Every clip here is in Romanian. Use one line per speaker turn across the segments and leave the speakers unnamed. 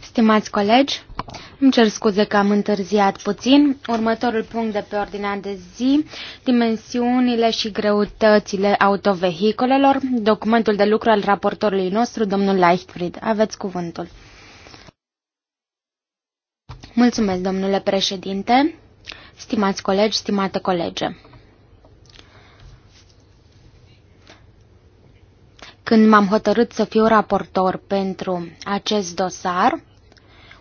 Stimați colegi, îmi cer scuze că am întârziat puțin. Următorul punct de pe ordinea de zi, dimensiunile și greutățile autovehicolelor, documentul de lucru al raportorului nostru, domnul Leichtfried. Aveți cuvântul. Mulțumesc, domnule președinte, stimați colegi, stimate colege. Când m-am hotărât să fiu raportor pentru acest dosar,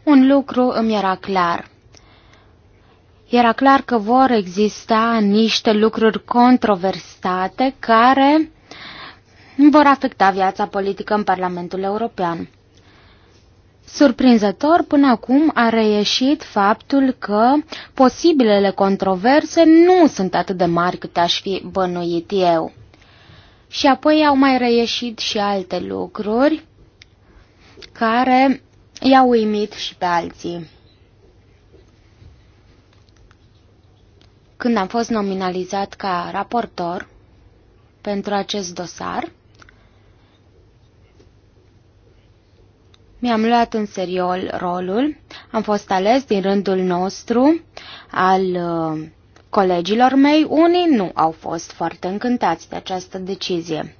un lucru îmi era clar. Era clar că vor exista niște lucruri controversate care vor afecta viața politică în Parlamentul European. Surprinzător, până acum a reieșit faptul că posibilele controverse nu sunt atât de mari cât aș fi bănuit eu. Și apoi au mai reieșit și alte lucruri care i-au uimit și pe alții. Când am fost nominalizat ca raportor pentru acest dosar, Mi-am luat în seriol rolul, am fost ales din rândul nostru al uh, Colegilor mei, unii nu au fost foarte încântați de această decizie.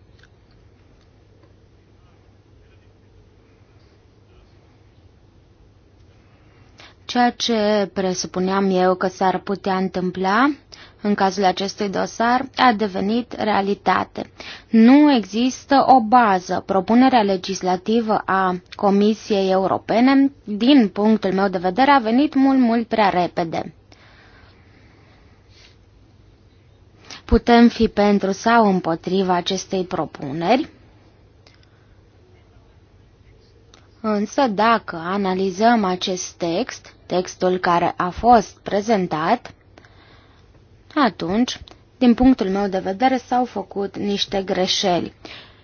Ceea ce presupuneam eu că s-ar putea întâmpla în cazul acestui dosar a devenit realitate. Nu există o bază. Propunerea legislativă a Comisiei Europene, din punctul meu de vedere, a venit mult, mult prea repede. Putem fi pentru sau împotriva acestei propuneri, însă dacă analizăm acest text, textul care a fost prezentat, atunci, din punctul meu de vedere, s-au făcut niște greșeli.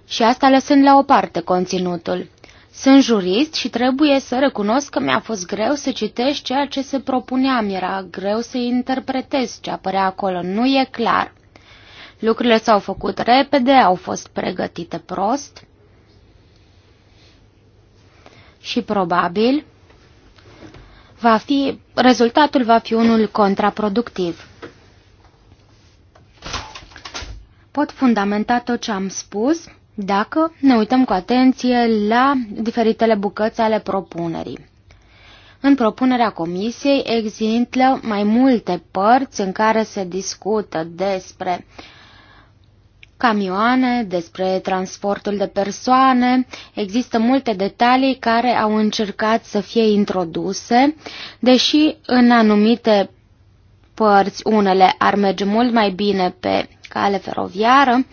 Și asta lăsând la o parte conținutul. Sunt jurist și trebuie să recunosc că mi-a fost greu să citesc ceea ce se propunea, mi era greu să interpretez ce apărea acolo, nu e clar. Lucrurile s-au făcut repede, au fost pregătite prost și probabil va fi, rezultatul va fi unul contraproductiv. Pot fundamenta tot ce am spus dacă ne uităm cu atenție la diferitele bucăți ale propunerii. În propunerea comisiei există mai multe părți în care se discută despre camioane, despre transportul de persoane. Există multe detalii care au încercat să fie introduse, deși în anumite părți unele ar merge mult mai bine pe cale feroviară,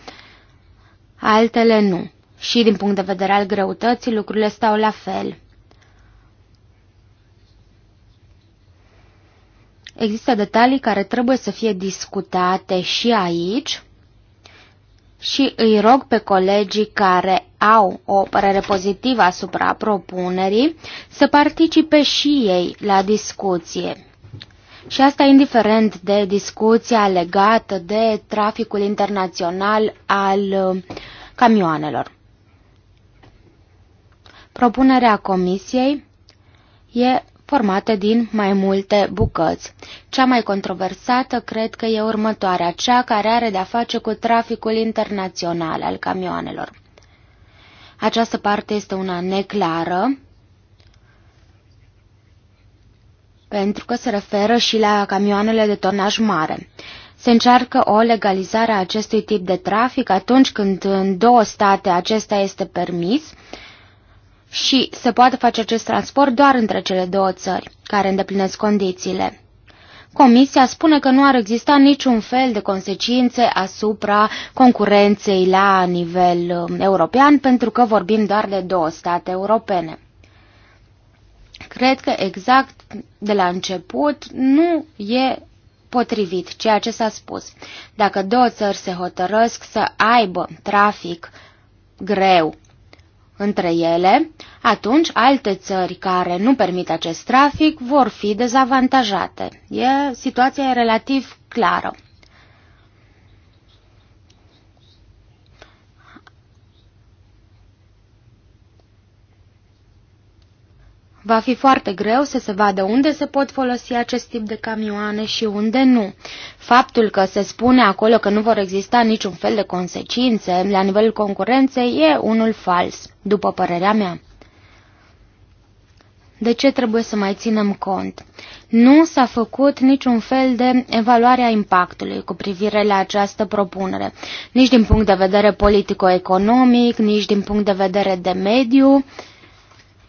altele nu. Și din punct de vedere al greutății, lucrurile stau la fel. Există detalii care trebuie să fie discutate și aici, și îi rog pe colegii care au o părere pozitivă asupra propunerii să participe și ei la discuție. Și asta indiferent de discuția legată de traficul internațional al uh, camioanelor. Propunerea comisiei e formată din mai multe bucăți. Cea mai controversată cred că e următoarea, cea care are de-a face cu traficul internațional al camioanelor. Această parte este una neclară, pentru că se referă și la camioanele de tonaj mare. Se încearcă o legalizare a acestui tip de trafic atunci când în două state acesta este permis, și se poate face acest transport doar între cele două țări care îndeplinesc condițiile. Comisia spune că nu ar exista niciun fel de consecințe asupra concurenței la nivel um, european, pentru că vorbim doar de două state europene. Cred că exact de la început nu e potrivit ceea ce s-a spus. Dacă două țări se hotărăsc să aibă trafic greu între ele, atunci alte țări care nu permit acest trafic vor fi dezavantajate. E, situația e relativ clară. Va fi foarte greu să se vadă unde se pot folosi acest tip de camioane și unde nu. Faptul că se spune acolo că nu vor exista niciun fel de consecințe la nivelul concurenței e unul fals, după părerea mea. De ce trebuie să mai ținem cont? Nu s-a făcut niciun fel de evaluare a impactului cu privire la această propunere, nici din punct de vedere politico-economic, nici din punct de vedere de mediu, uh,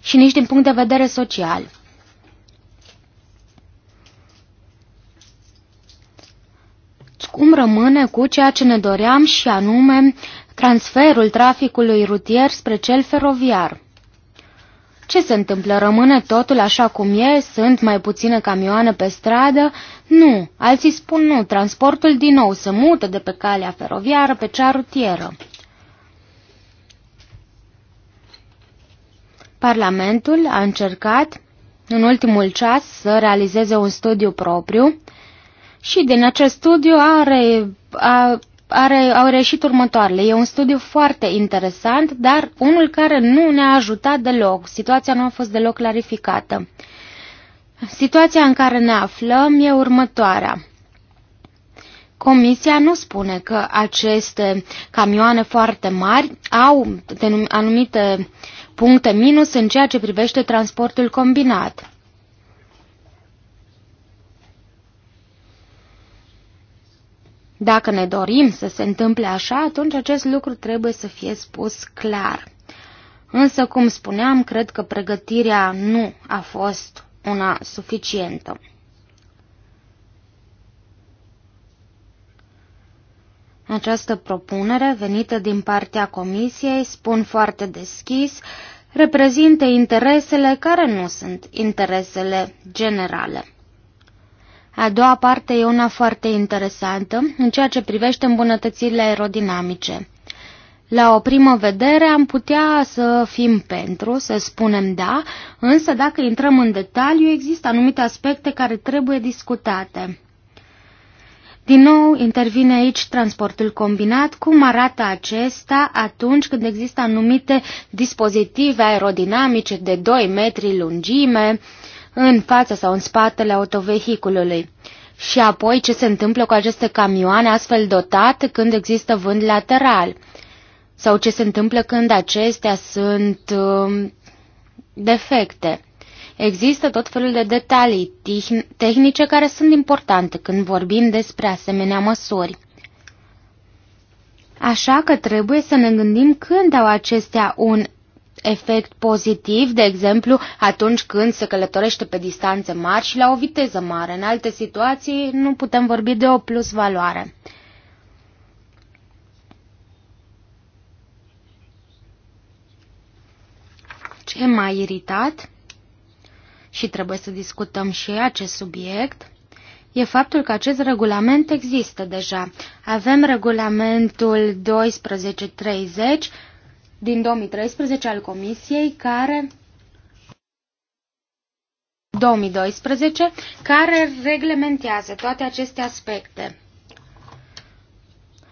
și nici din punct de vedere social. Cum rămâne cu ceea ce ne doream și anume transferul traficului rutier spre cel feroviar? Ce se întâmplă? Rămâne totul așa cum e? Sunt mai puține camioane pe stradă? Nu, alții spun nu, transportul din nou se mută de pe calea feroviară pe cea rutieră. Parlamentul a încercat în ultimul ceas să realizeze un studiu propriu și din acest studiu are, a, are, au reșit următoarele. E un studiu foarte interesant, dar unul care nu ne-a ajutat deloc. Situația nu a fost deloc clarificată. Situația în care ne aflăm e următoarea. Comisia nu spune că aceste camioane foarte mari au anumite puncte minus în ceea ce privește transportul combinat. Dacă ne dorim să se întâmple așa, atunci acest lucru trebuie să fie spus clar. Însă, cum spuneam, cred că pregătirea nu a fost una suficientă. Această propunere venită din partea Comisiei, spun foarte deschis, reprezintă interesele care nu sunt interesele generale. A doua parte e una foarte interesantă în ceea ce privește îmbunătățirile aerodinamice. La o primă vedere am putea să fim pentru, să spunem da, însă dacă intrăm în detaliu există anumite aspecte care trebuie discutate. Din nou intervine aici transportul combinat. Cum arată acesta atunci când există anumite dispozitive aerodinamice de 2 metri lungime în fața sau în spatele autovehiculului? Și apoi ce se întâmplă cu aceste camioane astfel dotate când există vânt lateral? Sau ce se întâmplă când acestea sunt uh, defecte? Există tot felul de detalii tehnice care sunt importante când vorbim despre asemenea măsuri. Așa că trebuie să ne gândim când au acestea un efect pozitiv, de exemplu, atunci când se călătorește pe distanțe mari și la o viteză mare. În alte situații nu putem vorbi de o plus valoare. Ce m-a iritat și trebuie să discutăm și acest subiect, e faptul că acest regulament există deja. Avem regulamentul 1230 din 2013 al Comisiei care 2012 care reglementează toate aceste aspecte.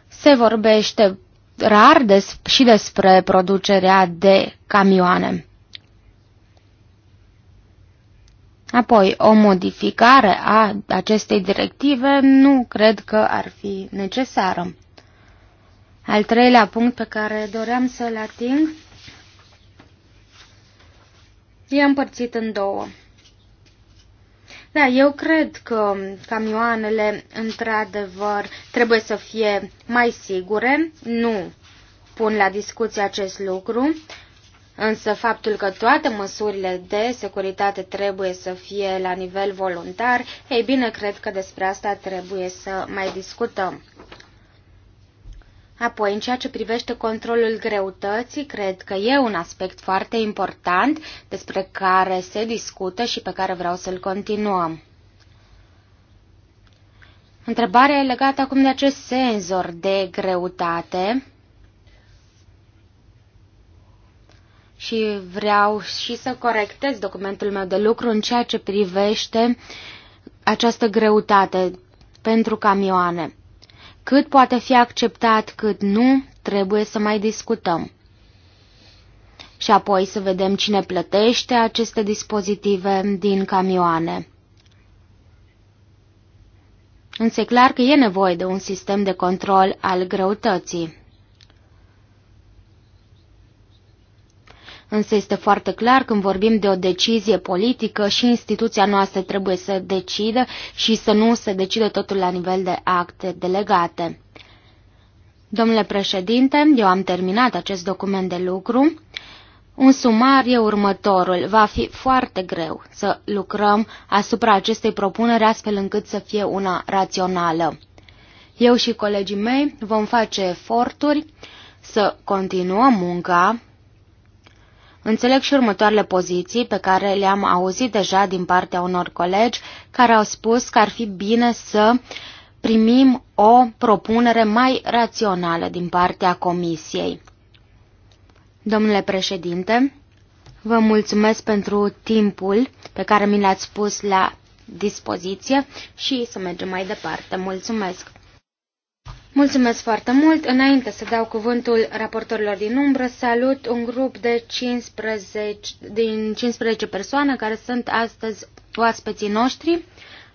Se vorbește rar des și despre producerea de camioane. Apoi, o modificare a acestei directive nu cred că ar fi necesară. Al treilea punct pe care doream să-l ating e împărțit în două. Da, eu cred că camioanele, într-adevăr, trebuie să fie mai sigure, nu pun la discuție acest lucru, Însă faptul că toate măsurile de securitate trebuie să fie la nivel voluntar, ei bine, cred că despre asta trebuie să mai discutăm. Apoi, în ceea ce privește controlul greutății, cred că e un aspect foarte important despre care se discută și pe care vreau să-l continuăm. Întrebarea e legată acum de acest senzor de greutate. și vreau și să corectez documentul meu de lucru în ceea ce privește această greutate pentru camioane. Cât poate fi acceptat, cât nu, trebuie să mai discutăm. Și apoi să vedem cine plătește aceste dispozitive din camioane. Însă e clar că e nevoie de un sistem de control al greutății. Însă este foarte clar când vorbim de o decizie politică și instituția noastră trebuie să decidă și să nu se decide totul la nivel de acte delegate. Domnule președinte, eu am terminat acest document de lucru. Un sumar e următorul. Va fi foarte greu să lucrăm asupra acestei propuneri astfel încât să fie una rațională. Eu și colegii mei vom face eforturi să continuăm munca Înțeleg și următoarele poziții pe care le-am auzit deja din partea unor colegi care au spus că ar fi bine să primim o propunere mai rațională din partea Comisiei. Domnule președinte, vă mulțumesc pentru timpul pe care mi l-ați pus la dispoziție și să mergem mai departe. Mulțumesc! Mulțumesc foarte mult. Înainte să dau cuvântul raportorilor din umbră, salut un grup de 15, din 15 persoane care sunt astăzi oaspeții noștri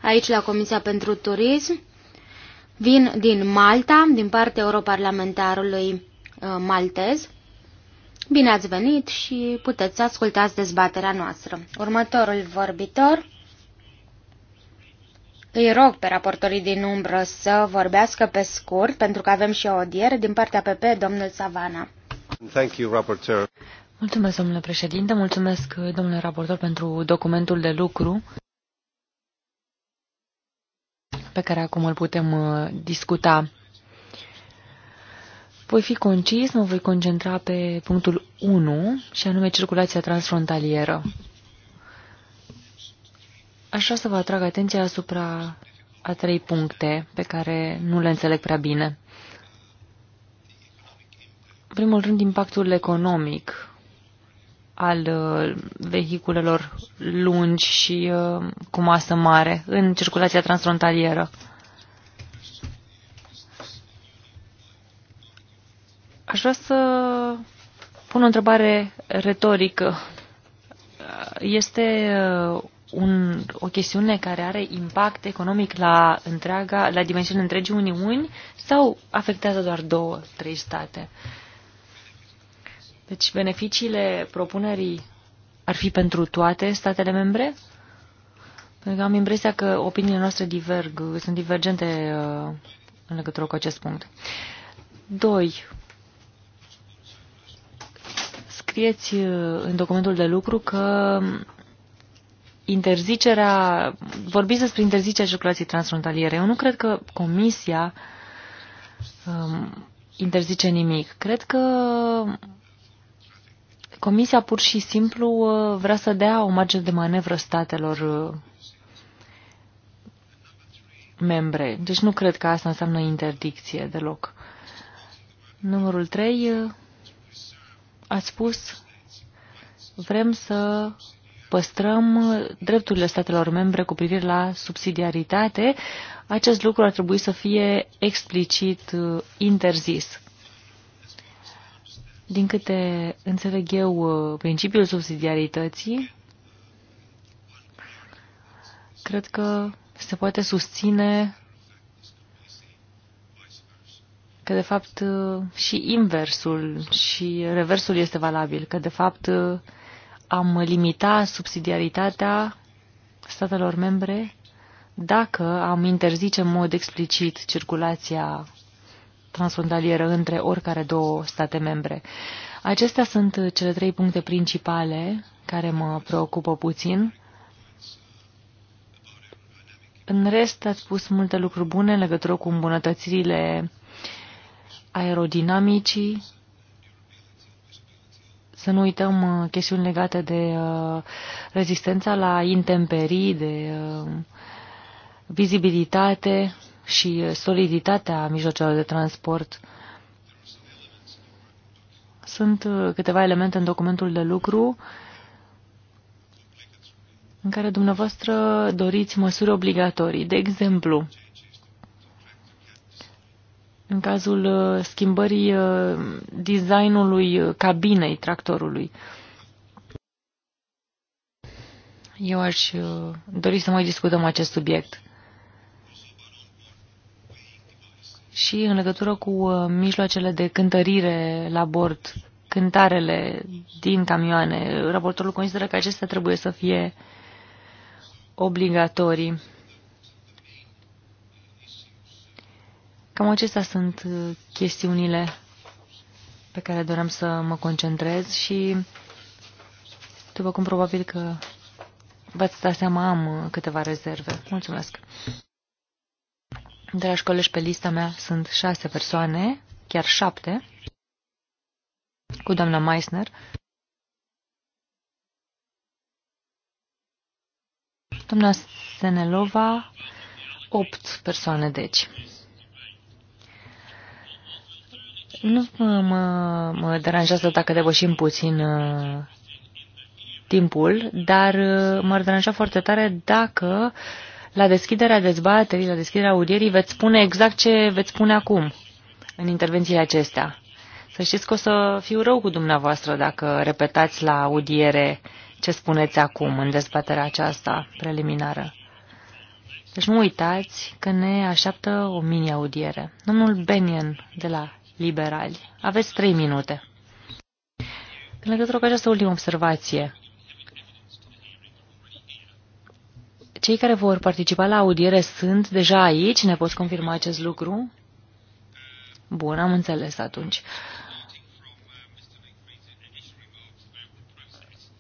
aici la Comisia pentru Turism. Vin din Malta, din partea europarlamentarului uh, maltez. Bine ați venit și puteți să ascultați dezbaterea noastră. Următorul vorbitor îi rog pe raportorii din umbră să vorbească pe scurt, pentru că avem și o audiere din partea PP, domnul Savana.
Thank you, Rapporteur.
Mulțumesc, domnule președinte, mulțumesc, domnule raportor, pentru documentul de lucru pe care acum îl putem uh, discuta. Voi fi concis, mă voi concentra pe punctul 1, și anume circulația transfrontalieră. Aș vrea să vă atrag atenția asupra a trei puncte pe care nu le înțeleg prea bine. În primul rând, impactul economic al uh, vehiculelor lungi și uh, cu masă mare în circulația transfrontalieră. Aș vrea să pun o întrebare retorică. Este uh, un, o chestiune care are impact economic la, întreaga, la dimensiunea întregii Uniuni sau afectează doar două, trei state? Deci beneficiile propunerii ar fi pentru toate statele membre? Pentru că am impresia că opiniile noastre diverg, sunt divergente uh, în legătură cu acest punct. 2. Scrieți uh, în documentul de lucru că interzicerea, vorbiți despre interzicerea circulației transfrontaliere. Eu nu cred că Comisia um, interzice nimic. Cred că Comisia pur și simplu uh, vrea să dea o margine de manevră statelor uh, membre. Deci nu cred că asta înseamnă interdicție deloc. Numărul 3. Uh, a spus vrem să păstrăm drepturile statelor membre cu privire la subsidiaritate, acest lucru ar trebui să fie explicit uh, interzis. Din câte înțeleg eu uh, principiul subsidiarității, cred că se poate susține că de fapt uh, și inversul și reversul este valabil, că de fapt am limita subsidiaritatea statelor membre dacă am interzice în mod explicit circulația transfrontalieră între oricare două state membre. Acestea sunt cele trei puncte principale care mă preocupă puțin. În rest, ați spus multe lucruri bune în legătură cu îmbunătățirile aerodinamicii, să nu uităm uh, chestiuni legate de uh, rezistența la intemperii, de uh, vizibilitate și soliditatea mijloacelor de transport. Sunt câteva elemente în documentul de lucru în care dumneavoastră doriți măsuri obligatorii. De exemplu, în cazul uh, schimbării uh, designului uh, cabinei tractorului. Eu aș dori să mai discutăm acest subiect. Și în legătură cu mijloacele de cântărire la bord, cântarele din camioane, raportorul consideră că acestea trebuie să fie obligatorii. Cam acestea sunt uh, chestiunile pe care doream să mă concentrez și, după cum probabil că v-ați dat seama, am uh, câteva rezerve. Mulțumesc! Dragi colegi, pe lista mea sunt șase persoane, chiar șapte, cu doamna Meissner. Doamna Senelova, opt persoane, deci. Nu mă, mă deranjează dacă depășim puțin uh, timpul, dar mă uh, m-ar deranja foarte tare dacă la deschiderea dezbaterii, la deschiderea audierii, veți spune exact ce veți spune acum în intervențiile acestea. Să știți că o să fiu rău cu dumneavoastră dacă repetați la audiere ce spuneți acum în dezbaterea aceasta preliminară. Deci nu uitați că ne așteaptă o mini-audiere. Domnul Benian de la liberali. Aveți trei minute. În legătură cu această ultimă observație, cei care vor participa la audiere sunt deja aici? Ne poți confirma acest lucru? Bun, am înțeles atunci.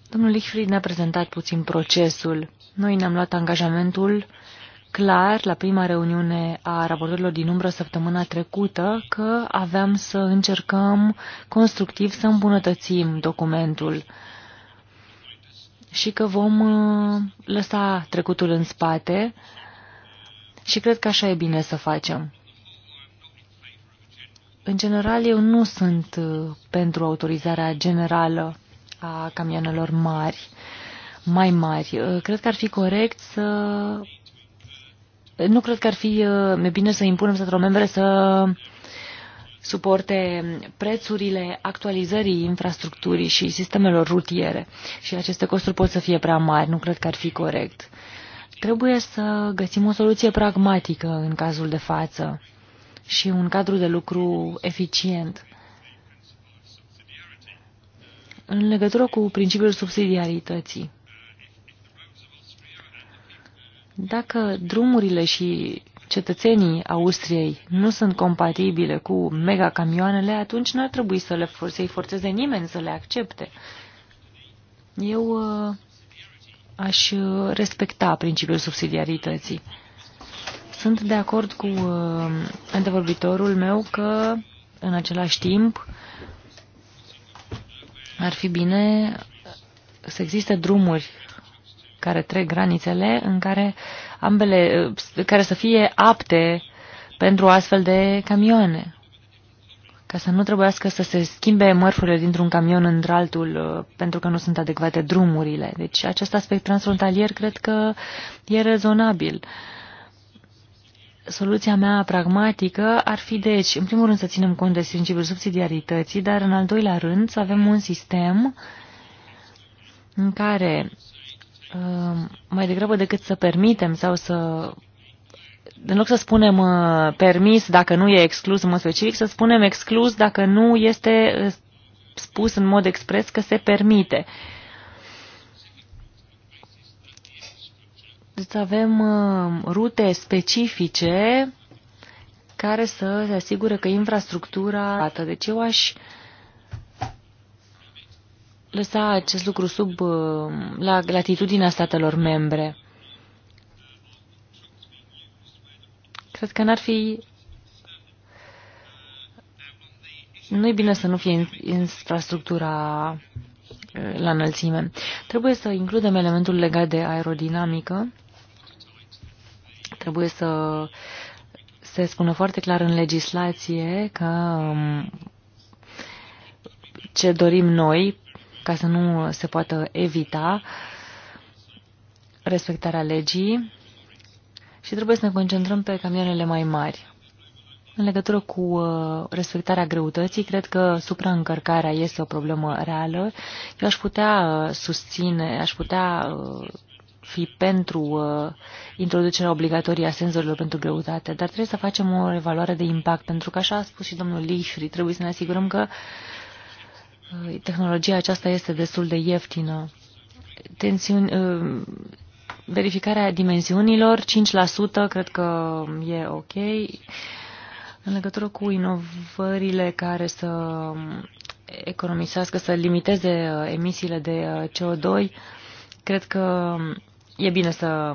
Domnul Lichfried ne-a prezentat puțin procesul. Noi ne-am luat angajamentul clar la prima reuniune a raportorilor din umbră săptămâna trecută că aveam să încercăm constructiv să îmbunătățim documentul și că vom uh, lăsa trecutul în spate și cred că așa e bine să facem. În general, eu nu sunt uh, pentru autorizarea generală a camionelor mari, mai mari. Uh, cred că ar fi corect să nu cred că ar fi uh, bine să impunem statelor membre să suporte prețurile actualizării infrastructurii și sistemelor rutiere. Și aceste costuri pot să fie prea mari, nu cred că ar fi corect. Trebuie să găsim o soluție pragmatică în cazul de față și un cadru de lucru eficient. În legătură cu principiul subsidiarității, dacă drumurile și cetățenii Austriei nu sunt compatibile cu megacamioanele, atunci nu ar trebui să le for- să-i forțeze nimeni să le accepte. Eu uh, aș respecta principiul subsidiarității. Sunt de acord cu uh, antevorbitorul meu că, în același timp, ar fi bine să existe drumuri care trec granițele, în care ambele, care să fie apte pentru astfel de camioane, ca să nu trebuiască să se schimbe mărfurile dintr-un camion într-altul uh, pentru că nu sunt adecvate drumurile. Deci acest aspect transfrontalier cred că e rezonabil. Soluția mea pragmatică ar fi deci, în primul rând să ținem cont de principiul subsidiarității, dar în al doilea rând să avem un sistem în care Ehm, mai degrabă decât să permitem sau să în loc să spunem uh, permis dacă nu e exclus în mod specific, să spunem exclus dacă nu este uh, spus în mod expres că se permite. Deci avem uh, rute specifice care să se asigure că infrastructura... Deci eu aș uh, lăsa acest lucru sub uh, la latitudinea statelor membre. Cred că n-ar fi nu e bine să nu fie infrastructura uh, la înălțime. Trebuie să includem elementul legat de aerodinamică. Trebuie să se spună foarte clar în legislație că um, ce dorim noi ca să nu se poată evita respectarea legii și trebuie să ne concentrăm pe camioanele mai mari. În legătură cu uh, respectarea greutății, cred că supraîncărcarea este o problemă reală. Eu aș putea uh, susține, aș putea uh, fi pentru introducerea obligatorie a senzorilor pentru greutate, dar trebuie să facem o evaluare de impact, pentru că, așa a spus și domnul Lișri, trebuie să ne asigurăm că Ă, tehnologia aceasta este destul de ieftină. Tensiuni, ă, verificarea dimensiunilor, 5% cred că e ok. În legătură cu inovările care să economisească, să limiteze ă, emisiile de CO2, cred că e bine să,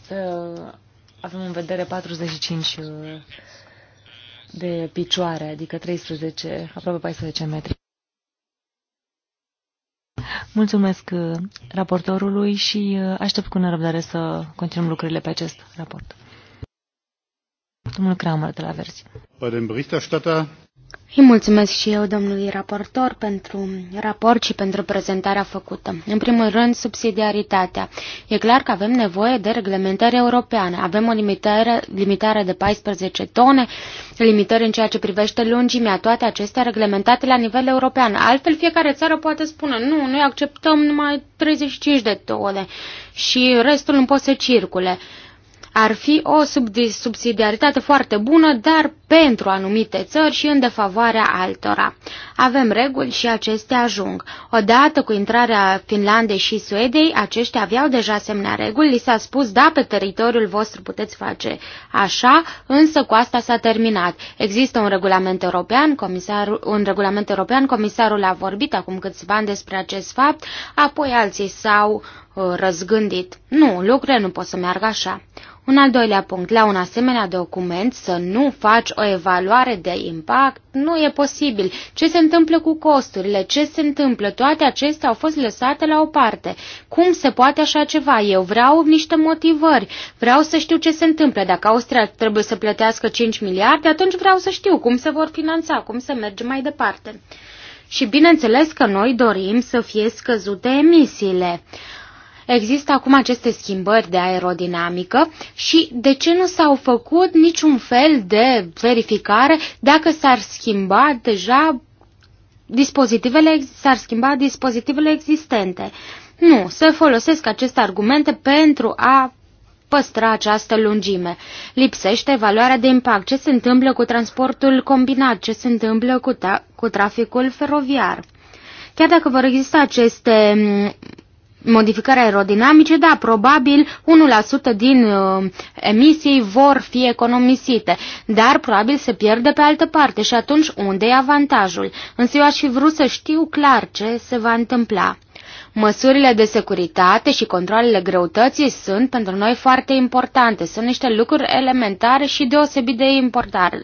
să avem în vedere 45 de picioare, adică 13, aproape 14 metri. Mulțumesc uh, raportorului și uh, aștept cu nerăbdare să continuăm lucrurile pe acest raport. Domnul Kramer de la Verzi.
Păi,
îi mulțumesc și eu domnului raportor pentru raport și pentru prezentarea făcută. În primul rând, subsidiaritatea. E clar că avem nevoie de reglementări europeane. Avem o limitare, limitare de 14 tone, limitări în ceea ce privește lungimea, toate acestea reglementate la nivel european. Altfel, fiecare țară poate spune, nu, noi acceptăm numai 35 de tone și restul nu poate să circule. Uh, ar fi o subsidiaritate foarte bună, dar pentru anumite țări și în defavoarea altora. Avem reguli și acestea ajung. Odată cu intrarea Finlandei și Suediei, aceștia aveau deja semnea reguli, li s-a spus, da, pe teritoriul vostru puteți face așa, însă cu asta s-a terminat. Există un regulament european, comisarul, un regulament european, comisarul a vorbit acum câțiva ani despre acest fapt, apoi alții s-au uh, răzgândit. Nu, lucrurile nu pot să meargă așa. Un al doilea punct, la un asemenea document să nu faci o evaluare de impact nu e posibil. Ce se întâmplă cu costurile? Ce se întâmplă? Toate acestea au fost lăsate la o parte. Cum se poate așa ceva? Eu vreau niște motivări. Vreau să știu ce se întâmplă. Dacă Austria trebuie să plătească 5 miliarde, atunci vreau să știu cum se vor finanța, cum se merge mai departe. Și bineînțeles că noi dorim să fie scăzute emisiile. Există acum aceste schimbări de aerodinamică și de ce nu s-au făcut niciun fel de verificare dacă s-ar schimba deja dispozitivele, s-ar schimba dispozitivele existente. Nu, se folosesc aceste argumente pentru a păstra această lungime. Lipsește valoarea de impact. Ce se întâmplă cu transportul combinat? Ce se întâmplă cu, ta- cu traficul feroviar? Chiar dacă vor exista aceste modificări aerodinamice, da, probabil 1% din uh, emisii vor fi economisite, dar probabil se pierde pe altă parte și atunci unde e avantajul? Însă eu aș fi vrut să știu clar ce se va întâmpla. Măsurile de securitate și controlele greutății sunt pentru noi foarte importante, sunt niște lucruri elementare și deosebit de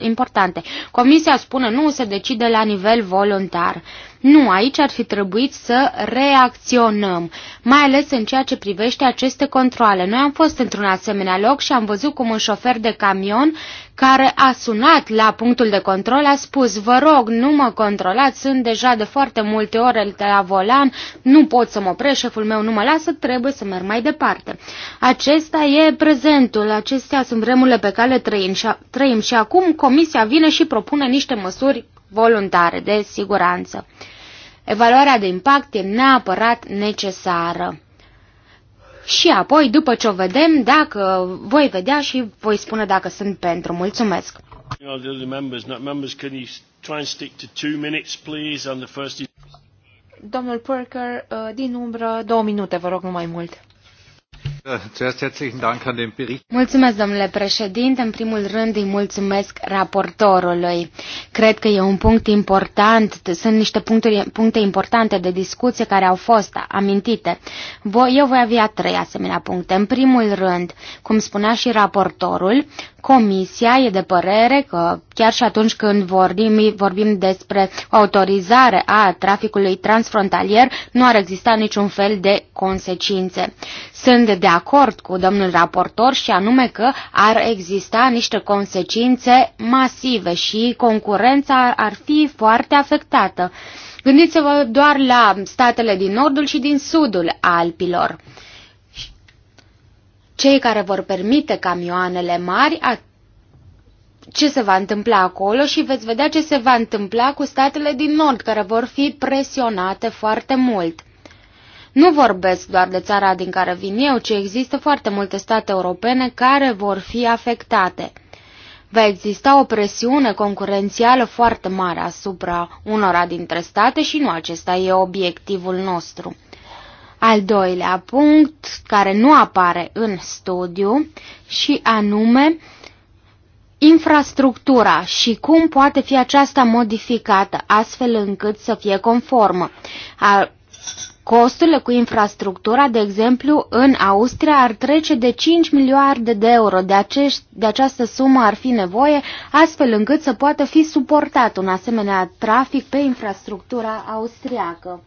importante. Comisia spune nu se decide la nivel voluntar. Nu, aici ar fi trebuit să reacționăm, mai ales în ceea ce privește aceste controle. Noi am fost într-un asemenea loc și am văzut cum un șofer de camion care a sunat la punctul de control a spus, vă rog, nu mă controlați, sunt deja de foarte multe ore la volan, nu pot să mă opresc, șeful meu nu mă lasă, trebuie să merg mai departe. Acesta e prezentul, acestea sunt vremurile pe care trăim și, trăim și acum comisia vine și propune niște măsuri voluntare de siguranță. Evaluarea de impact e neapărat necesară și apoi, după ce o vedem, dacă voi vedea și voi spune dacă sunt pentru. Mulțumesc!
Domnul Perker, uh, din umbră, două minute, vă rog, nu mai
mult. Mulțumesc, domnule președinte. În primul rând îi mulțumesc raportorului. Cred că e un punct important, sunt niște puncturi, puncte importante de discuție care au fost amintite. Eu voi avea trei asemenea puncte. În primul rând, cum spunea și raportorul, Comisia e de părere că chiar și atunci când vorbim, vorbim despre autorizare a traficului transfrontalier, nu ar exista niciun fel de consecințe. Sunt de acord cu domnul raportor și anume că ar exista niște consecințe masive și concurența ar fi foarte afectată. Gândiți-vă doar la statele din nordul și din sudul Alpilor cei care vor permite camioanele mari, a, ce se va întâmpla acolo și veți vedea ce se va întâmpla cu statele din nord, care vor fi presionate foarte mult. Nu vorbesc doar de țara din care vin eu, ci există foarte multe state europene care vor fi afectate. Va exista o presiune concurențială foarte mare asupra unora dintre state și nu acesta e obiectivul nostru. Al doilea punct, care nu apare în studiu, și anume infrastructura și cum poate fi aceasta modificată astfel încât să fie conformă. A, costurile cu infrastructura, de exemplu, în Austria ar trece de 5 miliarde de euro. De, acești, de această sumă ar fi nevoie astfel încât să poată fi suportat un asemenea trafic pe infrastructura austriacă.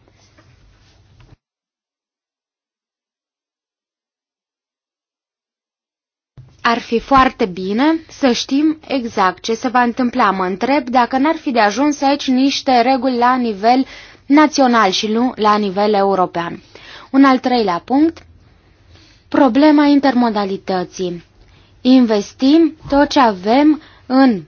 Ar fi foarte bine să știm exact ce se va întâmpla. Mă întreb dacă n-ar fi de ajuns aici niște reguli la nivel național și nu la nivel european. Un al treilea punct, problema intermodalității. Investim tot ce avem în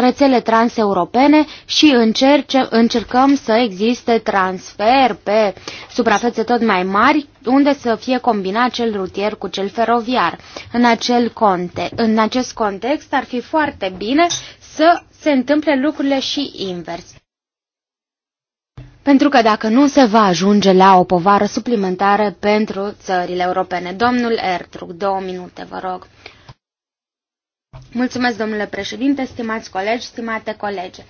rețele transeuropene și încerce, încercăm să existe transfer pe suprafețe tot mai mari, unde să fie combinat cel rutier cu cel feroviar. În, acel conte, în acest context ar fi foarte bine să se întâmple lucrurile și invers. Pentru că dacă nu se va ajunge la o povară suplimentară pentru țările europene. Domnul Ertrug, două minute, vă rog. Mulțumesc, domnule președinte, stimați colegi, stimate colege.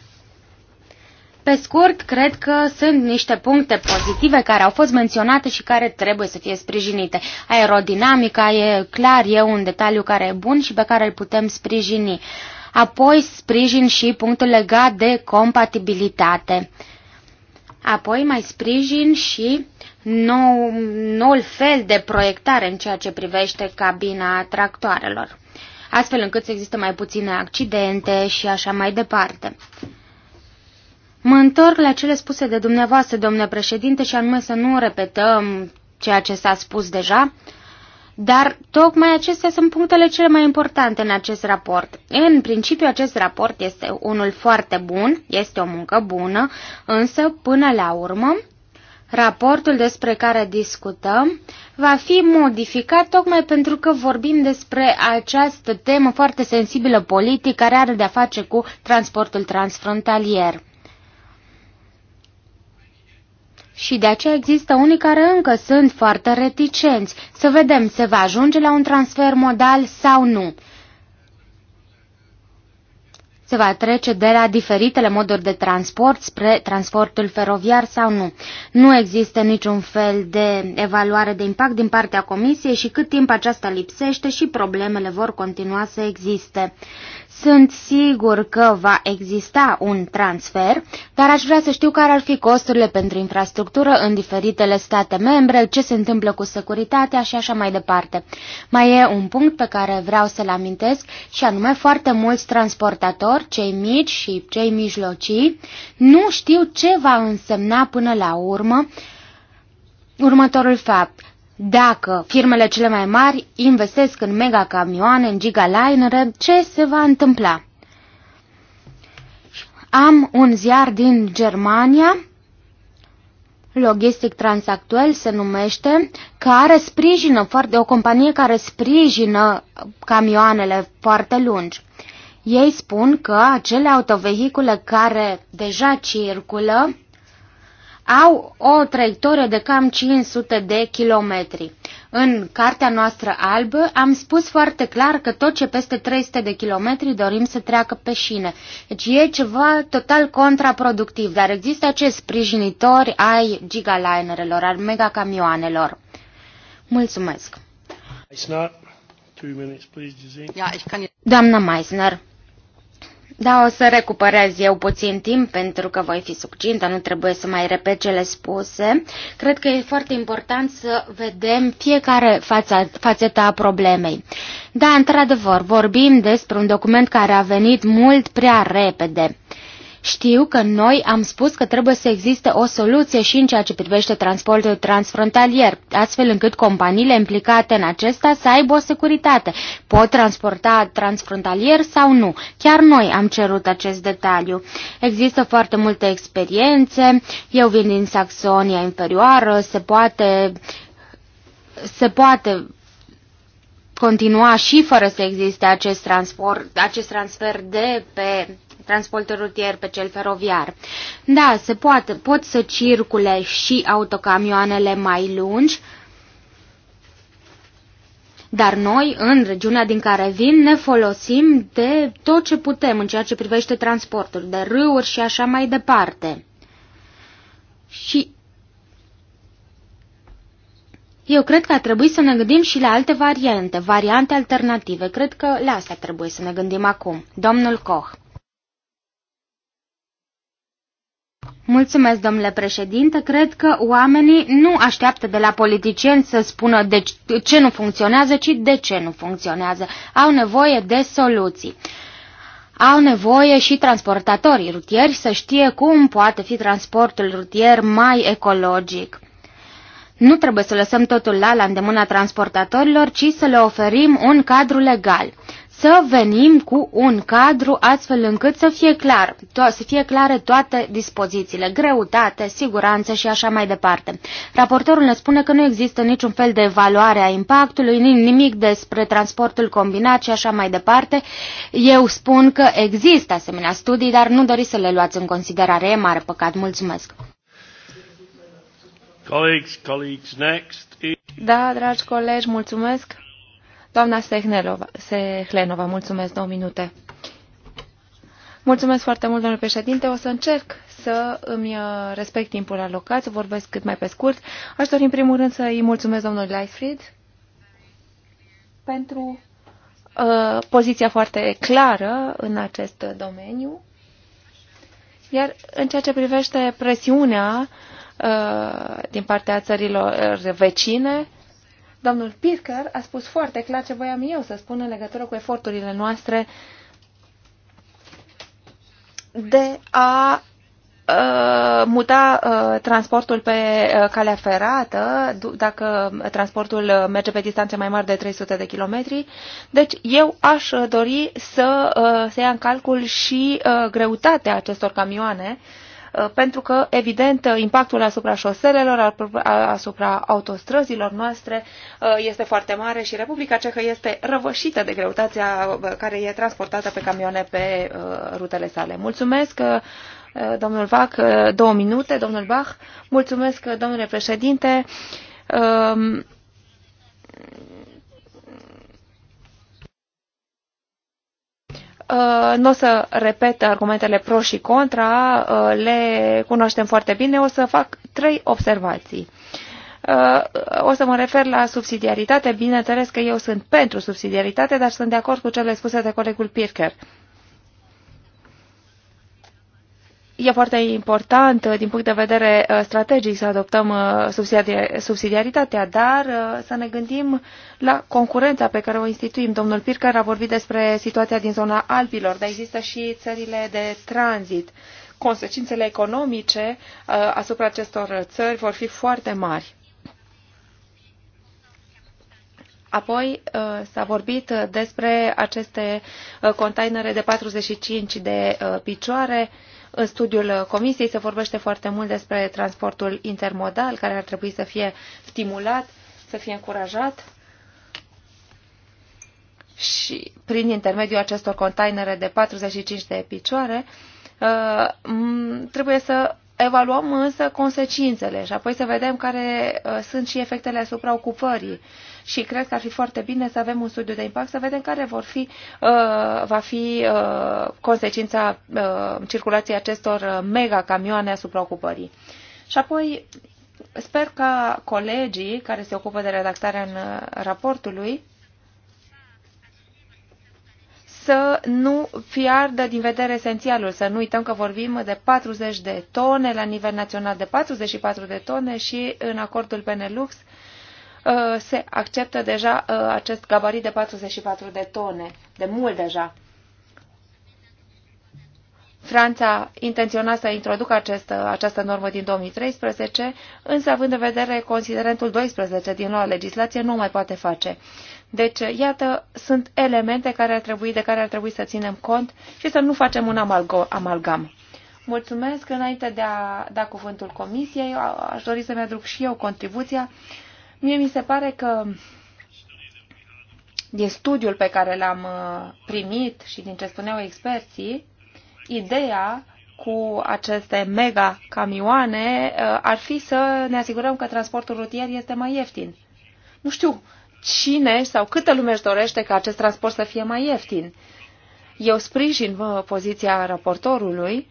Pe scurt, cred că sunt niște puncte pozitive care au fost menționate și care trebuie să fie sprijinite. Aerodinamica e clar, e un detaliu care e bun și pe care îl putem sprijini. Apoi sprijin și punctul legat de compatibilitate. Apoi mai sprijin și nou, noul fel de proiectare în ceea ce privește cabina tractoarelor astfel încât să există mai puține accidente și așa mai departe. Mă întorc la cele spuse de dumneavoastră, domnule președinte, și anume să nu repetăm ceea ce s-a spus deja, dar tocmai acestea sunt punctele cele mai importante în acest raport. În principiu, acest raport este unul foarte bun, este o muncă bună, însă, până la urmă, Raportul despre care discutăm va fi modificat tocmai pentru că vorbim despre această temă foarte sensibilă politică care are de-a face cu transportul transfrontalier. Și de aceea există unii care încă sunt foarte reticenți. Să vedem, se va ajunge la un transfer modal sau nu. Se va trece de la diferitele moduri de transport spre transportul feroviar sau nu. Nu există niciun fel de evaluare de impact din partea Comisiei și cât timp aceasta lipsește și problemele vor continua să existe. Sunt sigur că va exista un transfer, dar aș vrea să știu care ar fi costurile pentru infrastructură în diferitele state membre, ce se întâmplă cu securitatea și așa mai departe. Mai e un punct pe care vreau să-l amintesc și anume foarte mulți transportatori, cei mici și cei mijlocii, nu știu ce va însemna până la urmă următorul fapt. Dacă firmele cele mai mari investesc în mega camioane, în gigalinere, ce se va întâmpla? Am un ziar din Germania, Logistic Transactuel se numește, care sprijină foarte, o companie care sprijină camioanele foarte lungi. Ei spun că acele autovehicule care deja circulă au o traiectorie de cam 500 de kilometri. În cartea noastră albă am spus foarte clar că tot ce peste 300 de kilometri dorim să treacă pe șine. Deci e ceva total contraproductiv, dar există acest sprijinitori ai gigalinerelor, al megacamioanelor. Mulțumesc! Doamna Meisner, da, o să recuperez eu puțin timp pentru că voi fi succintă, nu trebuie să mai repet cele spuse. Cred că e foarte important să vedem fiecare fața, fațeta a problemei. Da, într-adevăr, vorbim despre un document care a venit mult prea repede. Uh, știu că noi am spus că trebuie să existe o soluție și în ceea ce privește transportul transfrontalier, astfel încât companiile implicate în acesta să aibă o securitate. Pot transporta transfrontalier sau nu? Chiar noi am cerut acest detaliu. Există foarte multe experiențe. Eu vin din Saxonia Inferioară, se poate... Se poate continua și fără să existe acest, transport, acest transfer de pe transportul rutier pe cel feroviar. Da, se poate, pot să circule și autocamioanele mai lungi, dar noi, în regiunea din care vin, ne folosim de tot ce putem în ceea ce privește transportul, de râuri și așa mai departe. Și eu cred că ar trebui să ne gândim și la alte variante, variante alternative. Cred că la asta trebuie să ne gândim acum. Domnul Koch. Mulțumesc, domnule președinte. Cred că oamenii nu așteaptă de la politicieni să spună de ce nu funcționează, ci de ce nu funcționează. Au nevoie de soluții. Au nevoie și transportatorii rutieri să știe cum poate fi transportul rutier mai ecologic. Nu trebuie să lăsăm totul la la îndemâna transportatorilor, ci să le oferim un cadru legal să venim cu un cadru astfel încât să fie, clar, to- să fie clare toate dispozițiile, greutate, siguranță și așa mai departe. Raportorul ne spune că nu există niciun fel de evaluare a impactului, nimic despre transportul combinat și așa mai departe. Eu spun că există asemenea studii, dar nu doriți să le luați în considerare. E mare păcat. Mulțumesc.
Colleagues, colleagues, next.
Da, dragi
colegi, mulțumesc. Doamna Sehnelova, Sehlenova, mulțumesc, două minute. Mulțumesc foarte mult, domnule președinte. O să încerc să îmi uh, respect timpul alocat, să vorbesc cât mai pe scurt. Aș dori, în primul rând, să îi mulțumesc domnului Leifried pentru uh, poziția foarte clară în acest domeniu. Iar în ceea ce privește presiunea uh, din partea țărilor vecine, uh, Domnul Pirker a spus foarte clar ce voiam eu să spun în legătură cu eforturile noastre de a uh, muta uh, transportul pe uh, calea ferată, dacă transportul merge pe distanțe mai mari de 300 de kilometri. Deci eu aș dori să se ia în calcul și greutatea acestor camioane Uh, pentru că, evident, impactul asupra șoselelor, asupra autostrăzilor noastre uh, este foarte mare și Republica Cehă este răvășită de greutatea uh, care e transportată pe camioane pe rutele sale. Mulțumesc! domnul Bach, două minute, domnul Bach. Mulțumesc, domnule președinte. Um, Uh, nu o să repet argumentele pro și contra, uh, le cunoaștem foarte bine, o să fac trei observații. Uh, o să mă refer la subsidiaritate, bineînțeles că eu sunt pentru subsidiaritate, dar sunt de acord cu cele spuse de colegul Pirker. E foarte important uh, din punct de vedere uh, strategic să adoptăm uh, subsidiaritatea, dar să ne gândim la concurența pe care o instituim. Domnul Pircăr a vorbit despre situația din zona Alpilor, dar există și țările de tranzit. Consecințele economice asupra acestor țări vor fi foarte mari. Apoi s-a vorbit despre aceste containere de 45 de picioare în studiul comisiei se vorbește foarte mult despre transportul intermodal, care ar trebui să fie stimulat, să fie încurajat și prin intermediul acestor containere de 45 de picioare, uh, trebuie să evaluăm însă consecințele și apoi să vedem care uh, sunt și efectele asupra ocupării și cred că ar fi foarte bine să avem un studiu de impact, să vedem care vor fi, uh, va fi uh, consecința uh, circulației acestor mega camioane asupra ocupării. Și apoi sper ca colegii care se ocupă de redactarea în raportului să nu fiardă din vedere esențialul, să nu uităm că vorbim de 40 de tone la nivel național, de 44 de tone și în acordul Benelux Uh, se acceptă deja uh, acest gabarit de 44 de tone, de mult deja. Franța intenționa să introducă acest, uh, această normă din 2013, însă având în vedere considerentul 12 din noua legislație, nu mai poate face. Deci, iată, sunt elemente care ar trebui, de care ar trebui să ținem cont și să nu facem un amalgam. Mulțumesc. Înainte de a da cuvântul comisiei, aș dori să-mi aduc și eu contribuția. Uh, Mie mi se pare că din studiul pe care l-am uh, primit și din ce spuneau experții, ideea cu aceste mega camioane uh, ar fi să ne asigurăm că transportul rutier este mai ieftin. Nu știu cine sau câtă lume își dorește ca acest transport să fie mai ieftin. Eu sprijin poziția raportorului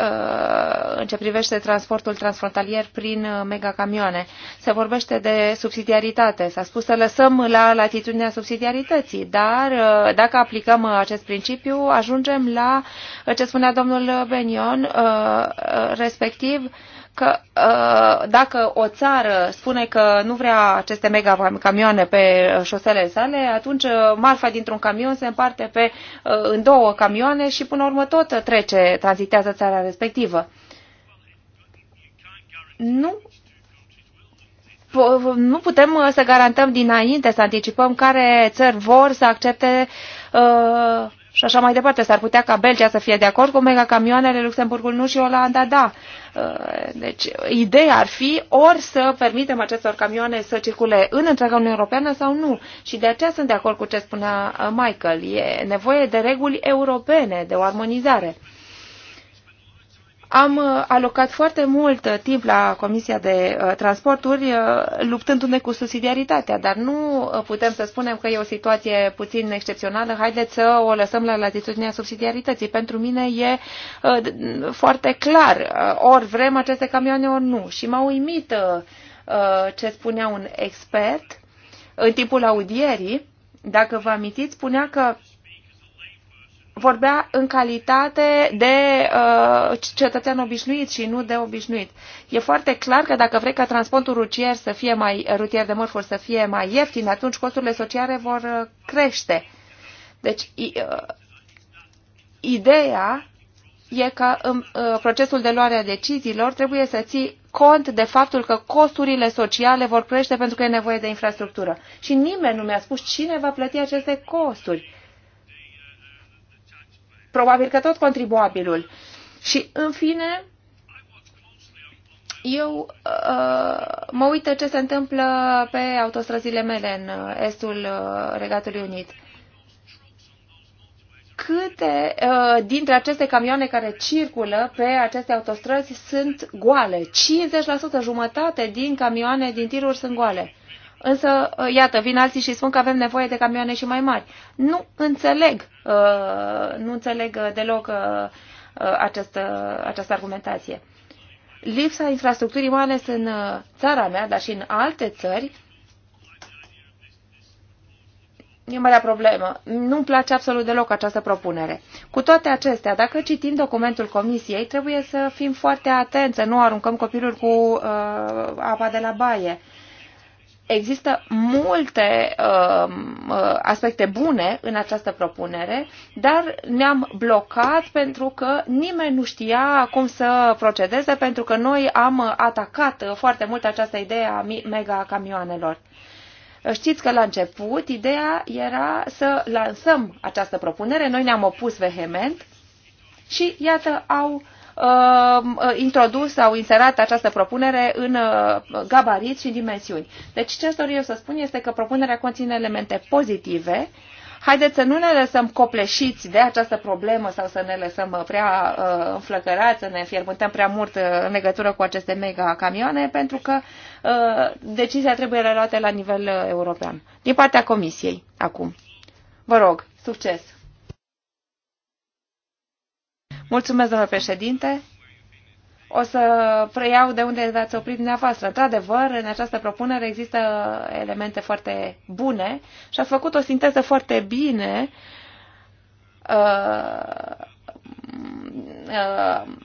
Uh, în ce privește transportul transfrontalier prin uh, megacamioane. Se vorbește de subsidiaritate. S-a spus să lăsăm la latitudinea subsidiarității, dar uh, dacă aplicăm acest principiu, ajungem la ce spunea domnul Benion, respectiv că uh, dacă o țară spune că nu vrea aceste mega camioane pe șosele sale, atunci uh, marfa dintr-un camion se împarte pe, uh, în două camioane și până la urmă tot trece, tranzitează țara respectivă. Nu nu putem să garantăm dinainte, să anticipăm care țări vor să accepte uh, și așa mai departe. S-ar putea ca Belgia să fie de acord cu megacamioanele, Luxemburgul nu și Olanda da. Uh, deci, ideea ar fi ori să permitem acestor camioane să circule în întreaga Uniune Europeană sau nu. Și de aceea sunt de acord cu ce spunea uh, Michael. E nevoie de reguli europene, de o armonizare. Am uh, alocat foarte mult uh, timp la Comisia de uh, Transporturi luptându-ne cu subsidiaritatea, dar nu putem să spunem că e o situație puțin excepțională. Haideți să o lăsăm la latitudinea subsidiarității. Pentru mine e foarte clar. Ori vrem aceste camioane, ori nu. Și m-a uimit ce spunea un expert în timpul audierii. Dacă vă amintiți, spunea că vorbea în calitate de uh, cetățean obișnuit și nu de obișnuit. E foarte clar că dacă vrei ca transportul rutier să fie mai rutier de mărfuri să fie mai ieftin, atunci costurile sociale vor uh, crește. Deci uh, ideea e că în um, uh, procesul de luare a deciziilor trebuie să ții cont de faptul că costurile sociale vor crește pentru că e nevoie de infrastructură. Și nimeni nu mi-a spus cine va plăti aceste costuri probabil că tot contribuabilul. Și, în fine, eu uh, mă uit ce se întâmplă pe autostrăzile mele în uh, estul uh, Regatului Unit. Câte uh, dintre aceste camioane care circulă pe aceste autostrăzi sunt goale? 50% jumătate din camioane din tiruri sunt goale. Uh, însă, uh, iată, vin alții și spun că avem nevoie de camioane și mai mari. Nu înțeleg, uh, nu înțeleg uh, deloc această, această argumentație. Lipsa infrastructurii, mai ales în țara mea, dar și în alte țări, E marea problemă. Nu-mi place absolut deloc această propunere. Cu toate acestea, dacă citim documentul comisiei, trebuie să fim foarte atenți, să nu aruncăm copilul cu uh, apa de la baie. Există multe um, uh, aspecte bune în această propunere, dar ne-am blocat pentru că nimeni nu știa cum să procedeze, pentru că noi am atacat foarte mult această idee a mega camioanelor. Știți că la început ideea era să lansăm această propunere, noi ne-am opus vehement și iată au Um, uh, introdus sau inserat această propunere în uh, gabarit și dimensiuni. Deci ce aș eu să spun este că propunerea conține elemente pozitive, Haideți să nu ne lăsăm copleșiți de această problemă sau să ne lăsăm uh, prea uh, înflăcărați, să ne fierbântăm prea mult uh, în legătură cu aceste mega camioane, pentru că uh, decizia trebuie reluată la nivel uh, european. Din partea Comisiei, acum. Vă rog, succes! Mulțumesc, domnule președinte. O să preiau de unde v-ați oprit dumneavoastră. Într-adevăr, în această propunere există elemente foarte bune și a făcut o sinteză foarte bine uh, uh,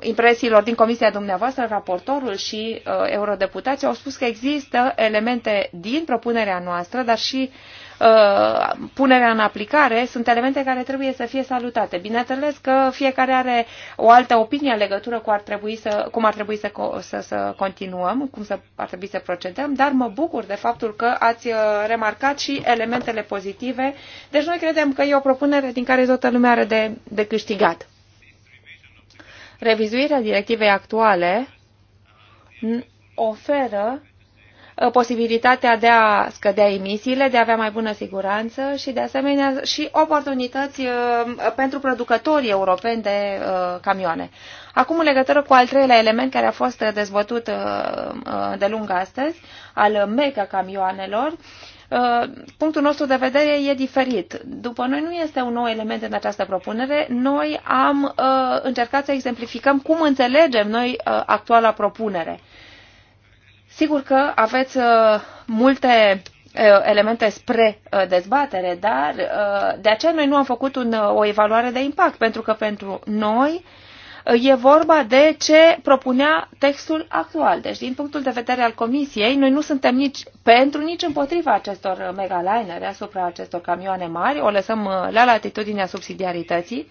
impresiilor din comisia dumneavoastră, raportorul și uh, eurodeputații au spus că există elemente din propunerea noastră, dar și uh, Uh, punerea în aplicare sunt elemente care trebuie să fie salutate. Bineînțeles că fiecare are o altă opinie în legătură cu ar trebui să, cum ar trebui să, să, să continuăm, cum să, ar trebui să procedăm, dar mă bucur de faptul că ați uh, remarcat și elementele pozitive. Deci noi credem că e o propunere din care toată lumea are de, de câștigat. Revizuirea directivei actuale oferă Uh, posibilitatea de a scădea emisiile, de a avea mai bună siguranță și, de asemenea, și oportunități uh, pentru producătorii europeni de uh, camioane. Acum, în legătură cu al treilea element care a fost dezbătut de lung astăzi, al mega camioanelor, punctul nostru de vedere e diferit. După noi nu este un nou element în această propunere. Noi am încercat să exemplificăm cum înțelegem noi actuala propunere. Sigur că aveți uh, multe uh, elemente spre uh, dezbatere, dar de aceea noi nu am făcut un, o evaluare de impact, pentru că pentru noi e vorba de ce propunea textul actual. Deci, din punctul de vedere al Comisiei, noi nu suntem nici pentru, nici împotriva acestor megalinere asupra acestor camioane mari. O lăsăm la latitudinea subsidiarității.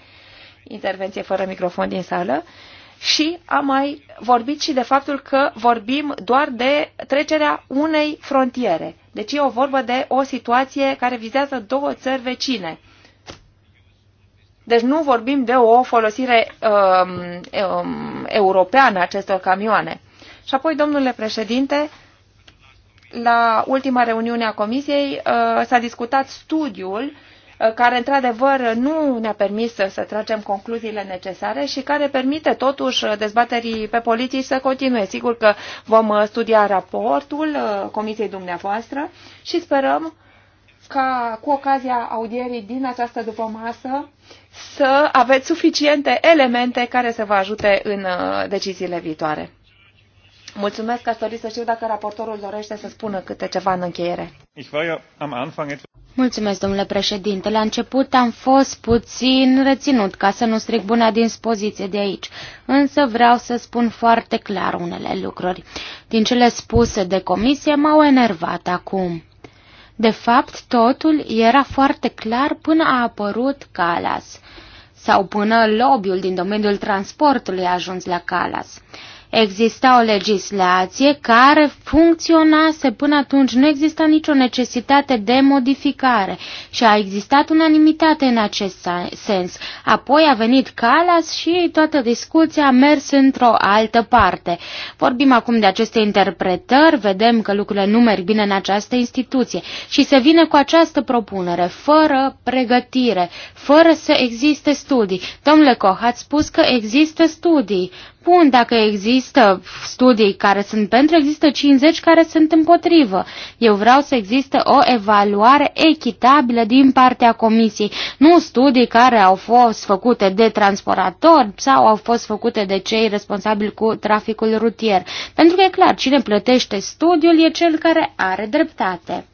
Intervenție fără microfon din sală. Uh, și am mai vorbit și de faptul că vorbim doar de trecerea unei frontiere. Deci e o vorbă de o situație care vizează două țări vecine. Deci nu vorbim de o folosire um, um, europeană a acestor camioane. Și apoi, domnule președinte, la ultima reuniune a Comisiei uh, s-a discutat studiul Uh, care într-adevăr nu ne-a permis să, să tragem concluziile necesare și care permite totuși dezbaterii pe poliții să continue. Sigur că vom uh, studia raportul uh, comisiei dumneavoastră și sperăm ca cu ocazia audierii din această dupămasă să aveți suficiente elemente care să vă ajute în deciziile viitoare. Mulțumesc, aș dori să știu dacă raportorul dorește să spună câte ceva în încheiere.
Mulțumesc, domnule președinte. La început am fost puțin reținut ca să nu stric buna dispoziție de aici, însă vreau să spun foarte clar unele lucruri. Din cele spuse de comisie m-au enervat acum. De fapt, totul era foarte clar până a apărut Calas sau până lobby-ul din domeniul transportului a ajuns la Calas exista o legislație care funcționase până atunci, nu exista nicio necesitate de modificare și a existat unanimitate în acest sens. Apoi a venit Calas și toată discuția a mers într-o altă parte. Vorbim acum de aceste interpretări, vedem că lucrurile nu merg bine în această instituție și se vine cu această propunere, fără pregătire, fără să existe studii. Domnule Koch, ați spus că există studii spun dacă există studii care sunt pentru, există 50 care sunt împotrivă. Eu vreau să există o evaluare echitabilă din partea comisiei, nu studii care au fost făcute de transportatori sau au fost făcute de cei responsabili cu traficul rutier. Pentru că e clar, cine plătește studiul e cel care are dreptate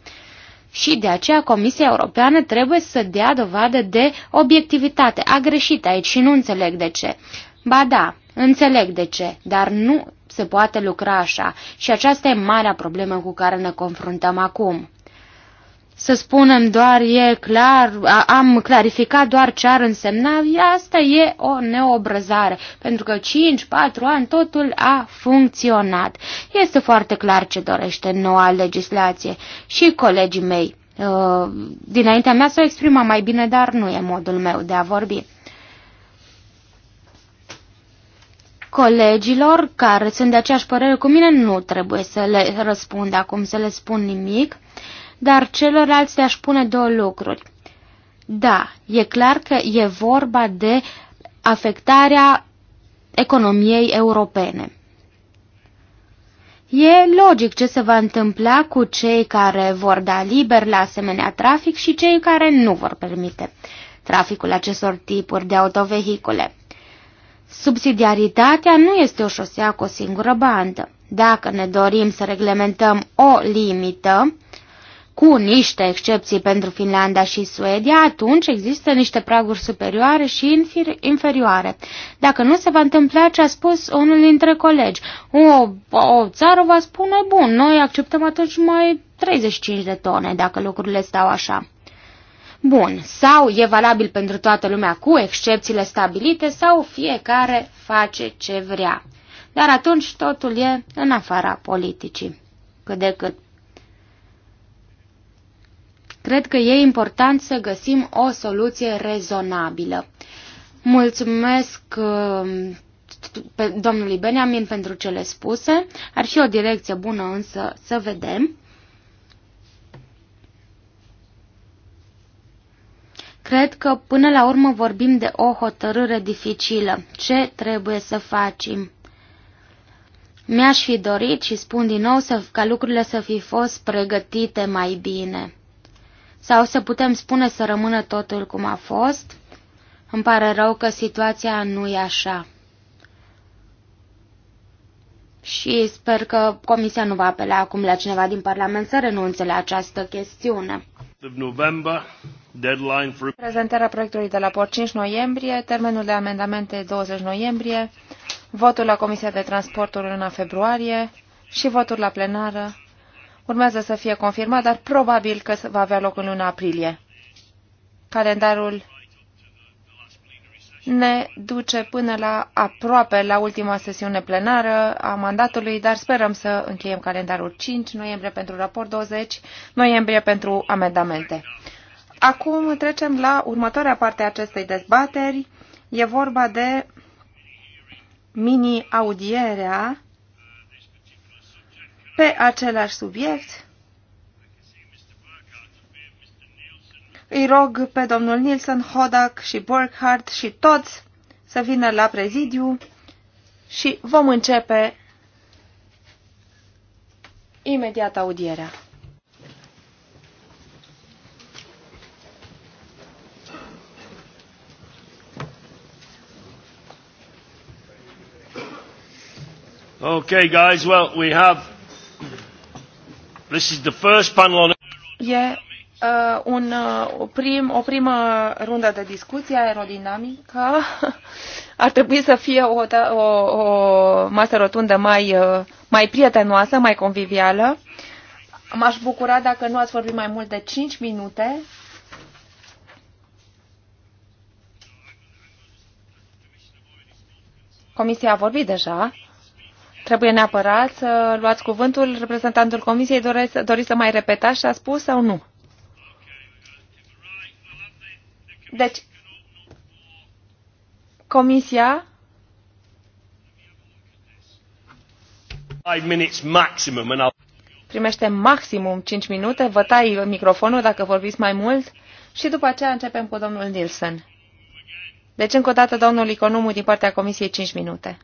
și de aceea Comisia Europeană trebuie să dea dovadă de obiectivitate. A greșit aici și nu înțeleg de ce. Ba da, Înțeleg de ce, dar nu se poate lucra așa și aceasta e marea problemă cu care ne confruntăm acum. Să spunem doar e clar, am clarificat doar ce ar însemna, asta e o neobrăzare, pentru că 5-4 ani totul a funcționat. Este foarte clar ce dorește noua legislație și colegii mei. Uh, dinaintea mea s-o exprima mai bine, dar nu e modul meu de a vorbi. Colegilor care sunt de aceeași părere cu mine nu trebuie să le răspund acum, să le spun nimic, dar celorlalți le-aș pune două lucruri. Da, e clar că e vorba de afectarea economiei europene. E logic ce se va întâmpla cu cei care vor da liber la asemenea trafic și cei care nu vor permite traficul acestor tipuri de autovehicule. Subsidiaritatea nu este o șosea cu o singură bandă. Dacă ne dorim să reglementăm o limită, cu niște excepții pentru Finlanda și Suedia, atunci există niște praguri superioare și inferioare. Dacă nu se va întâmpla ce a spus unul dintre colegi, o, o țară va spune, bun, noi acceptăm atunci mai 35 de tone dacă lucrurile stau așa. Bun, sau e valabil pentru toată lumea cu excepțiile stabilite sau fiecare face ce vrea. Dar atunci totul e în afara politicii, cât de cât. Cred că e important să găsim o soluție rezonabilă. Mulțumesc uh, domnului Benjamin pentru cele spuse. Ar fi o direcție bună însă să vedem. Cred că până la urmă vorbim de o hotărâre dificilă. Ce trebuie să facem? Mi-aș fi dorit și spun din nou să, ca lucrurile să fi fost pregătite mai bine. Sau să putem spune să rămână totul cum a fost? Îmi pare rău că situația nu e așa. Și sper că Comisia nu va apela acum la cineva din Parlament să renunțe la această chestiune. Prezentarea proiectului de la port 5
noiembrie, termenul de amendamente 20 noiembrie, votul la Comisia de Transporturi în februarie și votul la plenară urmează să fie confirmat, dar probabil că va avea loc în luna aprilie. Calendarul ne duce până la aproape la ultima sesiune plenară a mandatului, dar sperăm să încheiem calendarul 5 noiembrie pentru raport 20, noiembrie pentru amendamente. Acum trecem la următoarea parte a acestei dezbateri. E vorba de mini-audierea pe același subiect. Îi rog pe domnul Nilsson, Hodak și Burkhardt și toți să vină la prezidiu și vom începe imediat audierea.
Okay, guys, well, we have... This is the first panel on...
Yeah. uh, un, uh, prim, o primă rundă de discuție aerodinamică. Ar trebui să fie o, o, o masă rotundă mai, uh, mai prietenoasă, mai convivială. M-aș bucura dacă nu ați vorbit mai mult de 5 minute. Comisia a vorbit deja. Trebuie neapărat să luați cuvântul. Reprezentantul Comisiei doriți să mai repetați ce a spus sau nu? Deci, Comisia primește maximum 5 minute, vă tai microfonul dacă vorbiți mai mult și după aceea începem cu domnul Nielsen. Deci încă o dată domnul Iconumu din partea Comisiei 5 minute.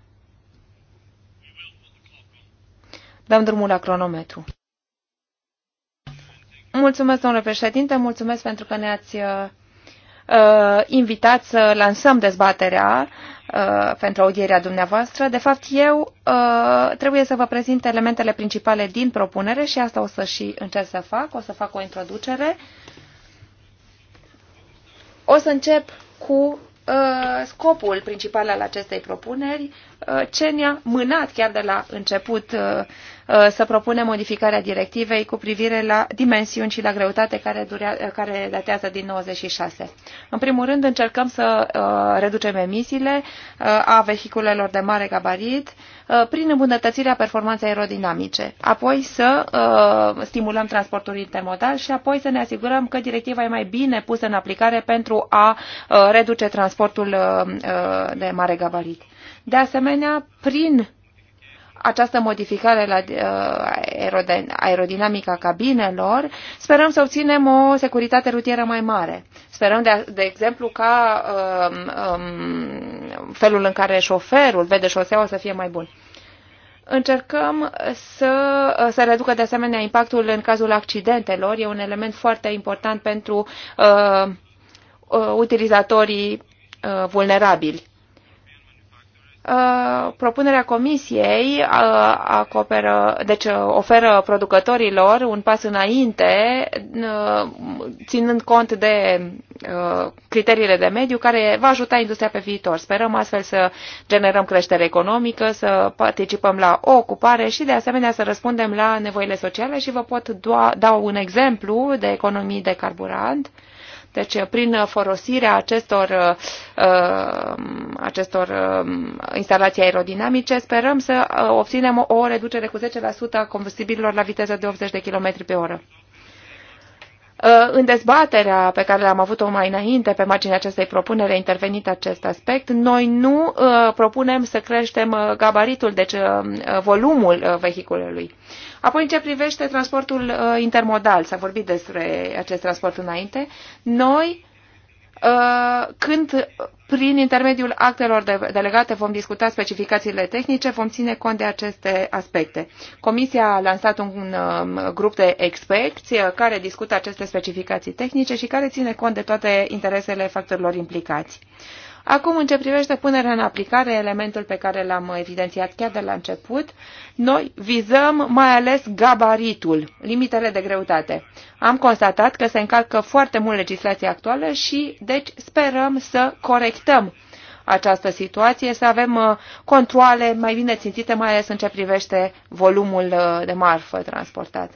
Dăm drumul la cronometru. Mulțumesc, domnule președinte, mulțumesc pentru că ne-ați uh, uh, invitat să lansăm dezbaterea uh, pentru audierea dumneavoastră. De fapt, eu uh, trebuie să vă prezint elementele principale din propunere și asta o să și încerc să fac. O să fac o introducere. O să încep cu uh, scopul principal al acestei propuneri, uh, ce ne-a mânat chiar de la început uh, Uh, să propunem modificarea directivei cu privire la dimensiuni și la greutate care, durea, uh, care datează din 96. În primul rând, încercăm să uh, reducem emisiile a vehiculelor de mare gabarit prin îmbunătățirea performanței aerodinamice, apoi să stimulăm transportul intermodal și apoi să ne asigurăm că directiva e mai bine pusă în aplicare pentru a reduce transportul de mare gabarit. De asemenea, prin această modificare la uh, aerodinamica cabinelor, sperăm să obținem o securitate rutieră mai mare. Sperăm, de, de exemplu, ca um, um, felul în care șoferul vede șoseaua să fie mai bun. Încercăm să uh, să reducă de asemenea impactul în cazul accidentelor. E un element foarte important pentru uh, uh utilizatorii uh, vulnerabili Uh, propunerea comisiei uh, acoperă, deci uh, oferă producătorilor un pas înainte, ținând cont de criteriile de mediu, care va ajuta industria pe viitor. Sperăm astfel să generăm creștere economică, să participăm la o ocupare și, de asemenea, să răspundem la nevoile sociale și vă pot da un exemplu de economii de carburant deci, uh, prin uh, folosirea acestor, uh, acestor instalații aerodinamice, sperăm să obținem o reducere cu 10% a combustibililor la viteză de 80 de km pe oră. În dezbaterea pe care l-am avut-o mai înainte pe marginea acestei a intervenit acest aspect, noi nu propunem să creștem gabaritul, deci volumul vehiculului. Apoi, în ce privește transportul uh, intermodal, s-a vorbit despre acest transport înainte, noi, uh, când prin intermediul actelor de delegate vom discuta specificațiile tehnice, vom ține cont de aceste aspecte. Comisia a lansat un, un um, grup de experți uh, care discută aceste specificații tehnice și care ține cont de toate interesele factorilor implicați. Uh, Acum, în ce privește punerea în aplicare, elementul pe care l-am evidențiat chiar de la început, noi vizăm mai ales gabaritul, limitele de greutate. Am constatat că se încalcă foarte mult legislația actuală și, deci, sperăm să corectăm această situație, să avem uh, controle mai bine țințite, mai ales în ce privește volumul uh, de marfă transportată.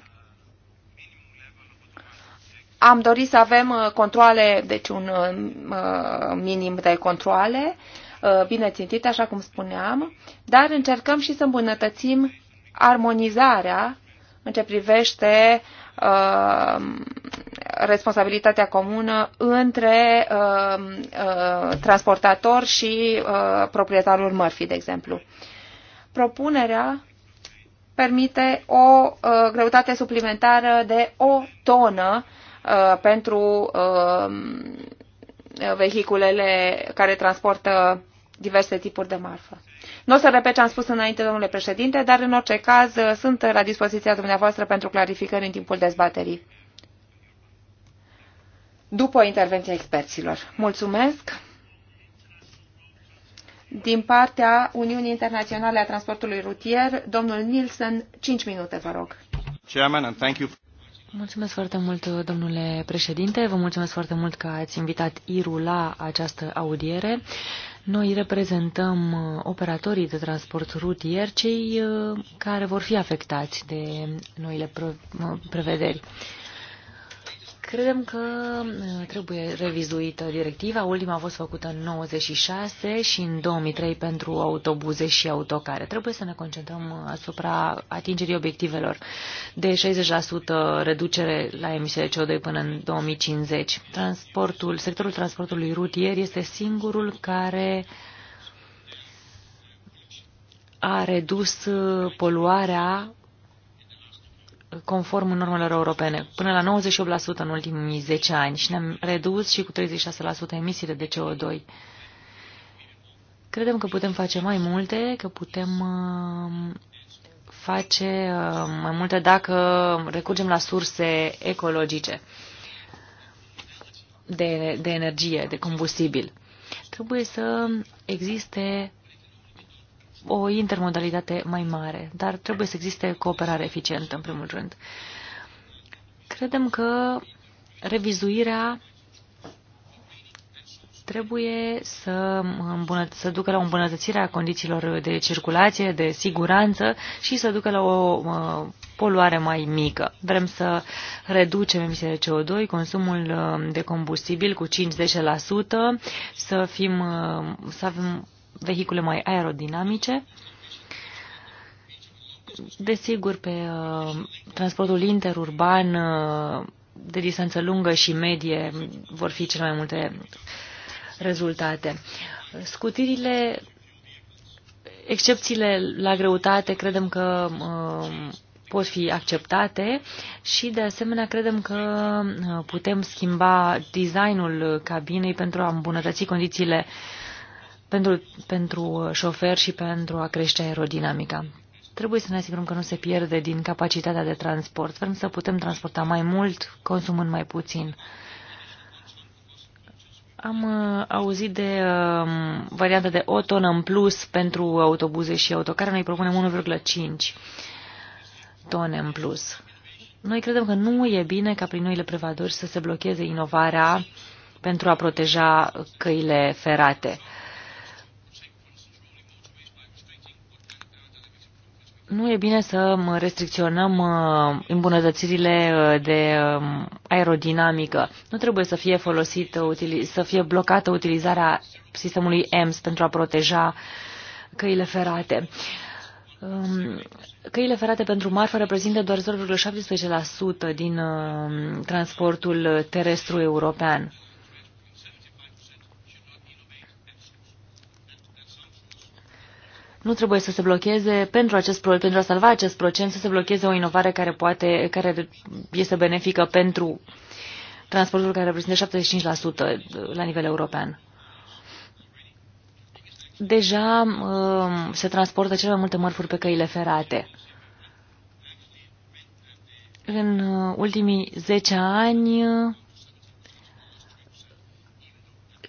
Am dorit să avem uh, controle, deci un uh, uh, minim de controle, bine țintit, așa cum spuneam, dar încercăm și să îmbunătățim armonizarea în ce privește uh, responsabilitatea comună între uh, uh, transportator și uh, proprietarul mărfii, de exemplu. Propunerea permite o uh, greutate suplimentară de o tonă Uh, pentru uh, vehiculele care transportă diverse tipuri de marfă. Nu o să repet ce am spus înainte, domnule președinte, dar în orice caz uh, sunt la dispoziția dumneavoastră pentru clarificări în timpul dezbaterii. După intervenția experților. Mulțumesc! Din partea Uniunii Internaționale a Transportului Rutier, domnul Nielsen, 5 minute, vă rog. Chairman, and thank you.
Mulțumesc foarte mult, domnule președinte. Vă mulțumesc foarte mult că ați invitat IRU la această audiere. Noi reprezentăm operatorii de transport rutier, cei uh, care vor fi afectați de noile prevederi. Credem că uh, trebuie revizuită directiva. Ultima a fost făcută în 96 și în 2003 pentru autobuze și autocare. Trebuie să ne concentrăm uh, asupra atingerii obiectivelor de 60% reducere la emisiile CO2 până în 2050. Transportul, sectorul transportului rutier este singurul care a redus uh, poluarea conform normelor europene, până la 98% în ultimii 10 ani și ne-am redus și cu 36% emisiile de CO2. Credem că putem face mai multe, că putem um, face um, mai multe dacă recurgem la surse ecologice de, de energie, de combustibil. Trebuie să existe o intermodalitate mai mare, dar trebuie să existe cooperare eficientă, în primul rând. Credem că revizuirea trebuie să, să ducă la o îmbunătățire a condițiilor de circulație, de siguranță și să ducă la o uh, poluare mai mică. Vrem să reducem emisiile de CO2, consumul uh, de combustibil cu 5-10%, să, fim, uh, să avem vehicule mai aerodinamice. Desigur, pe uh, transportul interurban uh, de distanță lungă și medie vor fi cele mai multe rezultate. Scutirile, excepțiile la greutate, credem că uh, pot fi acceptate și, de asemenea, credem că putem schimba designul cabinei pentru a îmbunătăți condițiile uh, pentru, pentru șofer și pentru a crește aerodinamica. Trebuie să ne asigurăm că nu se pierde din capacitatea de transport. Vrem să putem transporta mai mult, consumând mai puțin. Am uh, auzit de uh, varianta de o tonă în plus pentru autobuze și autocare. Noi propunem 1,5 tone în plus. Noi credem că nu e bine ca prin noile prevederi să se blocheze inovarea pentru a proteja căile ferate. Uh, Nu e bine să restricționăm îmbunătățirile uh, de um, aerodinamică. Nu trebuie să fie folosită, uh, să fie blocată utilizarea sistemului EMS pentru a proteja căile ferate. Um, căile ferate pentru marfă reprezintă doar 0,17% din um, transportul terestru european. nu trebuie să se blocheze pentru acest proiect, pentru a salva acest procent, să se blocheze o inovare care poate, care este benefică pentru transportul care reprezintă 75% la nivel european. Deja um, se transportă cele mai multe mărfuri pe căile ferate. În uh, ultimii 10 ani,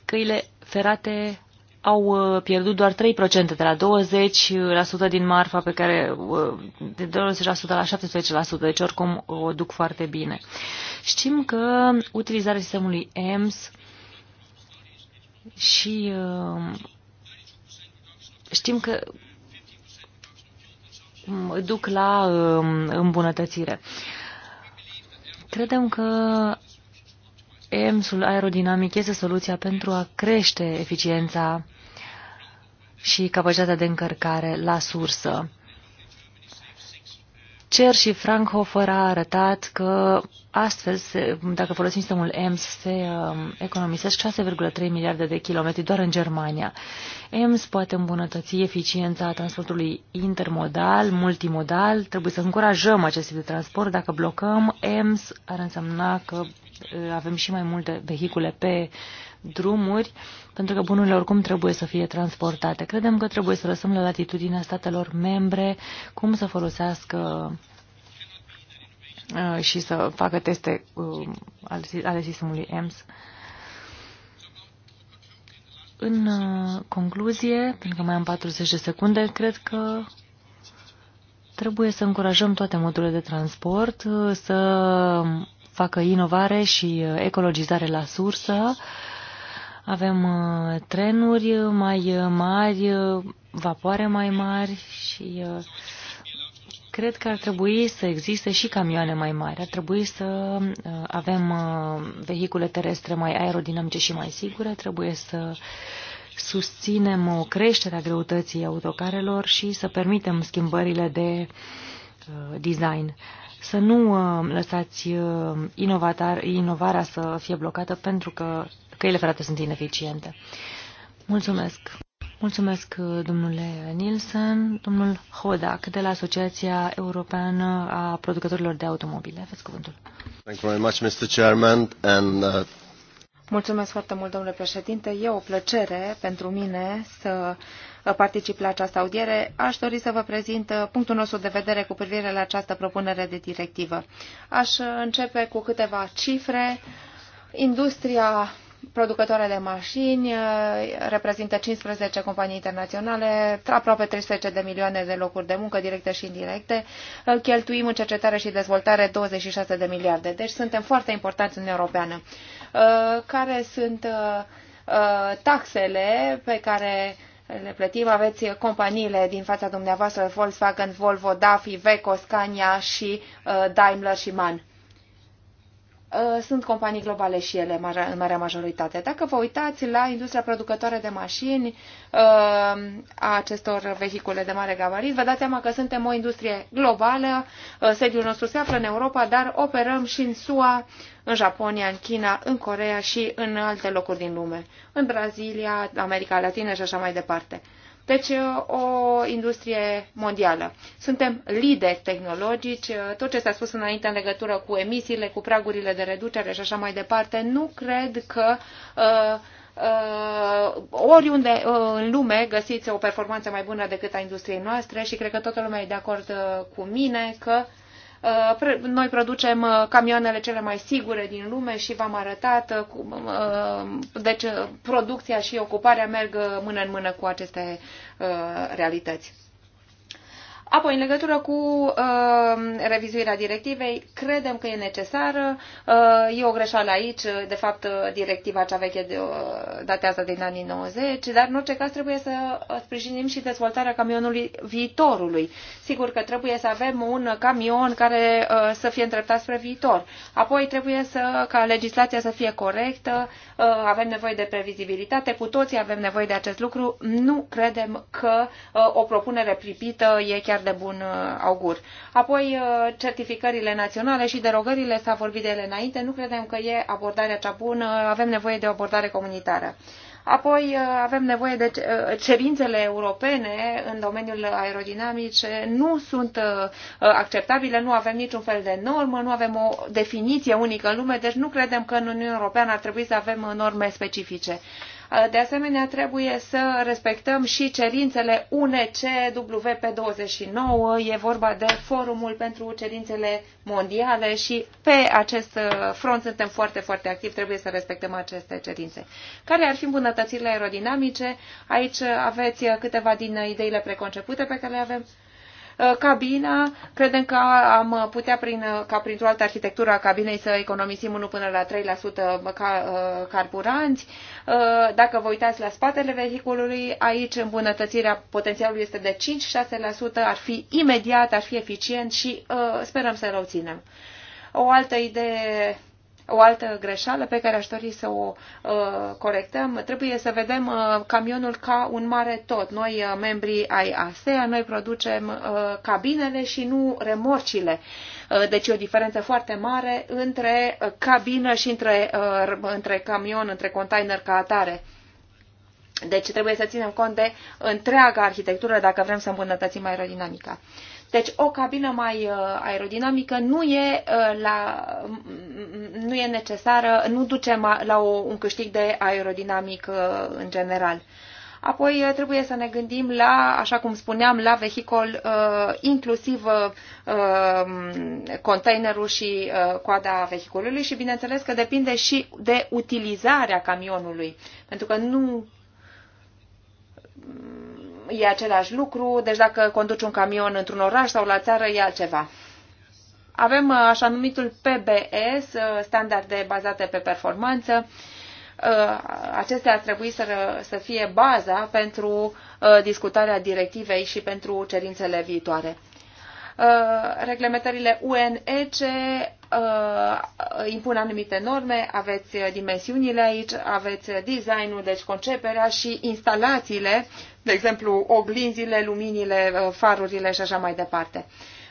căile ferate au uh, pierdut doar 3% de la 20% din marfa pe care uh, de 20% la 17%, deci oricum o duc foarte bine. Știm că utilizarea sistemului EMS și uh, știm că um, duc la um, îmbunătățire. Credem că EMS-ul aerodinamic este soluția pentru a crește eficiența și capacitatea de încărcare la sursă. Cer și Frankhofer a arătat că astfel, se, dacă folosim sistemul EMS, se um, economisesc 6,3 miliarde de kilometri doar în Germania. EMS poate îmbunătăți eficiența transportului intermodal, multimodal. Trebuie să încurajăm acest tip de transport. Dacă blocăm EMS, ar însemna că uh, avem și mai multe vehicule pe drumuri, pentru că bunurile oricum trebuie să fie transportate. Credem că trebuie să lăsăm la latitudinea statelor membre cum să folosească uh, și să facă teste uh, ale sistemului EMS. În uh, concluzie, pentru că mai am 40 de secunde, cred că trebuie să încurajăm toate modurile de transport să facă inovare și ecologizare la sursă avem uh, trenuri mai uh, mari, uh, vapoare mai mari și cred că ar trebui să existe și camioane mai mari. Ar trebui să avem vehicule terestre mai aerodinamice și mai sigure. Trebuie să susținem o creștere a greutății autocarelor și să permitem schimbările de design. Să nu lăsați inovarea să fie blocată pentru că căile ferate sunt ineficiente. Mulțumesc. Mulțumesc, domnule Nielsen. Domnul Hodak, de la Asociația Europeană a Producătorilor de Automobile. Aveți cuvântul.
Thank you very much, Mr. Chairman, and, uh...
Mulțumesc foarte mult, domnule președinte. E o plăcere pentru mine să particip la această audiere. Aș dori să vă prezint punctul nostru de vedere cu privire la această propunere de directivă. Aș începe cu câteva cifre. Industria producătoare de mașini, uh, reprezintă 15 companii internaționale, aproape 300 de milioane de locuri de muncă directe și indirecte, cheltuim în cercetare și dezvoltare 26 de miliarde. Deci suntem foarte importanți în Europeană. Uh, care sunt uh, taxele pe care le plătim. Aveți companiile din fața dumneavoastră, Volkswagen, Volvo, Dafi, Veco, Scania și Daimler și MAN Uh, sunt companii globale și ele în marea majoritate. Dacă vă uitați la industria producătoare de mașini uh, a acestor vehicule de mare gabarit, vă dați seama că suntem o industrie globală, uh, sediul nostru se află în Europa, dar operăm și în SUA, în Japonia, în China, în Corea și în alte locuri din lume, în Brazilia, America Latină și așa mai departe. Deci o industrie mondială. Suntem lideri tehnologici. Tot ce s-a spus înainte în legătură cu emisiile, cu pragurile de reducere și așa mai departe, nu cred că uh, uh, oriunde uh, în lume găsiți o performanță mai bună decât a industriei noastre și cred că toată lumea e de acord uh, cu mine că uh, Uh, noi producem uh, camioanele cele mai sigure din lume și v-am arătat. Uh, deci producția și ocuparea merg mână în mână cu aceste realități. Apoi, în legătură cu uh, revizuirea directivei, credem că e necesară. Uh, e o greșeală aici. De fapt, uh, directiva cea veche de, uh, datează din anii 90, dar în orice caz trebuie să uh, sprijinim și dezvoltarea camionului viitorului. Sigur că trebuie să avem un camion care uh, să fie îndreptat spre viitor. Apoi trebuie să, ca legislația să fie corectă, uh, avem nevoie de previzibilitate, cu toții avem nevoie de acest lucru. Nu credem că uh, o propunere pripită e chiar de bun uh, augur. Apoi, uh, certificările naționale și derogările, s-a vorbit de ele înainte, nu credem că e abordarea cea bună, avem nevoie de o abordare comunitară. Apoi uh, avem nevoie de cerințele europene în domeniul aerodinamice, nu sunt acceptabile, nu avem niciun fel de normă, nu avem o definiție unică în lume, deci nu credem că în Uniunea Europeană ar trebui să avem norme specifice. Uh, de asemenea, trebuie să respectăm și cerințele UNCWP29. E vorba de forumul pentru cerințele mondiale și pe acest uh, front suntem foarte, foarte activi. Trebuie să respectăm aceste cerințe. Care ar fi îmbunătățirile aerodinamice? Aici uh, aveți câteva din ideile preconcepute pe care le avem. Uh, cabina, credem că am putea, prin, uh, ca printr-o altă arhitectură a cabinei, să economisim 1 până la 3% uh, carburanți. Dacă vă uitați la spatele vehiculului, aici îmbunătățirea potențialului este de 5-6%, ar fi imediat, ar fi eficient și sperăm să-l obținem. O altă idee o altă greșeală pe care aș dori să o uh, corectăm, trebuie să vedem uh, camionul ca un mare tot. Noi, uh, membrii ai ASEA, noi producem uh, cabinele și nu remorcile. Uh, deci e o diferență foarte mare între uh, cabină și între, uh, între camion, între container ca atare. Deci trebuie să ținem cont de întreaga arhitectură dacă vrem să îmbunătățim aerodinamica. Uh, deci o cabină mai uh, aerodinamică nu e, uh, la, mm, nu e necesară, nu duce la o, un câștig de aerodinamic uh, în general. Apoi trebuie să ne gândim la, așa cum spuneam, la vehicol, inclusiv um, containerul și coada vehiculului și bineînțeles că depinde și de utilizarea camionului, pentru că nu e același lucru, deci dacă conduci un camion într-un oraș sau la țară, e altceva. Avem uh, așa numitul PBS, uh, standarde bazate pe performanță. Uh, acestea ar trebui să, să fie baza pentru discutarea directivei și pentru cerințele viitoare. Uh, reglementările UNEC uh, impun anumite norme, aveți uh, dimensiunile aici, aveți designul, deci conceperea și instalațiile, de exemplu oglinzile, luminile, farurile și așa mai departe.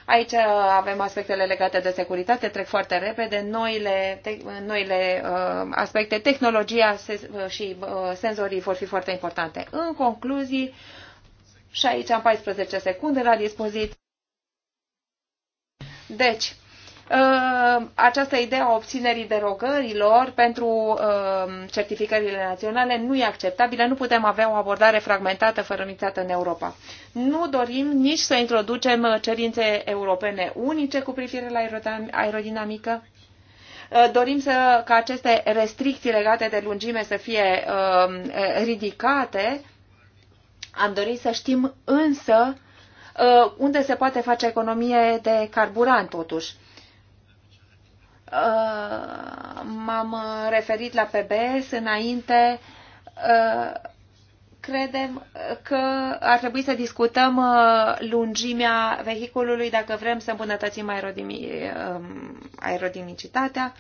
Aici avem aspectele legate de securitate, trec foarte repede, noile, te, noile uh, aspecte, tehnologia se, uh, și uh, senzorii vor fi foarte importante. În concluzii, și aici am 14 secunde la dispoziție. Deci, uh, această idee a obținerii derogărilor pentru uh, certificările naționale nu e acceptabilă, nu putem avea o abordare fragmentată, fărămițată în Europa. Nu dorim nici să introducem uh, cerințe europene unice cu privire la aerodinamică, dorim să, ca aceste restricții legate de lungime să fie uh, ridicate. Am dorit să știm însă Uh, unde se poate face economie de carburant, totuși. Uh, m-am referit la PBS înainte. Uh, credem că ar trebui să discutăm lungimea vehiculului dacă vrem să îmbunătățim aerodinamicitatea. Um,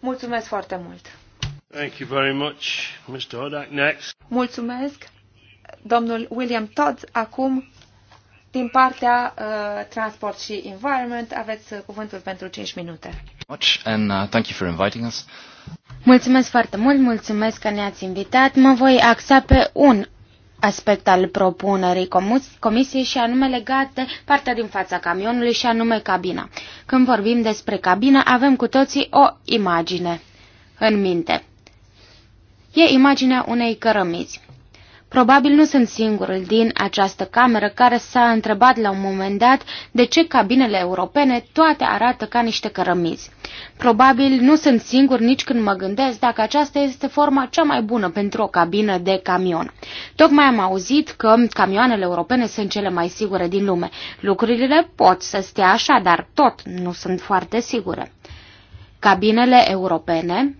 Mulțumesc foarte mult!
Thank you very much, Mr. Hodak. Next.
Mulțumesc, domnul William Todd, acum din partea uh, Transport și Environment. Aveți uh, cuvântul pentru 5 minute.
Uh,
mulțumesc foarte mult, mulțumesc că ne-ați invitat. Mă voi axa pe un aspect al propunerii comisiei și anume legat de partea din fața camionului și anume cabina. Când vorbim despre cabina, avem cu toții o imagine în minte. E imaginea unei cărămizi. Probabil nu sunt singurul din această cameră care s-a întrebat la un moment dat de ce cabinele europene toate arată ca niște cărămizi. Probabil nu sunt singur nici când mă gândesc dacă aceasta este forma cea mai bună pentru o cabină de camion. Tocmai am auzit că camioanele europene sunt cele mai sigure din lume. Lucrurile pot să stea așa, dar tot nu sunt foarte sigure. Cabinele europene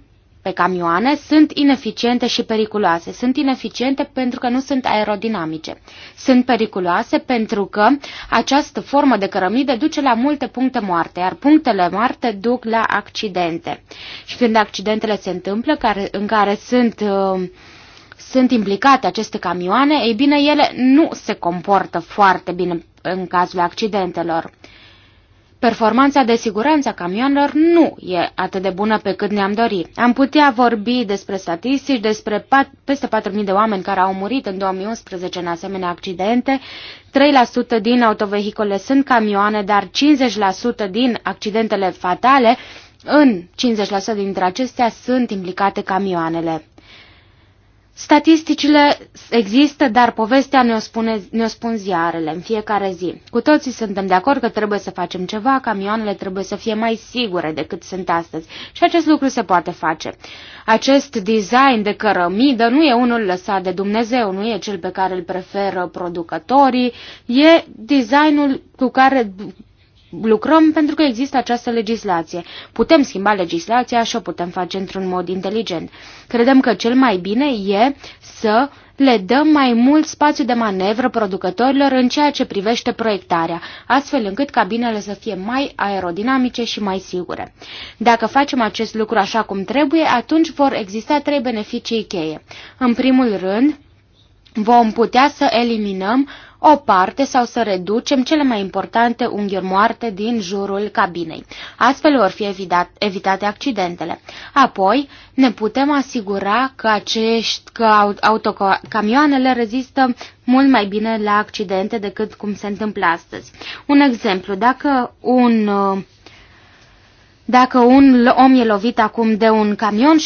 pe camioane sunt ineficiente și periculoase. Sunt ineficiente pentru că nu sunt aerodinamice. Sunt periculoase pentru că această formă de cărămidă duce la multe puncte moarte, iar punctele moarte duc la accidente. Și când accidentele se întâmplă, care, în care sunt uh, sunt implicate aceste camioane, ei bine, ele nu se comportă foarte bine în cazul accidentelor. Performanța de siguranță a camionelor nu e atât de bună pe cât ne-am dorit. Am putea vorbi despre statistici, despre pat, peste 4.000 de oameni care au murit în 2011 în asemenea accidente. 3% din autovehicole sunt camioane, dar 50% din accidentele fatale, în 50% dintre acestea, sunt implicate camioanele. Statisticile există, dar povestea ne-o, spune, ne-o spun ziarele în fiecare zi. Cu toții suntem de acord că trebuie să facem ceva, camioanele trebuie să fie mai sigure decât sunt astăzi și acest lucru se poate face. Acest design de cărămidă nu e unul lăsat de Dumnezeu, nu e cel pe care îl preferă producătorii, e designul cu care lucrăm pentru că există această legislație. Putem schimba legislația și o putem face într-un mod inteligent. Credem că cel mai bine e să le dăm mai mult spațiu de manevră producătorilor în ceea ce privește proiectarea, astfel încât cabinele să fie mai aerodinamice și mai sigure. Dacă facem acest lucru așa cum trebuie, atunci vor exista trei beneficii cheie. În primul rând, vom putea să eliminăm o parte sau să reducem cele mai importante unghiuri moarte din jurul cabinei. Astfel vor fi evitat, evitate accidentele. Apoi, ne putem asigura că, acești, că autocamioanele rezistă mult mai bine la accidente decât cum se întâmplă astăzi. Un exemplu, dacă un... dacă un om e lovit acum de un camion,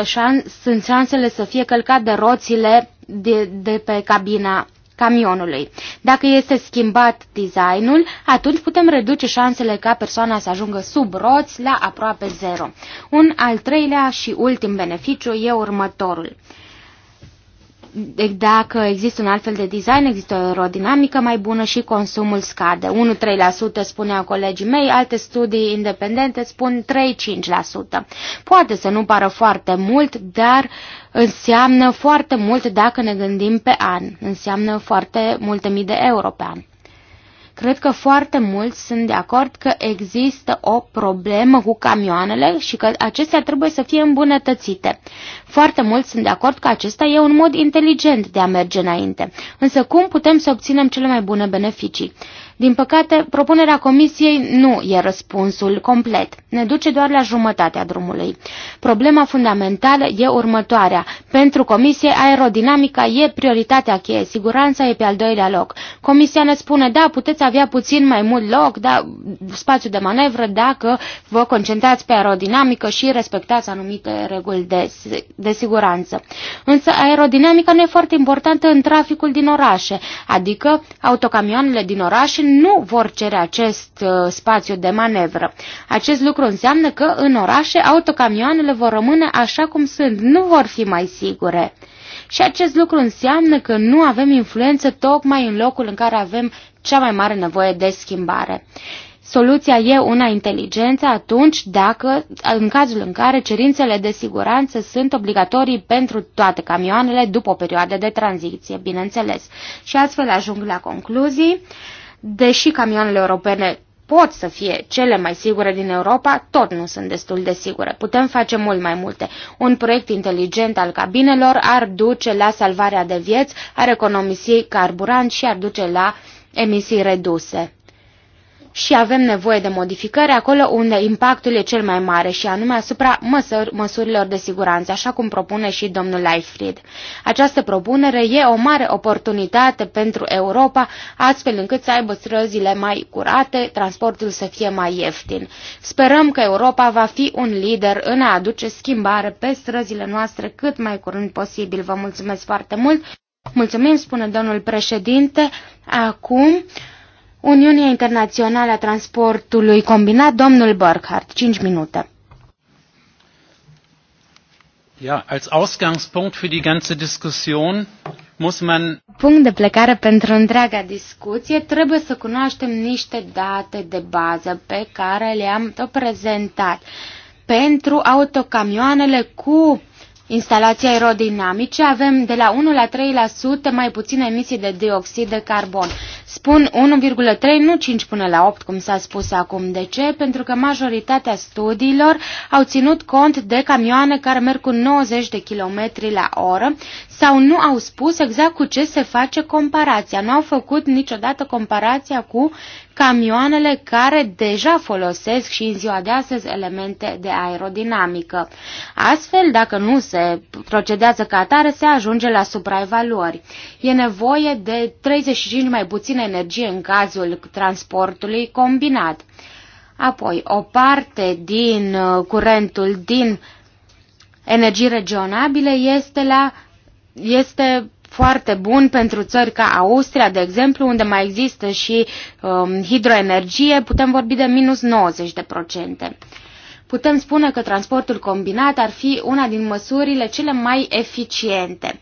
75% șan sunt șansele să fie călcat de roțile de, de pe cabina camionului. Dacă este schimbat designul, atunci putem reduce șansele ca persoana să ajungă sub roți la aproape zero. Un al treilea și ultim beneficiu e următorul dacă există un alt fel de design, există o aerodinamică mai bună și consumul scade. 1-3% spuneau colegii mei, alte studii independente spun 3-5%. Poate să nu pară foarte mult, dar înseamnă foarte mult dacă ne gândim pe an. Înseamnă foarte multe mii de euro pe an. Cred că foarte mulți sunt de acord că există o problemă cu camioanele și că acestea trebuie să fie îmbunătățite. Foarte mulți sunt de acord că acesta e un mod inteligent de a merge înainte. Însă cum putem să obținem cele mai bune beneficii? Din păcate, propunerea Comisiei nu e răspunsul complet. Ne duce doar la jumătatea drumului. Problema fundamentală e următoarea. Pentru Comisie, aerodinamica e prioritatea cheie, siguranța e pe al doilea loc. Comisia ne spune, da, puteți avea puțin mai mult loc, da, spațiu de manevră, dacă vă concentrați pe aerodinamică și respectați anumite reguli de, de siguranță. Însă aerodinamica nu e foarte importantă în traficul din orașe, adică autocamioanele din orașe nu vor cere acest uh, spațiu de manevră. Acest lucru înseamnă că în orașe autocamioanele vor rămâne așa cum sunt, nu vor fi mai sigure. Și acest lucru înseamnă că nu avem influență tocmai în locul în care avem cea mai mare nevoie de schimbare. Soluția e una inteligență atunci dacă, în cazul în care cerințele de siguranță sunt obligatorii pentru toate camioanele după o perioadă de tranziție, bineînțeles. Și astfel ajung la concluzii. Deși camioanele europene pot să fie cele mai sigure din Europa, tot nu sunt destul de sigure. Putem face mult mai multe. Un proiect inteligent al cabinelor ar duce la salvarea de vieți, ar economisi carburant și ar duce la emisii reduse și avem nevoie de modificări acolo unde impactul e cel mai mare și anume asupra măsur măsurilor de siguranță, așa cum propune și domnul Leifried. Această propunere e o mare oportunitate pentru Europa, astfel încât să aibă străzile mai curate, transportul să fie mai ieftin. Sperăm că Europa va fi un lider în a aduce schimbare pe străzile noastre cât mai curând posibil. Vă mulțumesc foarte mult! Mulțumim, spune domnul președinte. Acum Uniunea Internațională a Transportului Combinat, domnul Burkhardt, 5 minute.
Ja, als Ausgangspunkt für die ganze Diskussion
muss man Punct de plecare pentru întreaga discuție trebuie să cunoaștem niște date de bază pe care le-am prezentat pentru autocamioanele cu instalații aerodinamice, avem de la 1 la 3% mai puține emisii de dioxid de carbon. Spun 1,3, nu 5 până la 8, cum s-a spus acum. De ce? Pentru că majoritatea studiilor au ținut cont de camioane care merg cu 90 de km la oră sau nu au spus exact cu ce se face comparația. Nu au făcut niciodată comparația cu camioanele care deja folosesc și în ziua de astăzi elemente de aerodinamică. Astfel, dacă nu se procedează ca atare, se ajunge la supraevaluări. E nevoie de 35 mai puțină energie în cazul transportului combinat. Apoi, o parte din uh, curentul din energii regionabile este la este foarte bun pentru țări ca Austria, de exemplu, unde mai există și um, hidroenergie, putem vorbi de minus 90%. Putem spune că transportul combinat ar fi una din măsurile cele mai eficiente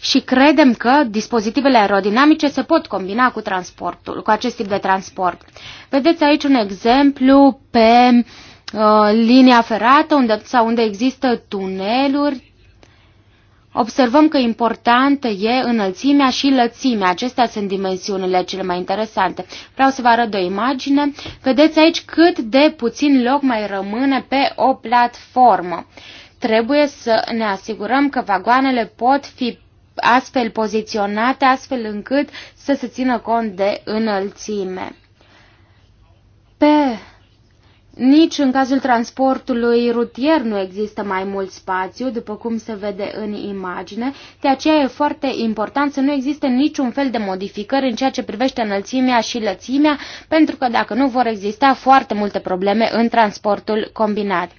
și credem că dispozitivele aerodinamice se pot combina cu transportul, cu acest tip de transport. Vedeți aici un exemplu pe uh, linia ferată unde, sau unde există tuneluri Observăm că importantă e înălțimea și lățimea. Acestea sunt dimensiunile cele mai interesante. Vreau să vă arăt o imagine. Vedeți aici cât de puțin loc mai rămâne pe o platformă. Trebuie să ne asigurăm că vagoanele pot fi astfel poziționate, astfel încât să se țină cont de înălțime. Pe nici în cazul transportului rutier nu există mai mult spațiu, după cum se vede în imagine, de aceea e foarte important să nu existe niciun fel de modificări în ceea ce privește înălțimea și lățimea, pentru că dacă nu vor exista foarte multe probleme în transportul combinat.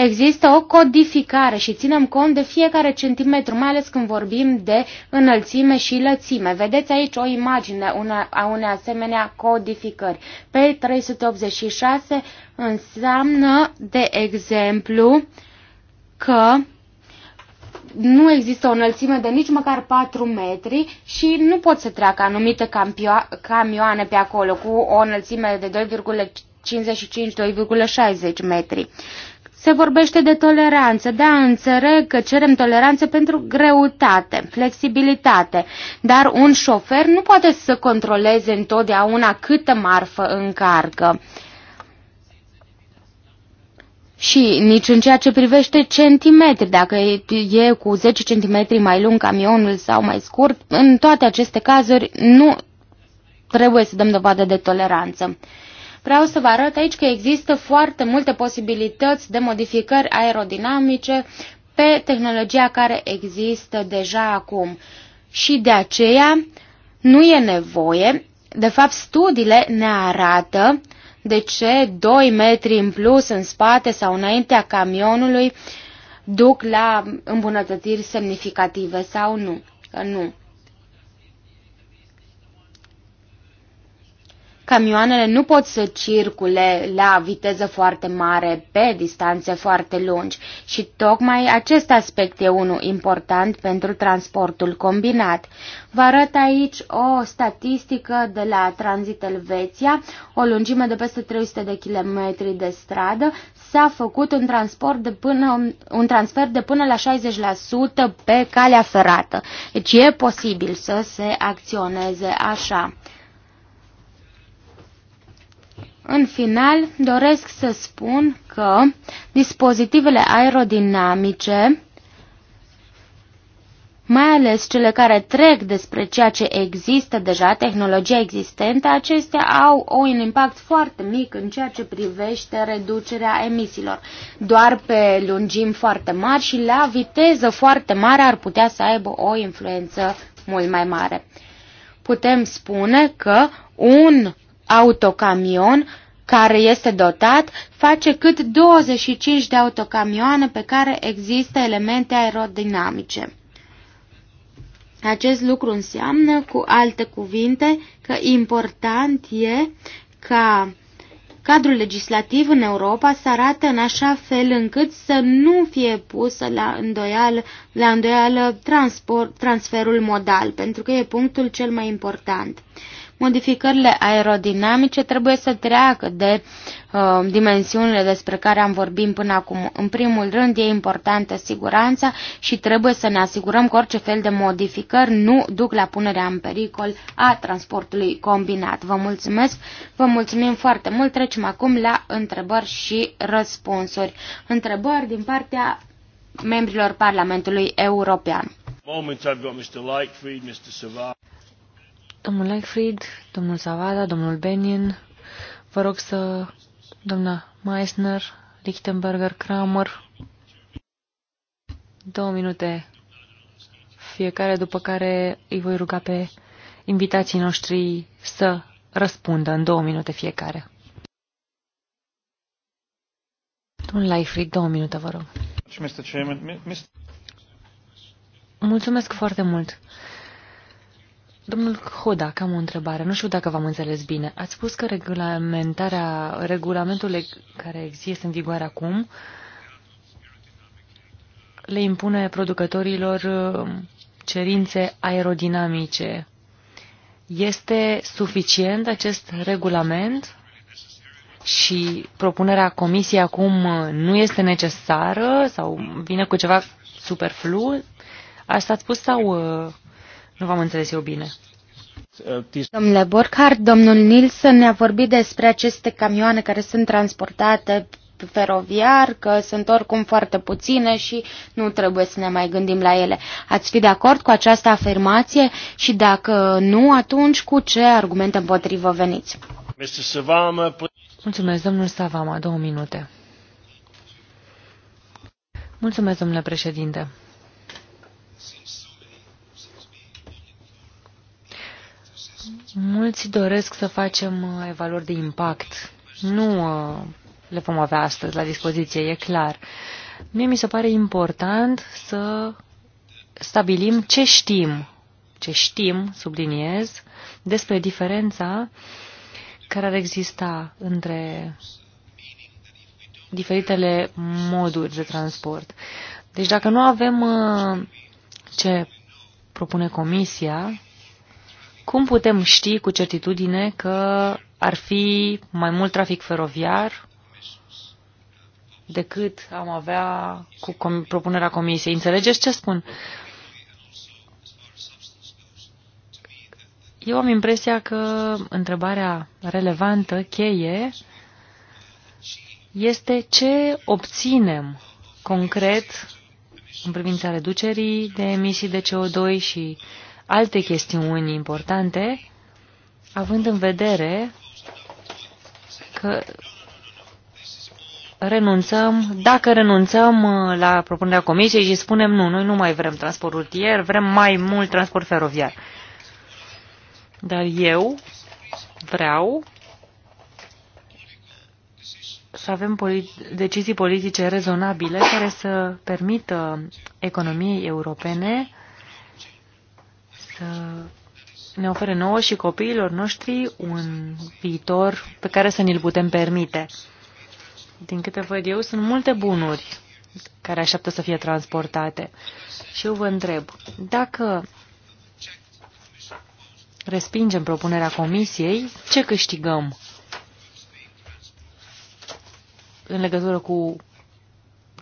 Există o codificare și ținem cont de fiecare centimetru, mai ales când vorbim de înălțime și lățime. Vedeți aici o imagine a unei asemenea codificări. Pe 386 înseamnă, de exemplu, că nu există o înălțime de nici măcar 4 metri și nu pot să treacă anumite camioane pe acolo cu o înălțime de 2,55-2,60 metri. Se vorbește de toleranță, da, înțeleg că cerem toleranță pentru greutate, flexibilitate, dar un șofer nu poate să controleze întotdeauna câtă marfă încarcă. Și nici în ceea ce privește centimetri, dacă e cu 10 centimetri mai lung camionul sau mai scurt, în toate aceste cazuri nu trebuie să dăm dovadă de toleranță. Vreau să vă arăt aici că există foarte multe posibilități de modificări aerodinamice pe tehnologia care există deja acum. Și de aceea nu e nevoie, de fapt studiile ne arată de ce 2 metri în plus în spate sau înaintea camionului duc la îmbunătățiri semnificative sau nu. Că nu. Camioanele nu pot să circule la viteză foarte mare, pe distanțe foarte lungi și tocmai acest aspect e unul important pentru transportul combinat. Vă arăt aici o statistică de la Transit Elveția, o lungime de peste 300 de kilometri de stradă, s-a făcut un, transport de până, un transfer de până la 60% pe calea ferată. Deci e posibil să se acționeze așa. În final, doresc să spun că dispozitivele aerodinamice, mai ales cele care trec despre ceea ce există deja, tehnologia existentă, acestea au un impact foarte mic în ceea ce privește reducerea emisiilor. Doar pe lungimi foarte mari și la viteză foarte mare ar putea să aibă o influență mult mai mare. Putem spune că un autocamion care este dotat face cât 25 de autocamioane pe care există elemente aerodinamice. Acest lucru înseamnă, cu alte cuvinte, că important e ca cadrul legislativ în Europa să arate în așa fel încât să nu fie pusă la îndoială, la îndoială transferul modal, pentru că e punctul cel mai important modificările aerodinamice trebuie să treacă de uh, dimensiunile despre care am vorbit până acum. În primul rând, e importantă siguranța și trebuie să ne asigurăm că orice fel de modificări nu duc la punerea în pericol a transportului combinat. Vă mulțumesc, vă mulțumim foarte mult. Trecem acum la întrebări și răspunsuri. Întrebări din partea membrilor Parlamentului European. Domnul Leichfried, domnul Savada, domnul Benin,
vă rog să, doamna Meissner, Lichtenberger, Kramer, două minute fiecare, după care îi voi ruga pe invitații noștri să răspundă în două minute fiecare. Domnul Leifrid, două minute, vă rog. Mulțumesc foarte mult. Domnul Hoda, am o întrebare. Nu știu dacă v-am înțeles bine. Ați spus că regulamentarea, regulamentul care există în vigoare acum le impune producătorilor uh, cerințe aerodinamice. Este suficient acest regulament și propunerea comisiei acum uh, nu este necesară sau vine cu ceva superflu? Asta ați spus sau uh, nu v-am înțeles eu bine.
Domnule Borchardt, domnul Nilsson ne-a vorbit despre aceste camioane care sunt transportate feroviar, că sunt oricum foarte puține și nu trebuie să ne mai gândim la ele. Ați fi de acord cu această afirmație și dacă nu, atunci cu ce argumente împotrivă veniți? Mulțumesc, domnul Savama, două
minute.
Mulțumesc, domnule președinte. Mulți doresc să facem uh, evaluări de impact. Nu uh, le vom avea astăzi la dispoziție, e clar. Mie mi se pare important să stabilim ce știm, ce știm, subliniez, despre diferența care ar exista între diferitele moduri de transport. Deci dacă nu avem uh, ce propune Comisia, cum putem ști cu certitudine că ar fi mai mult trafic feroviar decât am avea cu com propunerea comisiei? Înțelegeți ce spun? Eu am impresia că întrebarea relevantă, cheie, este ce obținem concret în privința reducerii de emisii de CO2 și alte chestiuni importante, având în vedere că renunțăm, dacă renunțăm uh, la propunerea comisiei și spunem nu, noi nu mai vrem transport rutier, vrem mai mult transport feroviar. Dar eu vreau să avem politi decizii politice rezonabile care să permită economiei europene să ne ofere nouă și copiilor noștri un viitor pe care să ni-l putem permite. Din câte văd eu, sunt multe bunuri care așteaptă să fie transportate. Și eu vă întreb, dacă respingem propunerea comisiei, ce câștigăm în legătură cu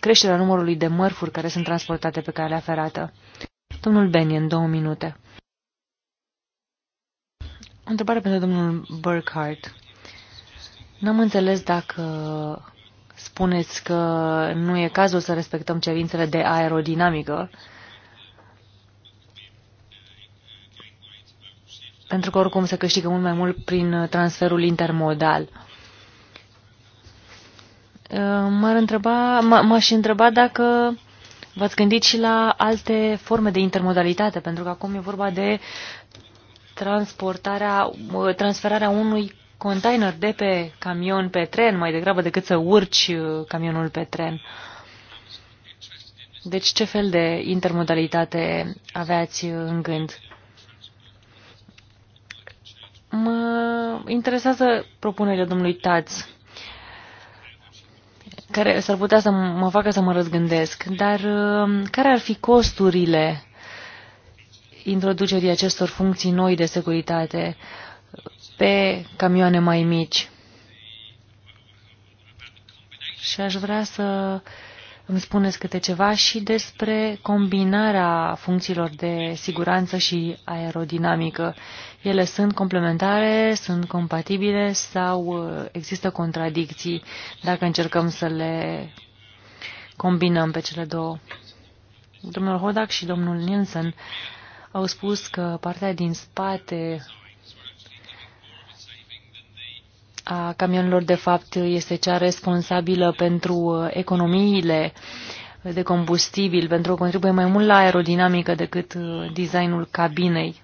creșterea numărului de mărfuri care sunt transportate pe calea ferată? Domnul Beni, în două minute. Întrebare pentru domnul Burkhardt. N-am înțeles dacă spuneți că nu e cazul să respectăm cerințele de aerodinamică, pentru că oricum se câștigă mult mai mult prin transferul intermodal. Ă, m aș întreba, întreba dacă v-ați gândit și la alte forme de intermodalitate, pentru că acum e vorba de transportarea, transferarea unui container de pe camion pe tren, mai degrabă decât să urci uh, camionul pe tren. Deci ce fel de intermodalitate aveați uh, în gând? Mă interesează propunerea domnului Taț, care s-ar putea să mă facă să mă răzgândesc, dar uh, care ar fi costurile introducerii acestor funcții noi de securitate pe camioane mai mici. Și aș vrea să îmi spuneți câte ceva și despre combinarea funcțiilor de siguranță și aerodinamică. Ele sunt complementare, sunt compatibile sau uh, există contradicții dacă încercăm să le combinăm pe cele două? Domnul Hodak și domnul Nielsen au spus că partea din spate a camionelor, de fapt, este cea responsabilă pentru uh, economiile de combustibil, pentru că contribuie mai mult la aerodinamică decât uh, designul cabinei.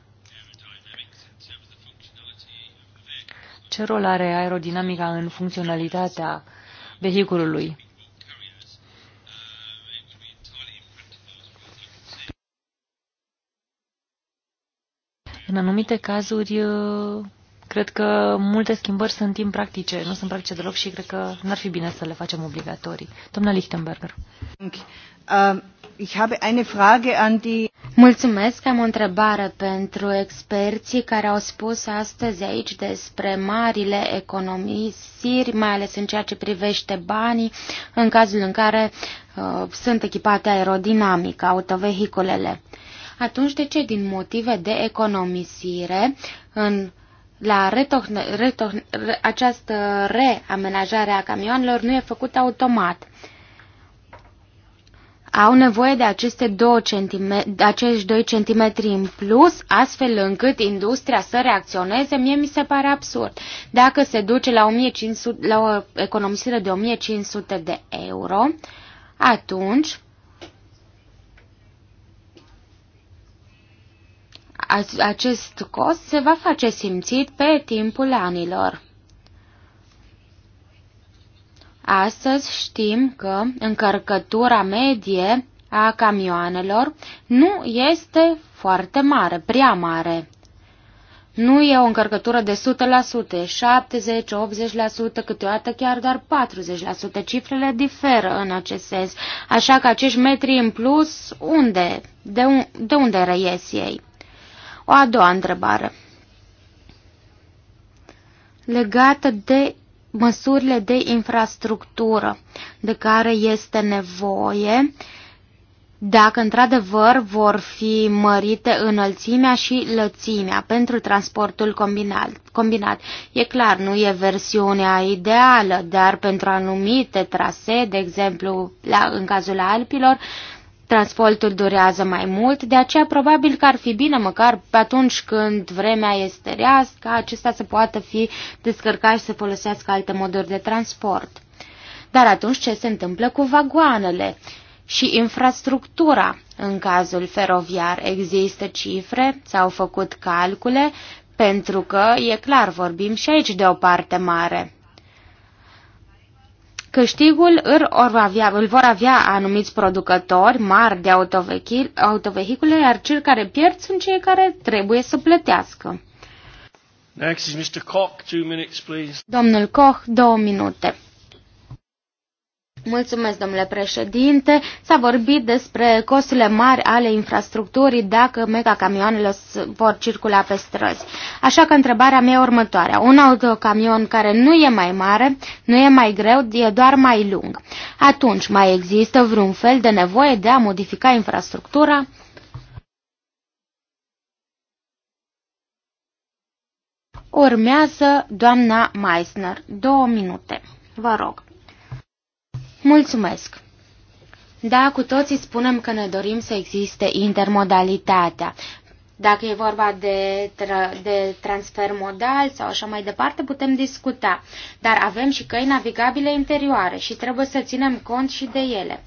Ce rol are aerodinamica în funcționalitatea vehiculului? În anumite cazuri, uh, cred că multe schimbări sunt impractice, nu sunt practice deloc și cred că n-ar fi bine să le facem obligatorii. Domnul Lichtenberger.
Uh, Mulțumesc, am o întrebare pentru experții care au spus astăzi aici despre marile economisiri, mai ales în ceea ce privește banii, în cazul în care uh, sunt echipate aerodinamic autovehiculele atunci de ce din motive de economisire în la retohne, retohne, re, această reamenajare a camioanelor nu e făcută automat. Au nevoie de aceste două centime, acești 2 cm în plus, astfel încât industria să reacționeze, mie mi se pare absurd. Dacă se duce la, 1500, la o economisire de 1500 de euro, atunci acest cost se va face simțit pe timpul anilor. Astăzi știm că încărcătura medie a camioanelor nu este foarte mare, prea mare. Nu e o încărcătură de 100%, 70-80%, câteodată chiar doar 40%. Cifrele diferă în acest sens, așa că acești metri în plus, unde? De, un, de unde reies ei? O a doua întrebare legată de măsurile de infrastructură de care este nevoie dacă într-adevăr vor fi mărite înălțimea și lățimea pentru transportul combinat, combinat. E clar, nu e versiunea ideală, dar pentru anumite trasee, de exemplu la, în cazul Alpilor, transportul durează mai mult, de aceea probabil că ar fi bine măcar atunci când vremea este rea, ca acesta să poată fi descărcat și să folosească alte moduri de transport. Dar atunci ce se întâmplă cu vagoanele și infrastructura? În cazul feroviar există cifre, s-au făcut calcule, pentru că, e clar, vorbim și aici de o parte mare. Câștigul îl, avea, îl vor avea anumiți producători mari de autovehicule, iar cel care pierd sunt cei care trebuie să plătească.
Next is Mr. Koch, two minutes, please.
Domnul Koch, două minute. Mulțumesc, domnule președinte. S-a vorbit despre costurile mari ale infrastructurii dacă megacamioanele vor circula pe străzi. Așa că întrebarea mea e următoarea. Un autocamion care nu e mai mare, nu e mai greu, e doar mai lung. Atunci, mai există vreun fel de nevoie de a modifica infrastructura? Urmează doamna Meissner. Două minute. Vă rog. Mulțumesc! Da, cu toții spunem că ne dorim să existe intermodalitatea. Dacă e vorba de, tra- de transfer modal sau așa mai departe, putem discuta. Dar avem și căi navigabile interioare și trebuie să ținem cont și de ele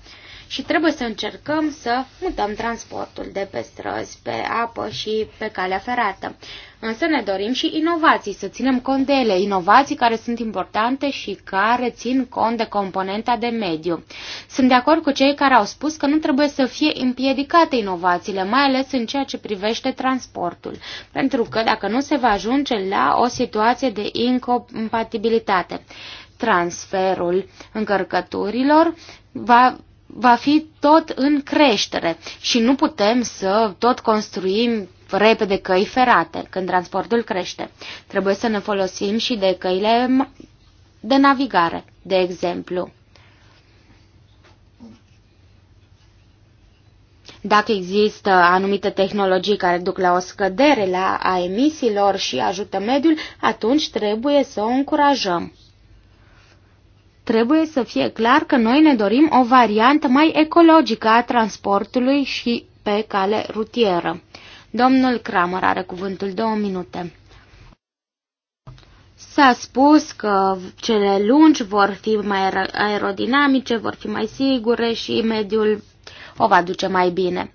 și trebuie să încercăm să mutăm transportul de pe străzi, pe apă și pe calea ferată. Însă ne dorim și inovații, să ținem cont de ele, inovații care sunt importante și care țin cont de componenta de mediu. Sunt de acord cu cei care au spus că nu trebuie să fie împiedicate inovațiile, mai ales în ceea ce privește transportul, pentru că dacă nu se va ajunge la o situație de incompatibilitate transferul încărcăturilor va va fi tot în creștere și nu putem să tot construim repede căi ferate când transportul crește. Trebuie să ne folosim și de căile de navigare, de exemplu. Dacă există anumite tehnologii care duc la o scădere la a emisiilor și ajută mediul, atunci trebuie să o încurajăm. Trebuie să fie clar că noi ne dorim o variantă mai ecologică a transportului și pe cale rutieră. Domnul Kramer are cuvântul două minute. S-a spus că cele lungi vor fi mai aerodinamice, vor fi mai sigure și mediul o va duce mai bine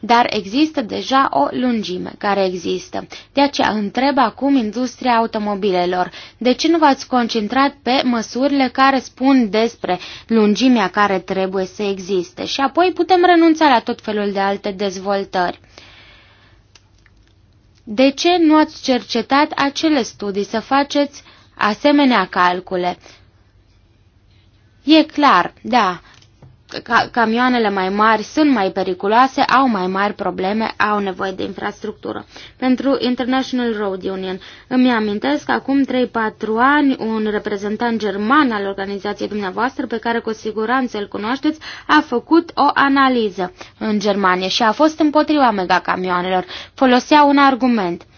dar există deja o lungime care există. De aceea întreb acum industria automobilelor, de ce nu v-ați concentrat pe măsurile care spun despre lungimea care trebuie să existe și apoi putem renunța la tot felul de alte dezvoltări? De ce nu ați cercetat acele studii să faceți asemenea calcule? E clar, da, camioanele mai mari sunt mai periculoase, au mai mari probleme, au nevoie de infrastructură. Pentru International Road Union, îmi amintesc acum 3-4 ani un reprezentant german al organizației dumneavoastră, pe care cu siguranță îl cunoașteți, a făcut o analiză în Germania și a fost împotriva megacamioanelor. Folosea un argument –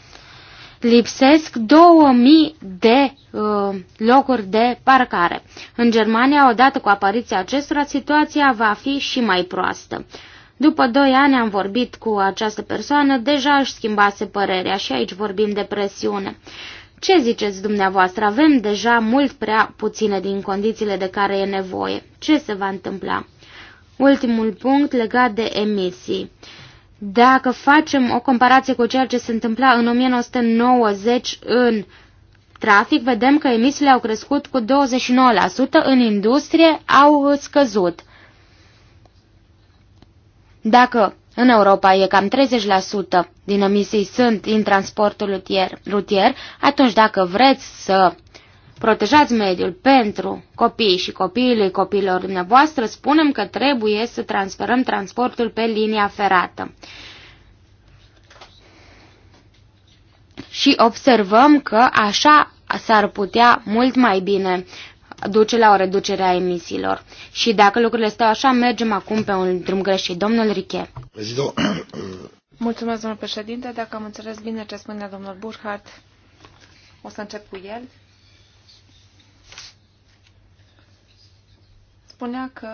lipsesc 2000 de uh, locuri de parcare. În Germania, odată cu apariția acestora, situația va fi și mai proastă. După doi ani am vorbit cu această persoană, deja își schimbase părerea și aici vorbim de presiune. Ce ziceți dumneavoastră? Avem deja mult prea puține din condițiile de care e nevoie. Ce se va întâmpla? Ultimul punct legat de emisii. Uh, dacă facem o comparație cu ceea ce se întâmpla în 1990 în trafic, vedem că emisiile au crescut cu 29%, în industrie au scăzut. Dacă în Europa e cam 30% din emisii sunt din transportul rutier, rutier atunci dacă vreți să protejați mediul pentru copii și copiii copiilor dumneavoastră, spunem că trebuie să transferăm transportul pe linia ferată. Și observăm că așa s-ar putea mult mai bine duce la o reducere a emisiilor. Și dacă lucrurile stau așa, mergem acum pe un drum greșit. Domnul Riche.
Mulțumesc, domnul președinte. Dacă am înțeles bine ce spunea domnul Burhardt, o să încep cu el. spunea că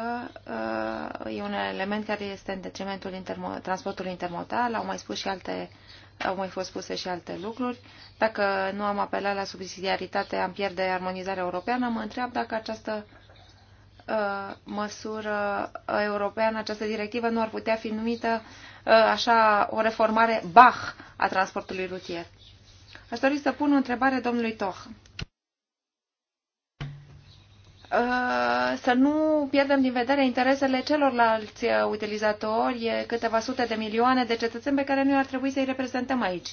uh, e un element care este în detrimentul intermo- transportului intermodal, au mai spus și alte au mai fost spuse și alte lucruri. Dacă nu am apelat la subsidiaritate, am pierde armonizarea europeană. Mă întreab dacă această uh, măsură europeană, această directivă, nu ar putea fi numită uh, așa o reformare Bach a transportului rutier. Aș dori să pun o întrebare domnului Toch. Uh, să nu pierdem din vedere interesele celorlalți utilizatori, câteva sute de milioane de cetățeni pe care noi ar trebui să-i reprezentăm aici.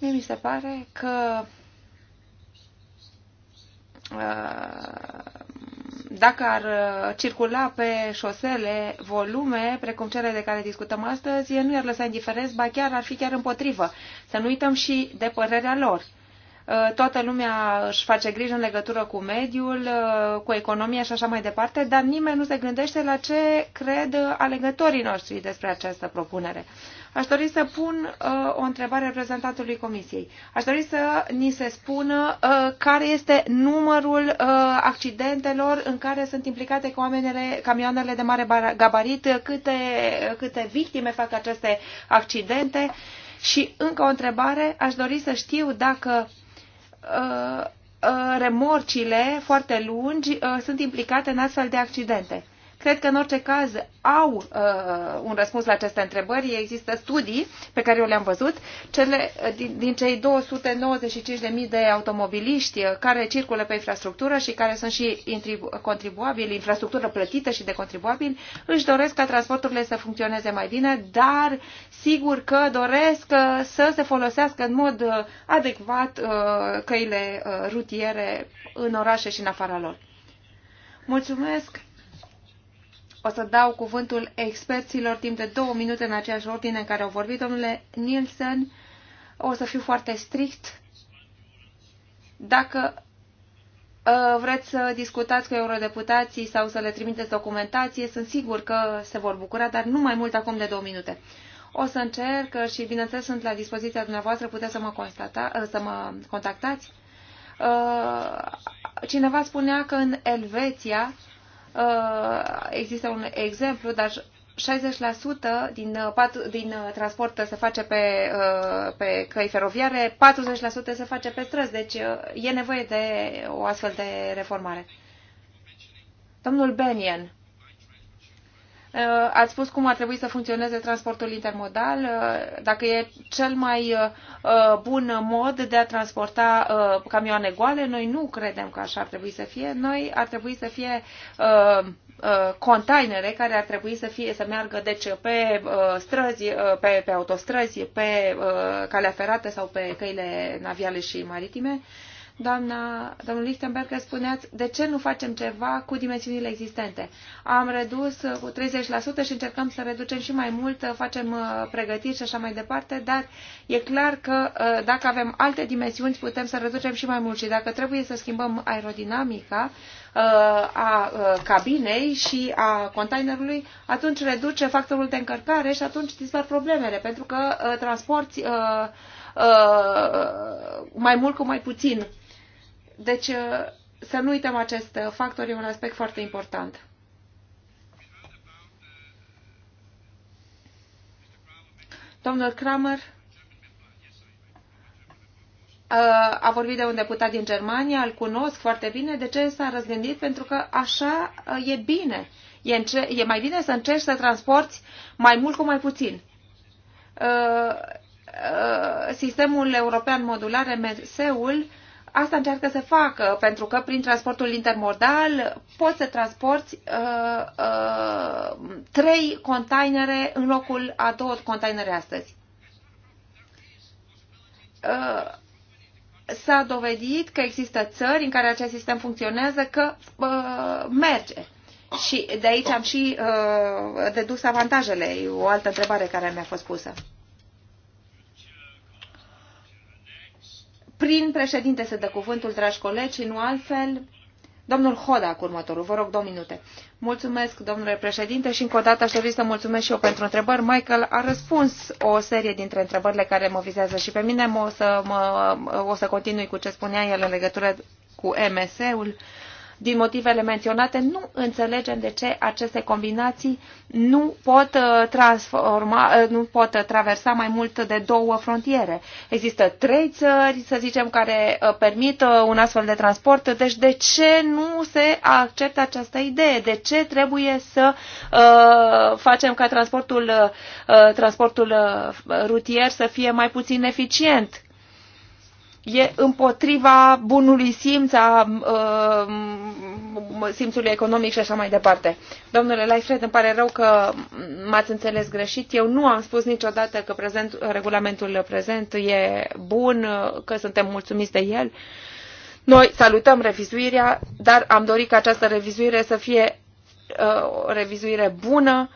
Mie mi se pare că uh, dacă ar circula pe șosele volume, precum cele de care discutăm astăzi, nu i-ar lăsa indiferenți, ba chiar ar fi chiar împotrivă. Să nu uităm și de părerea lor. Uh, toată lumea își face grijă în legătură cu mediul, uh, cu economia și așa mai departe, dar nimeni nu se gândește la ce cred alegătorii noștri despre această propunere. Aș dori să pun uh, o întrebare reprezentantului Comisiei. Aș dori să ni se spună uh, care este numărul uh, accidentelor în care sunt implicate oamenele, camioanele de mare gabarit, câte, câte victime fac aceste accidente. Și încă o întrebare, aș dori să știu dacă Uh, uh, remorcile foarte lungi uh, sunt implicate în astfel de accidente. Cred că în orice caz au uh, un răspuns la aceste întrebări. Există studii pe care eu le-am văzut. Cele, uh, din, din cei 295.000 de automobiliști uh, care circulă pe infrastructură și care sunt și contribuabili, infrastructură plătită și de contribuabili, își doresc ca transporturile să funcționeze mai bine, dar sigur că doresc uh, să se folosească în mod adecvat uh, căile rutiere în orașe și în afara lor. Mulțumesc! O să dau cuvântul experților timp de două minute în aceeași ordine în care au vorbit. Domnule Nielsen, o să fiu foarte strict. Dacă uh, vreți să discutați cu eurodeputații sau să le trimiteți documentație, sunt sigur că se vor bucura, dar nu mai mult acum de două minute. O să încerc și, bineînțeles, sunt la dispoziția dumneavoastră, puteți să mă, constata, uh, să mă contactați. Uh, cineva spunea că în Elveția Uh, există un exemplu, dar 60% din, uh, din uh, transport se face pe, pe căi feroviare, 40% se face pe străzi, deci e nevoie de o astfel de reformare. Domnul Benien Eh, ați spus cum ar trebui să funcționeze transportul intermodal, eh, dacă e cel mai eh, bun mod de a transporta camioane goale. Noi nu credem că așa ar trebui să fie. Noi ar trebui să fie containere care ar trebui să fie să meargă deci pe străzi, pe, pe autostrăzi, pe calea ferată sau pe căile naviale și maritime. Uh, Doamna, domnul Lichtenberg, spuneați de ce nu facem ceva cu dimensiunile existente. Am redus uh, cu 30% și încercăm să reducem și mai mult, uh, facem uh, pregătiri și așa mai departe, dar e clar că dacă avem alte dimensiuni putem să reducem și mai mult și dacă trebuie să schimbăm aerodinamica a cabinei și a containerului, atunci reduce factorul de încărcare și atunci dispar problemele, pentru că transporti mai mult cu mai puțin deci uh, să nu uităm acest uh, factor, e un aspect foarte important. Domnul Kramer uh, a vorbit de un deputat din Germania, îl cunosc foarte bine. De ce s-a răzgândit? Pentru că așa e bine. E, înce- e mai bine să încerci să transporti mai mult cu mai puțin. Sistemul european modular, MS-ul, asta încearcă să facă, pentru că prin transportul intermodal poți să transporti uh, uh, trei containere în locul a două containere astăzi. Uh, s-a dovedit că există țări în care acest sistem funcționează, că uh, merge. Și de aici am și uh, dedus avantajele. E o altă întrebare care mi-a fost pusă. Prin președinte să dă cuvântul, dragi colegi, și nu altfel. Domnul Hoda, cu următorul. Vă rog, două minute. Mulțumesc, domnule președinte, și încă o dată aș dori să mulțumesc și eu pentru întrebări. Michael a răspuns o serie dintre întrebările care mă vizează și pe mine. O să, mă, o să continui cu ce spunea el în legătură cu MS-ul din motivele menționate, nu înțelegem de ce aceste combinații nu pot, uh, transforma, uh, nu pot uh, traversa mai mult de două frontiere. Există trei țări, să zicem, care permit un astfel de transport, deci de ce nu se acceptă această idee? De ce trebuie să facem ca transportul, transportul rutier să fie mai puțin eficient? e împotriva bunului simț, a uh, simțului economic și așa mai departe. Domnule Leifred, îmi pare rău că m-ați înțeles greșit. Eu nu am spus niciodată că prezent, regulamentul prezent e bun, că suntem mulțumiți de el. Noi salutăm revizuirea, dar am dorit ca această revizuire să fie uh, o revizuire bună,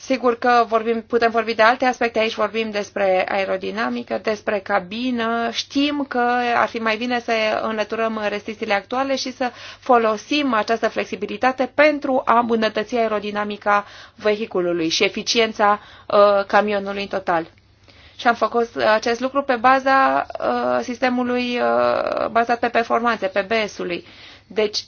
Sigur că vorbim, putem vorbi de alte aspecte, aici vorbim despre aerodinamică, despre cabină, știm că ar fi mai bine să înlăturăm restricțiile actuale și să folosim această flexibilitate pentru a îmbunătăți aerodinamica vehiculului și eficiența uh, camionului în total. Și am făcut uh, acest lucru pe baza uh, sistemului uh, bazat pe performanțe, pe BS-ului. Deci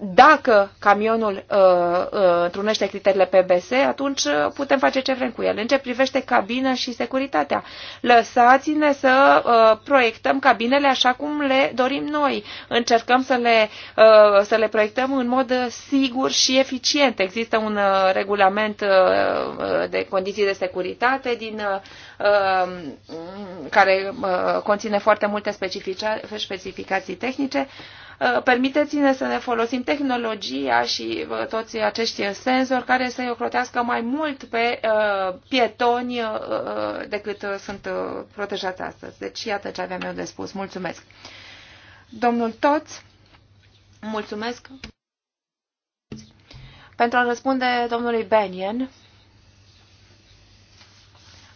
dacă camionul uh, uh, întrunește criteriile PBS, atunci uh, putem face ce vrem cu el. În ce privește cabina și securitatea, lăsați-ne să uh, proiectăm cabinele așa cum le dorim noi. Încercăm să le, uh, să le proiectăm în mod sigur și eficient. Există un uh, regulament uh, uh de condiții de securitate din, uh, um, care uh, conține foarte multe specificații tehnice. Uh, Uh, permiteți-ne să ne folosim tehnologia și uh, toți acești senzori care să-i ocrotească mai mult pe uh, pietoni decât sunt protejați astăzi. Deci iată ce aveam eu de spus. Mulțumesc. Domnul Toț, mulțumesc. Pentru a răspunde domnului Benien,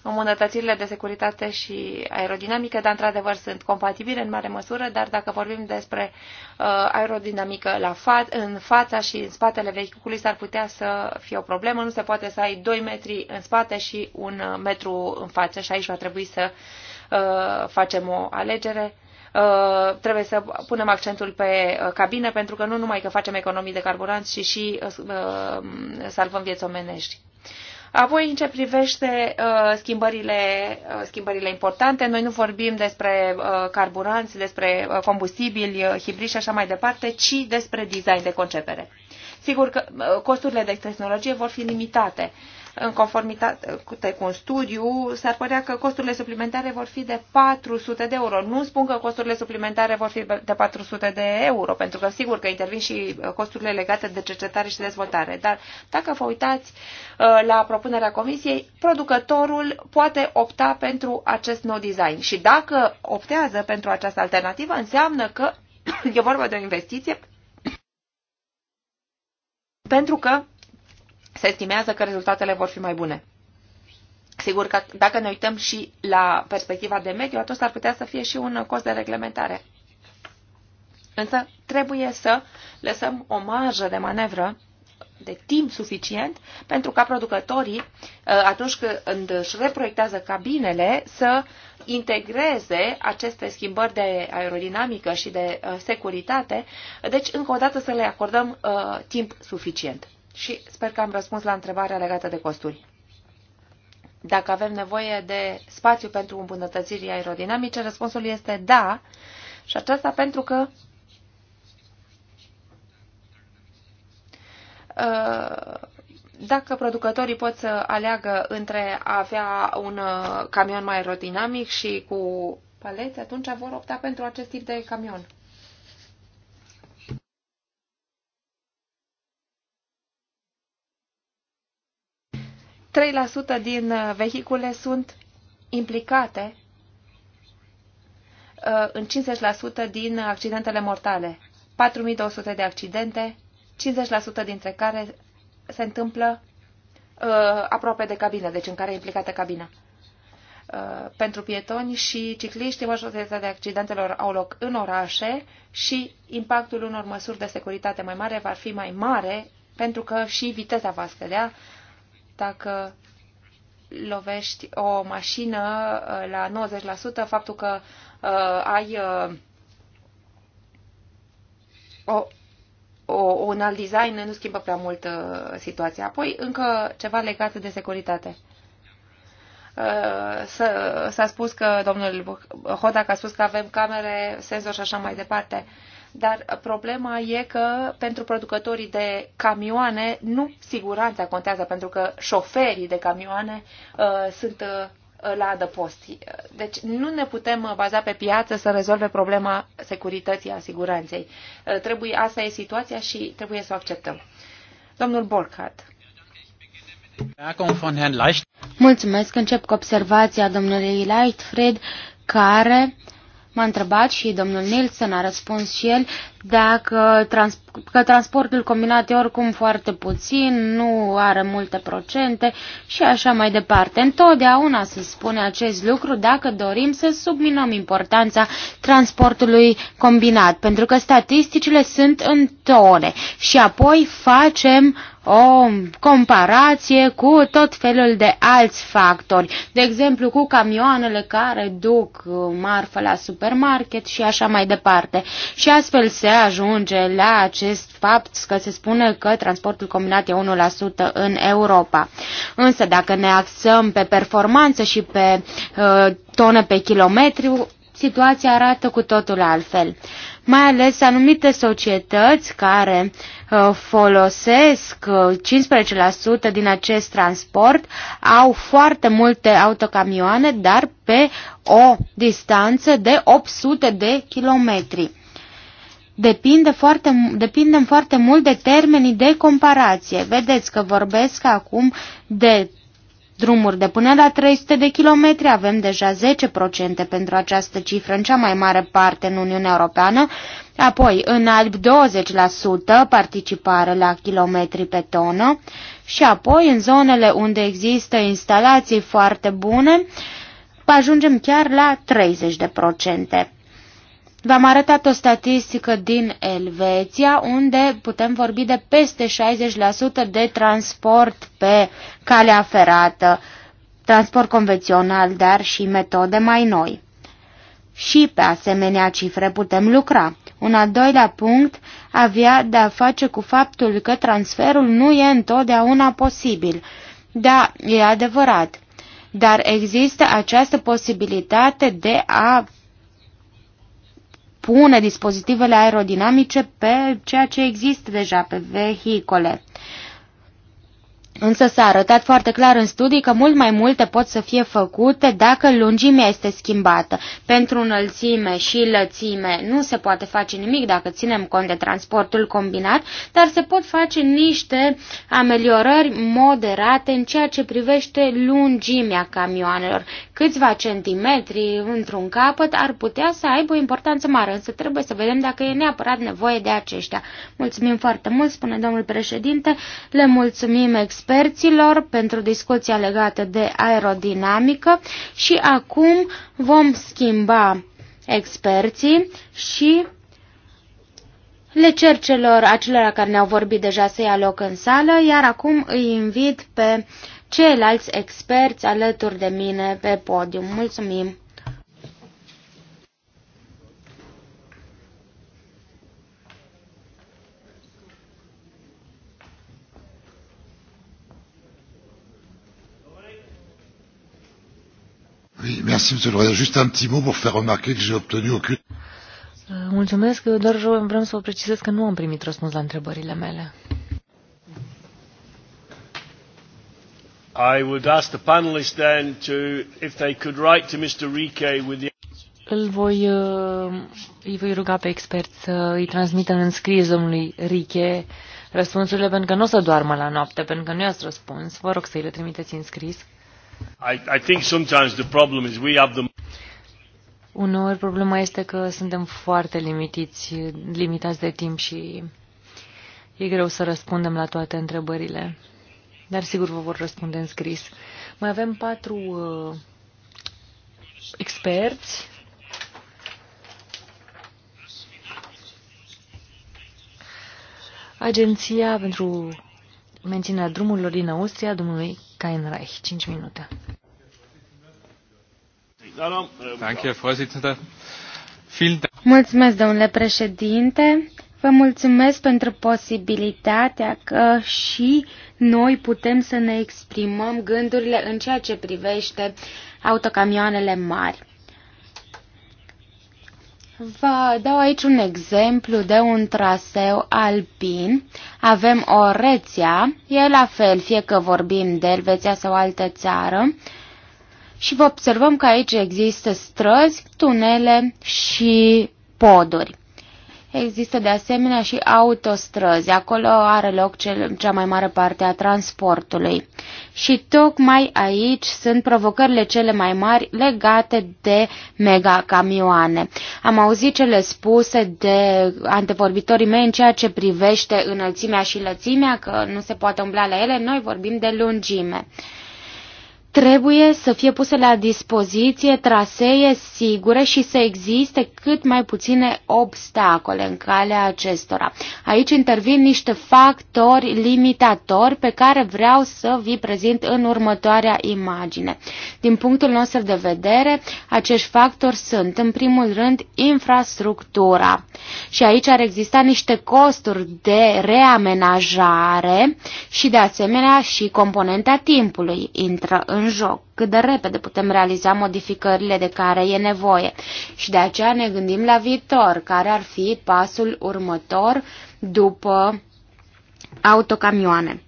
îmbunătățirile de securitate și aerodinamică, dar într-adevăr sunt compatibile în mare măsură, dar dacă vorbim despre uh, aerodinamică la fa- în fața și în spatele vehiculului, s-ar putea să fie o problemă. Nu se poate să ai 2 metri în spate și un uh, metru în față și aici va trebui să uh, facem o alegere. Uh, trebuie să punem accentul pe uh, cabină pentru că nu numai că facem economii de carburant, ci și uh, uh, salvăm vieți omenești. Apoi, în ce privește uh, schimbările, uh, schimbările importante, noi nu vorbim despre uh, carburanți, despre uh, combustibili, uh, hibrizi și așa mai departe, ci despre design de concepere. Sigur că uh, costurile de tehnologie vor fi limitate. Uh, în conformitate cu un studiu, s-ar părea că costurile suplimentare vor fi de 400 de euro. Nu spun că costurile suplimentare vor fi de 400 de euro, pentru că sigur că intervin și uh, costurile legate de cercetare și dezvoltare. Dar dacă vă uitați uh, la propunerea comisiei, producătorul poate opta pentru acest nou design. Și dacă optează pentru această alternativă, înseamnă că e vorba de o investiție pentru că se estimează că rezultatele vor fi mai bune. Sigur că dacă ne uităm și la perspectiva de mediu, atunci ar putea să fie și un cost de reglementare. Însă trebuie să lăsăm o marjă de manevră de timp suficient pentru ca producătorii, uh, atunci când își reproiectează cabinele, să integreze aceste schimbări de aerodinamică și de uh, securitate, deci încă o dată să le acordăm uh, timp suficient și sper că am răspuns la întrebarea legată de costuri. Dacă avem nevoie de spațiu pentru îmbunătățirii aerodinamice, răspunsul este da, și aceasta pentru că uh, dacă producătorii pot să aleagă între a avea un uh, camion mai aerodinamic și cu paleți, atunci vor opta pentru acest tip de camion. 3% din uh, vehicule sunt implicate uh, în 50% din accidentele mortale. 4200 de accidente, 50% dintre care se întâmplă uh, aproape de cabină, deci în care e implicată cabina. Uh, pentru pietoni și cicliști, majoritatea de accidentelor au loc în orașe și impactul unor măsuri de securitate mai mare va fi mai mare pentru că și viteza va scădea, dacă lovești o mașină uh, la 90%, faptul că uh, ai uh, o, o, un alt design nu schimbă prea mult uh, situația. Apoi, încă ceva legat de securitate. Uh, S-a spus că domnul Hodac a spus că avem camere, senzor și așa mai departe. Uh, dar problema e că pentru producătorii de camioane nu siguranța contează, pentru că șoferii de camioane uh, sunt uh, la adăpost. Deci nu ne putem uh, baza pe piață să rezolve problema securității a siguranței. Uh, trebuie, asta e situația și trebuie să o acceptăm. Domnul Borcat.
Mulțumesc. Încep cu observația domnului Leichtfried, care uh, M-a întrebat și domnul Nilsson a răspuns și el dacă trans- că transportul combinat e oricum foarte puțin, nu are multe procente și așa mai departe. Întotdeauna se spune acest lucru dacă dorim să subminăm importanța transportului combinat, pentru că statisticile sunt în tone și apoi facem o comparație cu tot felul de alți factori, de exemplu cu camioanele care duc uh, marfă la supermarket și așa mai departe. Și astfel se ajunge la acest fapt că se spune că transportul combinat e 1% în Europa. Însă dacă ne axăm pe performanță și pe uh, tone pe kilometru, situația arată cu totul altfel. Mai ales anumite societăți care uh, Uh, folosesc 15% uh, din acest transport au foarte multe autocamioane, dar pe o distanță de 800 de kilometri. Depinde foarte, depindem foarte mult de termenii de comparație. Vedeți că vorbesc acum de drumuri de până la 300 de kilometri, avem deja 10% pentru această cifră în cea mai mare parte în Uniunea Europeană, Apoi, în alb 20% participare la kilometri pe tonă și apoi în zonele unde există instalații foarte bune, ajungem chiar la 30%. V-am arătat o statistică din Elveția, unde putem vorbi de peste 60% de transport pe calea ferată, transport convențional, dar și metode mai noi. Și pe asemenea cifre putem lucra. Un al doilea punct avea de-a face cu faptul că transferul nu e întotdeauna posibil. Da, e adevărat. Dar există această posibilitate de a pune dispozitivele aerodinamice pe ceea ce există deja pe vehicole. Însă s-a arătat foarte clar în studii că mult mai multe pot să fie făcute dacă lungimea este schimbată. Pentru înălțime și lățime nu se poate face nimic dacă ținem cont de transportul combinat, dar se pot face niște ameliorări moderate în ceea ce privește lungimea camioanelor. Câțiva centimetri într-un capăt ar putea să aibă o importanță mare, însă trebuie să vedem dacă e neapărat nevoie de aceștia. Mulțumim foarte mult, spune domnul președinte, le mulțumim experții experților pentru discuția legată de aerodinamică și acum vom schimba experții și le cer celor, acelora care ne-au vorbit deja să ia loc în sală, iar acum îi invit pe ceilalți experți alături de mine pe podium. Mulțumim!
Oui, merci, monsieur le Juste un petit mot pour faire remarquer que j'ai obtenu aucune... Euh, mulțumesc, doar vreau să vă precizez că nu am primit răspuns la întrebările mele.
I would ask the panelists then to, if they could write to Mr. Rike with the
îl voi, uh, îi voi ruga pe expert să îi transmită în scris domnului Riche răspunsurile, pentru că nu o să doarmă la noapte, pentru că nu i-ați răspuns. Vă rog să îi le trimiteți în scris.
I, think sometimes the problem is we have the...
Uneori problema este că suntem foarte limitiți, limitați de timp și e greu să răspundem la toate întrebările. Dar sigur vă vor răspunde în scris. Mai avem patru uh, experți. Agenția pentru menținerea drumurilor din Austria, domnului Kainreich, minute.
Mulțumesc, domnule președinte. Vă mulțumesc pentru posibilitatea că și noi putem să ne exprimăm gândurile în ceea ce privește autocamioanele mari. Vă dau aici un exemplu de un traseu alpin. Avem o rețea, e la fel, fie că vorbim de Elveția sau altă țară, și vă observăm că aici există străzi, tunele și poduri. Există de asemenea și autostrăzi. Acolo are loc cel, cea mai mare parte a transportului. Și tocmai aici sunt provocările cele mai mari legate de megacamioane. Am auzit cele spuse de antevorbitorii mei în ceea ce privește înălțimea și lățimea, că nu se poate umbla la ele, noi vorbim de lungime. Trebuie să fie puse la dispoziție trasee sigure și să existe cât mai puține obstacole în calea acestora. Aici intervin niște factori limitatori pe care vreau să vi prezint în următoarea imagine. Din punctul nostru de vedere, acești factori sunt, în primul rând, infrastructura. Și aici ar exista niște costuri de reamenajare și, de asemenea, și componenta timpului intră în în joc, cât de repede putem realiza modificările de care e nevoie. Și de aceea ne gândim la viitor, care ar fi pasul următor după autocamioane.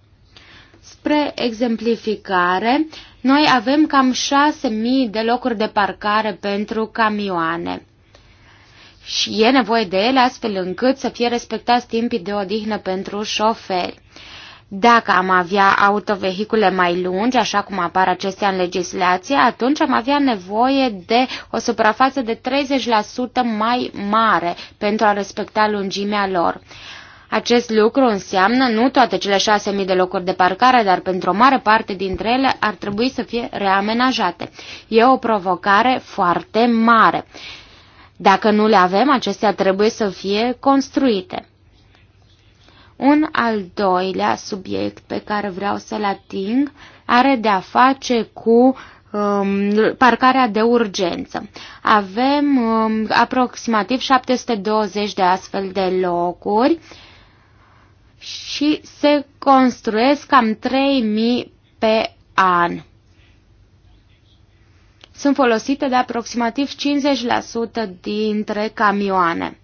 Spre exemplificare, noi avem cam 6.000 de locuri de parcare pentru camioane și e nevoie de ele astfel încât să fie respectați timpii de odihnă pentru șoferi. Dacă am avea autovehicule mai lungi, așa cum apar acestea în legislație, atunci am avea nevoie de o suprafață de 30% mai mare pentru a respecta lungimea lor. Acest lucru înseamnă nu toate cele 6.000 de locuri de parcare, dar pentru o mare parte dintre ele ar trebui să fie reamenajate. E o provocare foarte mare. Dacă nu le avem, acestea trebuie să fie construite. Un al doilea subiect pe care vreau să-l ating are de-a face cu um, parcarea de urgență. Avem um, aproximativ 720 de astfel de locuri și se construiesc cam 3000 pe an. Sunt folosite de aproximativ 50% dintre camioane.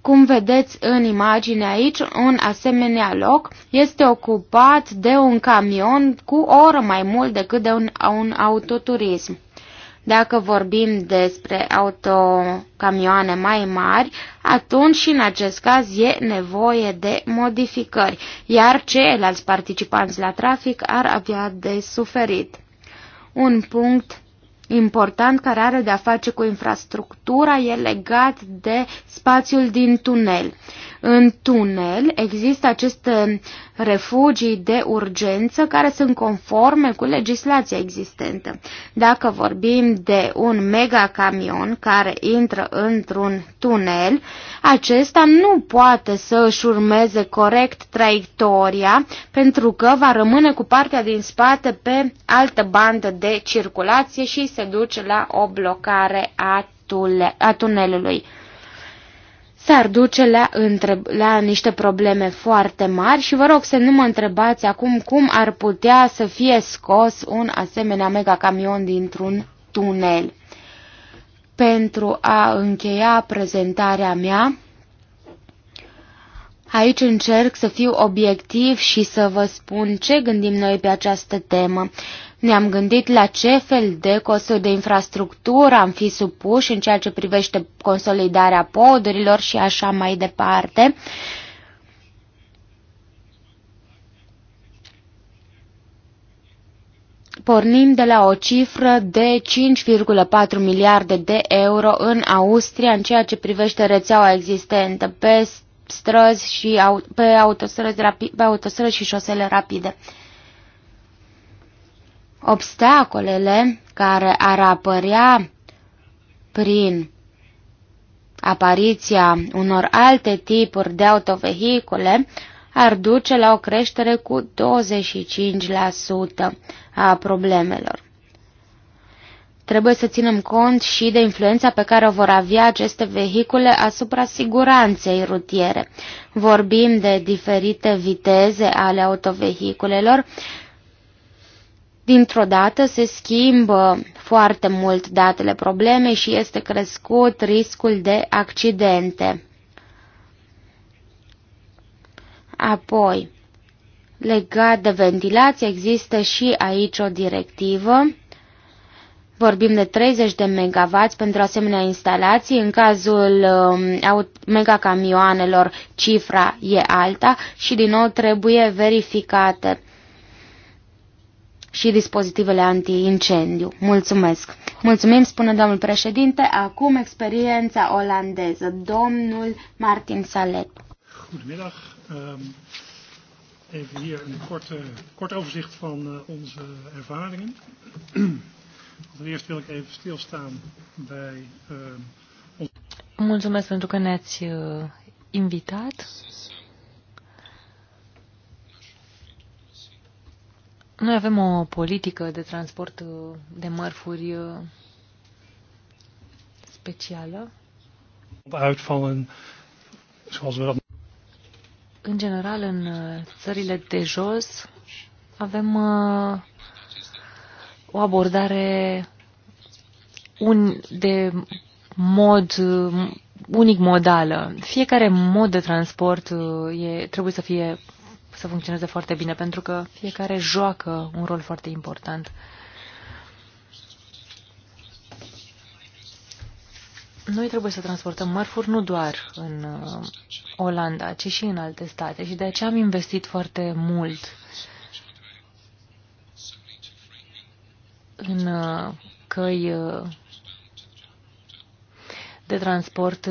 Cum vedeți în imagine aici, un asemenea loc este ocupat de un camion cu o oră mai mult decât de un, un autoturism. Dacă vorbim despre autocamioane mai mari, atunci și în acest caz e nevoie de modificări, iar ceilalți participanți la trafic ar avea de suferit. Un punct important care are de-a face cu infrastructura e legat de spațiul din tunel. În tunel există aceste refugii de urgență care sunt conforme cu legislația existentă. Dacă vorbim de un mega camion care intră într-un tunel, acesta nu poate să își urmeze corect traiectoria pentru că va rămâne cu partea din spate pe altă bandă de circulație și se duce la o blocare a, tule- a tunelului asta ar duce la, întreb, la niște probleme foarte mari și vă rog să nu mă întrebați acum cum ar putea să fie scos un asemenea megacamion dintr-un tunel. Pentru a încheia prezentarea mea, Aici încerc să fiu obiectiv și să vă spun ce gândim noi pe această temă. Ne-am gândit la ce fel de costuri de infrastructură am fi supuși în ceea ce privește consolidarea podurilor și așa mai departe. pornim de la o cifră de 5,4 miliarde de euro în Austria în ceea ce privește rețeaua existentă pe străzi și au, pe autostrăzi, rapi, pe autostrăzi și șosele rapide obstacolele care ar apărea prin apariția unor alte tipuri de autovehicule ar duce la o creștere cu 25% a problemelor. Trebuie să ținem cont și de influența pe care o vor avea aceste vehicule asupra siguranței rutiere. Vorbim de diferite viteze ale autovehiculelor dintr-o dată se schimbă foarte mult datele problemei și este crescut riscul de accidente. Apoi, legat de ventilație, există și aici o directivă. Vorbim de 30 de MW pentru asemenea instalații. În cazul um, megacamioanelor cifra e alta și din nou trebuie verificate și dispozitivele anti-incendiu. Mulțumesc! Mulțumim, spune domnul președinte. Acum experiența olandeză. Domnul Martin Salet.
Goedemiddag. Ehm, even hier een korte, kort overzicht van eh, onze ervaringen. Allereerst wil ik even stilstaan bij uh,
ons... Mulțumesc pentru că ne-ați eh, invitat. Noi avem o politică de transport uh, de mărfuri uh, specială.
Uitvallen,
În general, în uh, țările de jos avem o abordare un, de mod unic modală. Fiecare mod de transport e, trebuie să fie să funcționeze foarte bine, pentru că fiecare joacă un rol foarte important. Noi trebuie să transportăm mărfuri nu doar în uh, Olanda, ci și în alte state și de aceea am investit foarte mult în uh, căi uh, de transport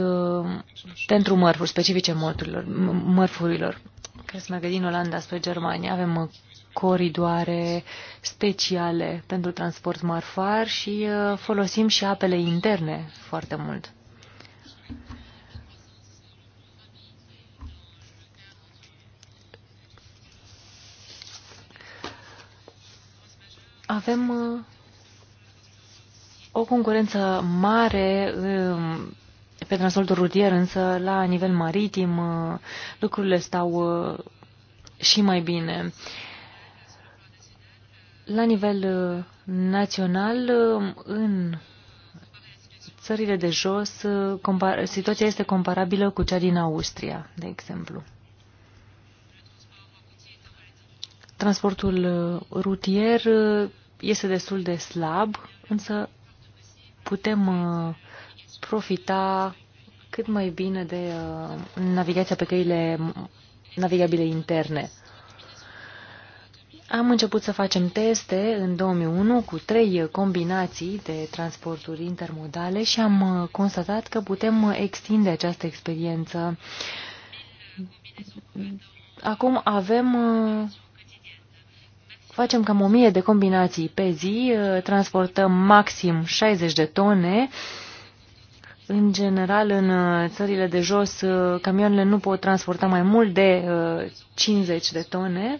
pentru mărfuri specifice mărfurilor. mărfurilor care să meargă din Olanda spre Germania. Avem uh, coridoare speciale pentru transport marfar și uh, folosim și apele interne foarte mult. Avem uh, o concurență mare um, pe transportul rutier, însă la nivel maritim uh, lucrurile stau uh, și mai bine. La nivel uh, național, în țările de jos, situația este comparabilă cu cea din Austria, de exemplu. Transportul rutier este destul de slab, însă putem profita cât mai bine de uh, navigația pe căile navigabile interne. Am început să facem teste în 2001 cu trei combinații de transporturi intermodale și am uh, constatat că putem extinde această experiență. Acum avem, uh, facem cam o mie de combinații pe zi, transportăm maxim 60 de tone, în general, în uh, țările de jos, uh, camioanele nu pot transporta mai mult de 50 uh, de tone,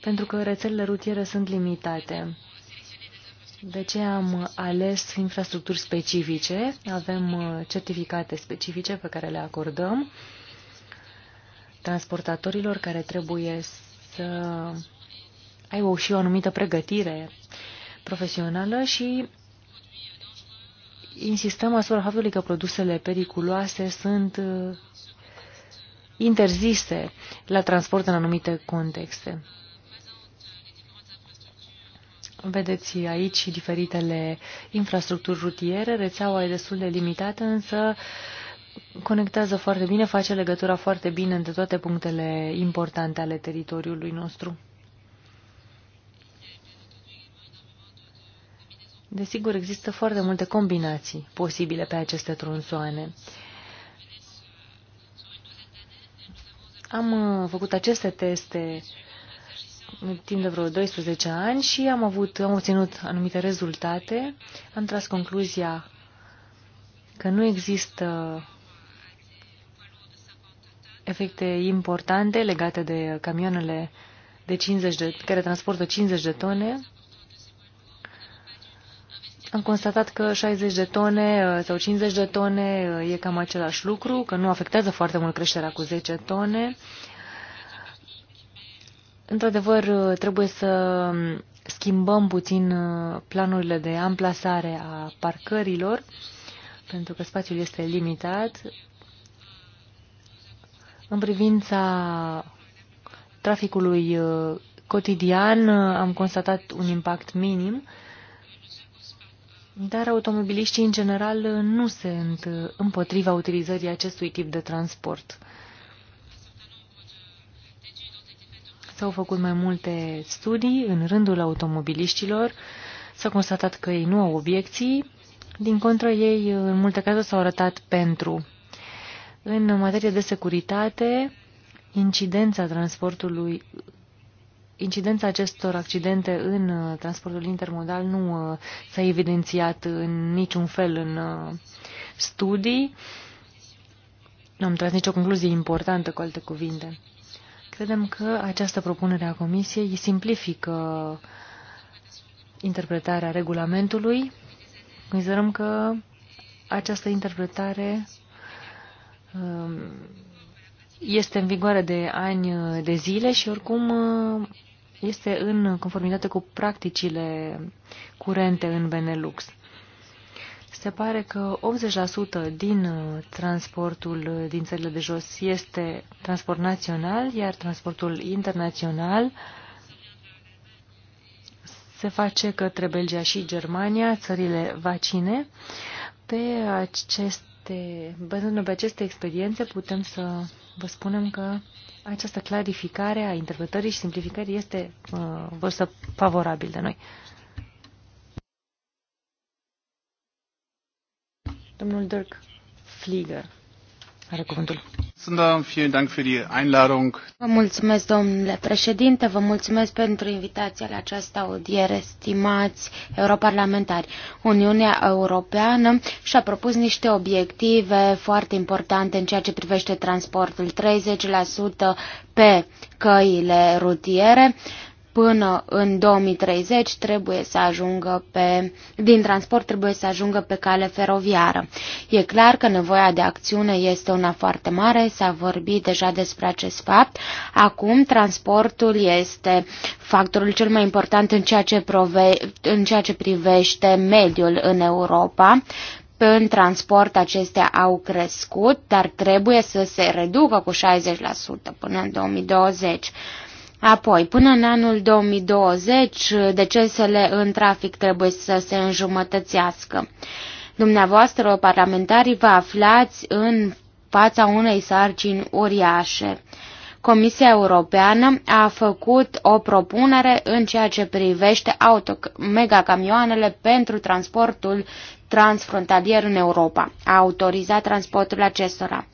pentru că rețelele rutiere sunt limitate. De ce am ales infrastructuri specifice? Avem certificate specifice pe care le acordăm transportatorilor care trebuie să aibă și o anumită pregătire profesională și insistăm asupra faptului că produsele periculoase sunt uh, interzise la transport în anumite contexte. Vedeți aici diferitele infrastructuri rutiere, rețeaua e destul de limitată, însă conectează foarte bine, face legătura foarte bine între toate punctele importante ale teritoriului nostru. Desigur, există foarte multe combinații posibile pe aceste tronsoane. Am uh, făcut aceste teste timp de vreo 12 ani și am, avut, am obținut anumite rezultate. Am tras concluzia că nu există efecte importante legate de camioanele de 50 de, care transportă 50 de tone am constatat că 60 de tone uh, sau 50 de tone uh, e cam același lucru, că nu afectează foarte mult creșterea cu 10 tone. Într-adevăr, uh, trebuie să um, schimbăm puțin planurile de amplasare a parcărilor, pentru că spațiul este limitat. În privința traficului cotidian am constatat un impact minim, dar automobiliștii, în general, nu sunt împotriva utilizării acestui tip de transport. S-au făcut mai multe studii în rândul automobiliștilor, s-a constatat că ei nu au obiecții, din contră ei în multe cazuri s-au arătat pentru. În materie de securitate, incidența transportului incidența acestor accidente în uh, transportul intermodal nu uh, s-a evidențiat în niciun fel în uh, studii. Nu am tras nicio concluzie importantă, cu alte cuvinte. Credem că această propunere a Comisiei simplifică interpretarea regulamentului. Considerăm că această interpretare um, este în vigoare de ani de zile și oricum este în conformitate cu practicile curente în Benelux. Se pare că 80% din uh, transportul uh, din țările de jos este transport național, iar transportul internațional se face către Belgia și Germania, țările vacine. Pe aceste, bazându-ne pe aceste experiențe, putem să vă spunem că această clarificare a interpretării și simplificării este uh, favorabil de noi.
Domnul Dirk Flieger are cuvântul. Vă mulțumesc, domnule președinte, vă mulțumesc pentru invitația la această audiere, stimați europarlamentari. Uniunea Europeană și-a propus niște obiective foarte importante în ceea ce privește transportul, 30% pe căile rutiere, până în 2030 trebuie să ajungă pe, din transport trebuie să ajungă pe cale feroviară. E clar că nevoia de acțiune este una foarte mare, s-a vorbit deja despre acest fapt. Acum transportul este factorul cel mai important în ceea ce, prove, în ceea ce privește mediul în Europa în transport acestea au crescut, dar trebuie să se reducă cu 60% până în 2020. Apoi, până în anul 2020, decesele în trafic trebuie să se înjumătățească. Dumneavoastră, parlamentarii, vă aflați în fața unei sarcini uriașe. Comisia Europeană a făcut o propunere în ceea ce privește auto megacamioanele pentru transportul transfrontalier în Europa. A autorizat transportul acestora.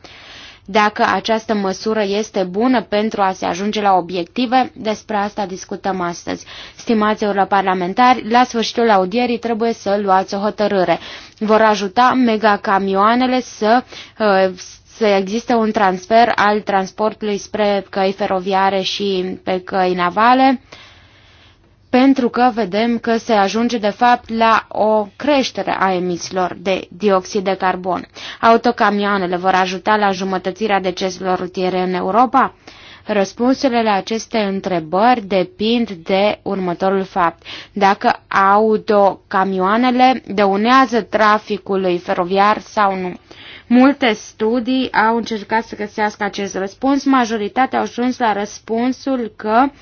Dacă această măsură este bună pentru a se ajunge la obiective, despre asta discutăm astăzi. Stimați europarlamentari, la sfârșitul audierii trebuie să luați o hotărâre. Vor ajuta megacamioanele să uh, să existe un transfer al transportului spre căi feroviare și pe căi navale pentru că vedem că se ajunge de fapt la o creștere a emisiilor de dioxid de carbon. Autocamioanele vor ajuta la jumătățirea deceselor rutiere în Europa? Răspunsurile la aceste întrebări depind de următorul fapt. Dacă autocamioanele dăunează traficului feroviar sau nu. Multe studii au încercat să găsească acest răspuns. Majoritatea au ajuns la răspunsul că uh,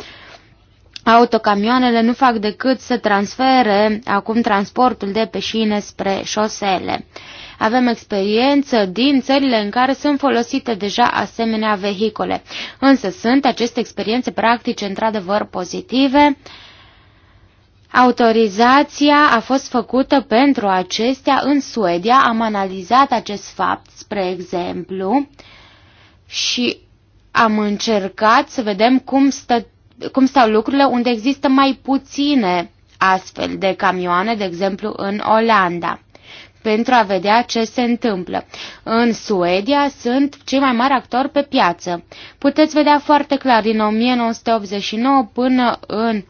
Autocamioanele nu fac decât să transfere acum transportul de pe șine spre șosele. Avem experiență din țările în care sunt folosite deja asemenea vehicole. Însă sunt aceste experiențe practice într-adevăr pozitive. Autorizația a fost făcută pentru acestea în Suedia. Am analizat acest fapt, spre exemplu, și am încercat să vedem cum stă cum stau lucrurile unde există mai puține astfel de camioane, de exemplu în Olanda pentru a vedea ce se întâmplă. În Suedia sunt cei mai mari actori pe piață. Puteți vedea foarte clar din 1989 până în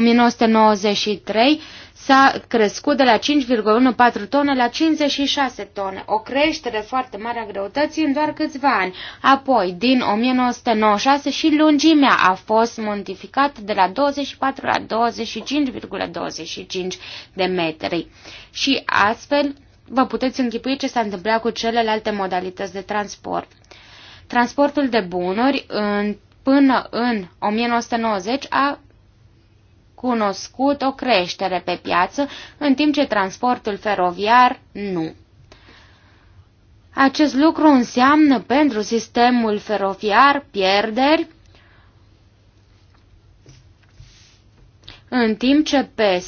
1993 s-a crescut de la 5,14 tone la 56 tone, o creștere foarte mare a greutății în doar câțiva ani. Apoi, din 1996 și lungimea a fost modificată de la 24 la 25,25 de metri. Și astfel vă puteți închipui ce s-a întâmplat cu celelalte modalități de transport. Transportul de bunuri în, până în 1990 a cunoscut o creștere pe piață, în timp ce transportul feroviar nu. Acest lucru înseamnă pentru sistemul feroviar pierderi, în timp ce pe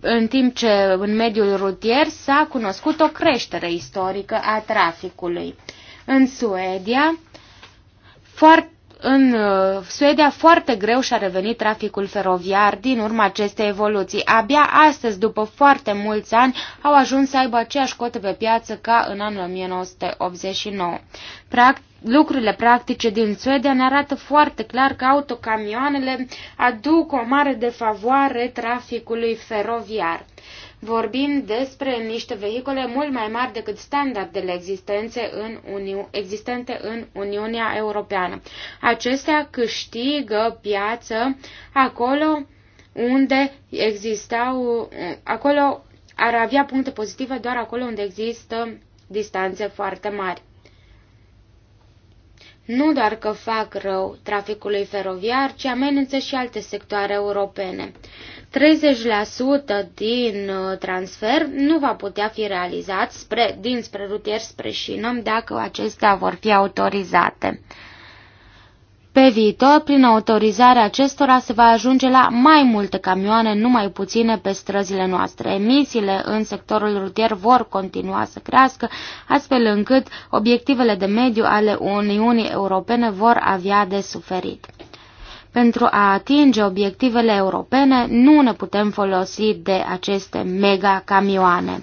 în timp ce în mediul rutier s-a cunoscut o creștere istorică a traficului. În Suedia, foarte în uh, Suedia foarte greu și-a revenit traficul feroviar din urma acestei evoluții. Abia astăzi, după foarte mulți ani, au ajuns să aibă aceeași cotă pe piață ca în anul 1989. Practic, lucrurile practice din Suedia ne arată foarte clar că autocamioanele aduc o mare defavoare traficului feroviar. Vorbim despre niște vehicule mult mai mari decât standardele existențe în Uni- existente în Uniunea Europeană. Acestea câștigă piață acolo unde existau, acolo ar avea puncte pozitive doar acolo unde există distanțe foarte mari. Nu doar că fac rău traficului feroviar, ci amenință și alte sectoare europene. 30% din uh, transfer nu va putea fi realizat spre, dinspre rutier spre șinăm dacă acestea vor fi autorizate. Pe viitor, prin autorizarea acestora se va ajunge la mai multe camioane, nu mai puține pe străzile noastre. Emisiile în sectorul rutier vor continua să crească, astfel încât obiectivele de mediu ale Uniunii Europene vor avea de suferit. Pentru a atinge obiectivele europene, nu ne putem folosi de aceste mega camioane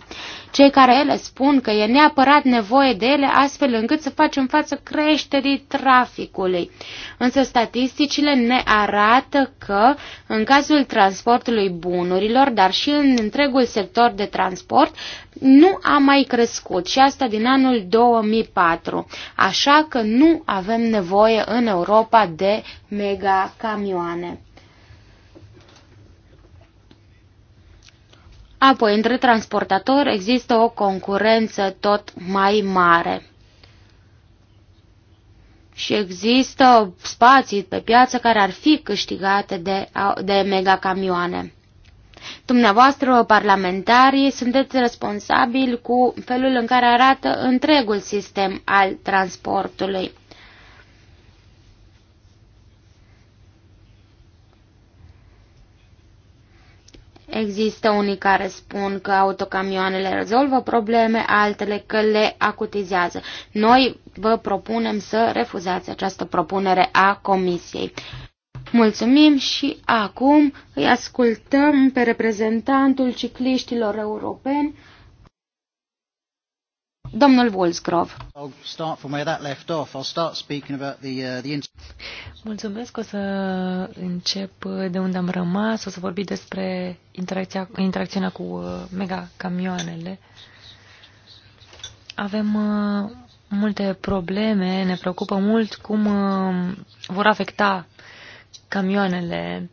cei care ele spun că e neapărat nevoie de ele astfel încât să facem față creșterii traficului. Însă statisticile ne arată că în cazul transportului bunurilor, dar și în întregul sector de transport, nu a mai crescut și asta din anul 2004. Așa că nu avem nevoie în Europa de mega camioane. Apoi, între transportatori există o concurență tot mai mare. Și există spații pe piață care ar fi câștigate de, de megacamioane. Dumneavoastră, parlamentarii, sunteți responsabili cu felul în care arată întregul sistem al transportului. Există unii care spun că autocamioanele rezolvă probleme, altele că le acutizează. Noi vă propunem să refuzați această propunere a Comisiei. Mulțumim și acum îi ascultăm pe reprezentantul cicliștilor europeni, Domnul Wolfsgrove. Uh,
Mulțumesc, o să încep de unde am rămas, o să vorbi despre interacția, interacțiunea cu uh, megacamioanele. Avem uh, multe probleme, ne preocupă mult cum vor afecta camioanele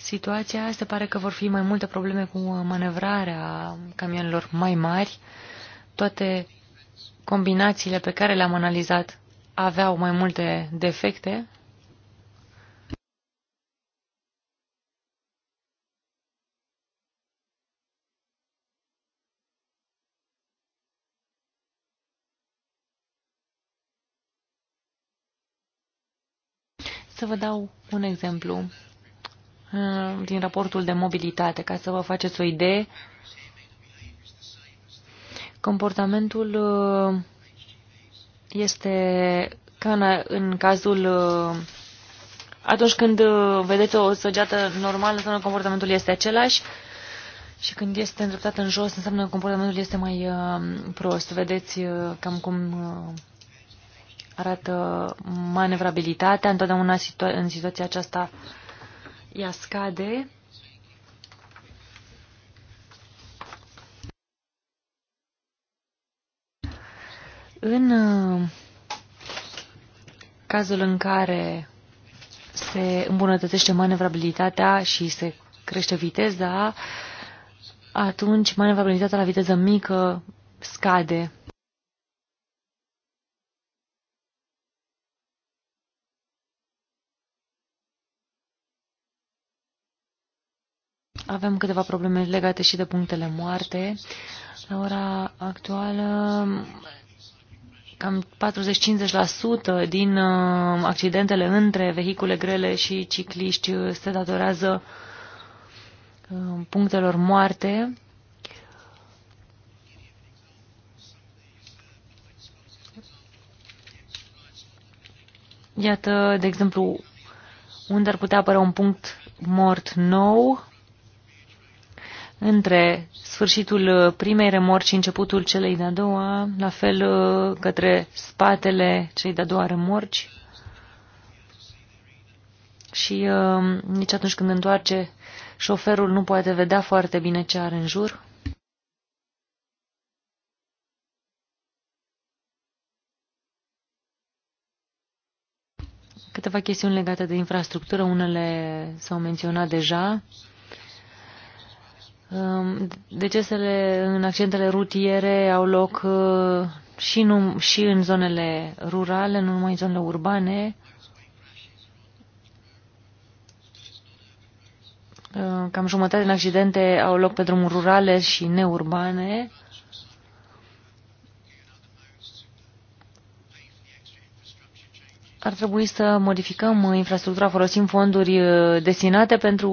situația. Se pare că vor fi mai multe probleme cu manevrarea camioanelor mai mari. Toate combinațiile pe care le-am analizat aveau mai multe defecte. Să vă dau un exemplu uh, din raportul de mobilitate, ca să vă faceți o idee Comportamentul uh, este ca în cazul uh, atunci când uh, vedeți o săgeată normală, înseamnă că comportamentul este același și când este îndreptat în jos, înseamnă că comportamentul este mai prost. Vedeți cam cum arată manevrabilitatea. Întotdeauna în situația aceasta ea scade. În uh, cazul în care se îmbunătățește manevrabilitatea și se crește viteza, atunci manevrabilitatea la viteză mică scade. Avem câteva probleme legate și de punctele moarte. La ora actuală cam 40-50% din uh, accidentele între vehicule grele și cicliști se datorează uh, punctelor moarte. Iată, de exemplu, unde ar putea apărea un punct mort nou, între sfârșitul primei remorci și începutul celei de-a doua, la fel uh, către spatele celei de-a doua remorci. Și uh, nici atunci când întoarce, șoferul nu poate vedea foarte bine ce are în jur. Câteva chestiuni legate de infrastructură, unele s-au menționat deja. Um, decesele în accidentele rutiere au loc uh, și, nu, și în zonele rurale, nu numai în zonele urbane. Uh, cam jumătate din accidente au loc pe drumuri rurale și neurbane. Ar trebui să modificăm uh, infrastructura, folosim fonduri destinate pentru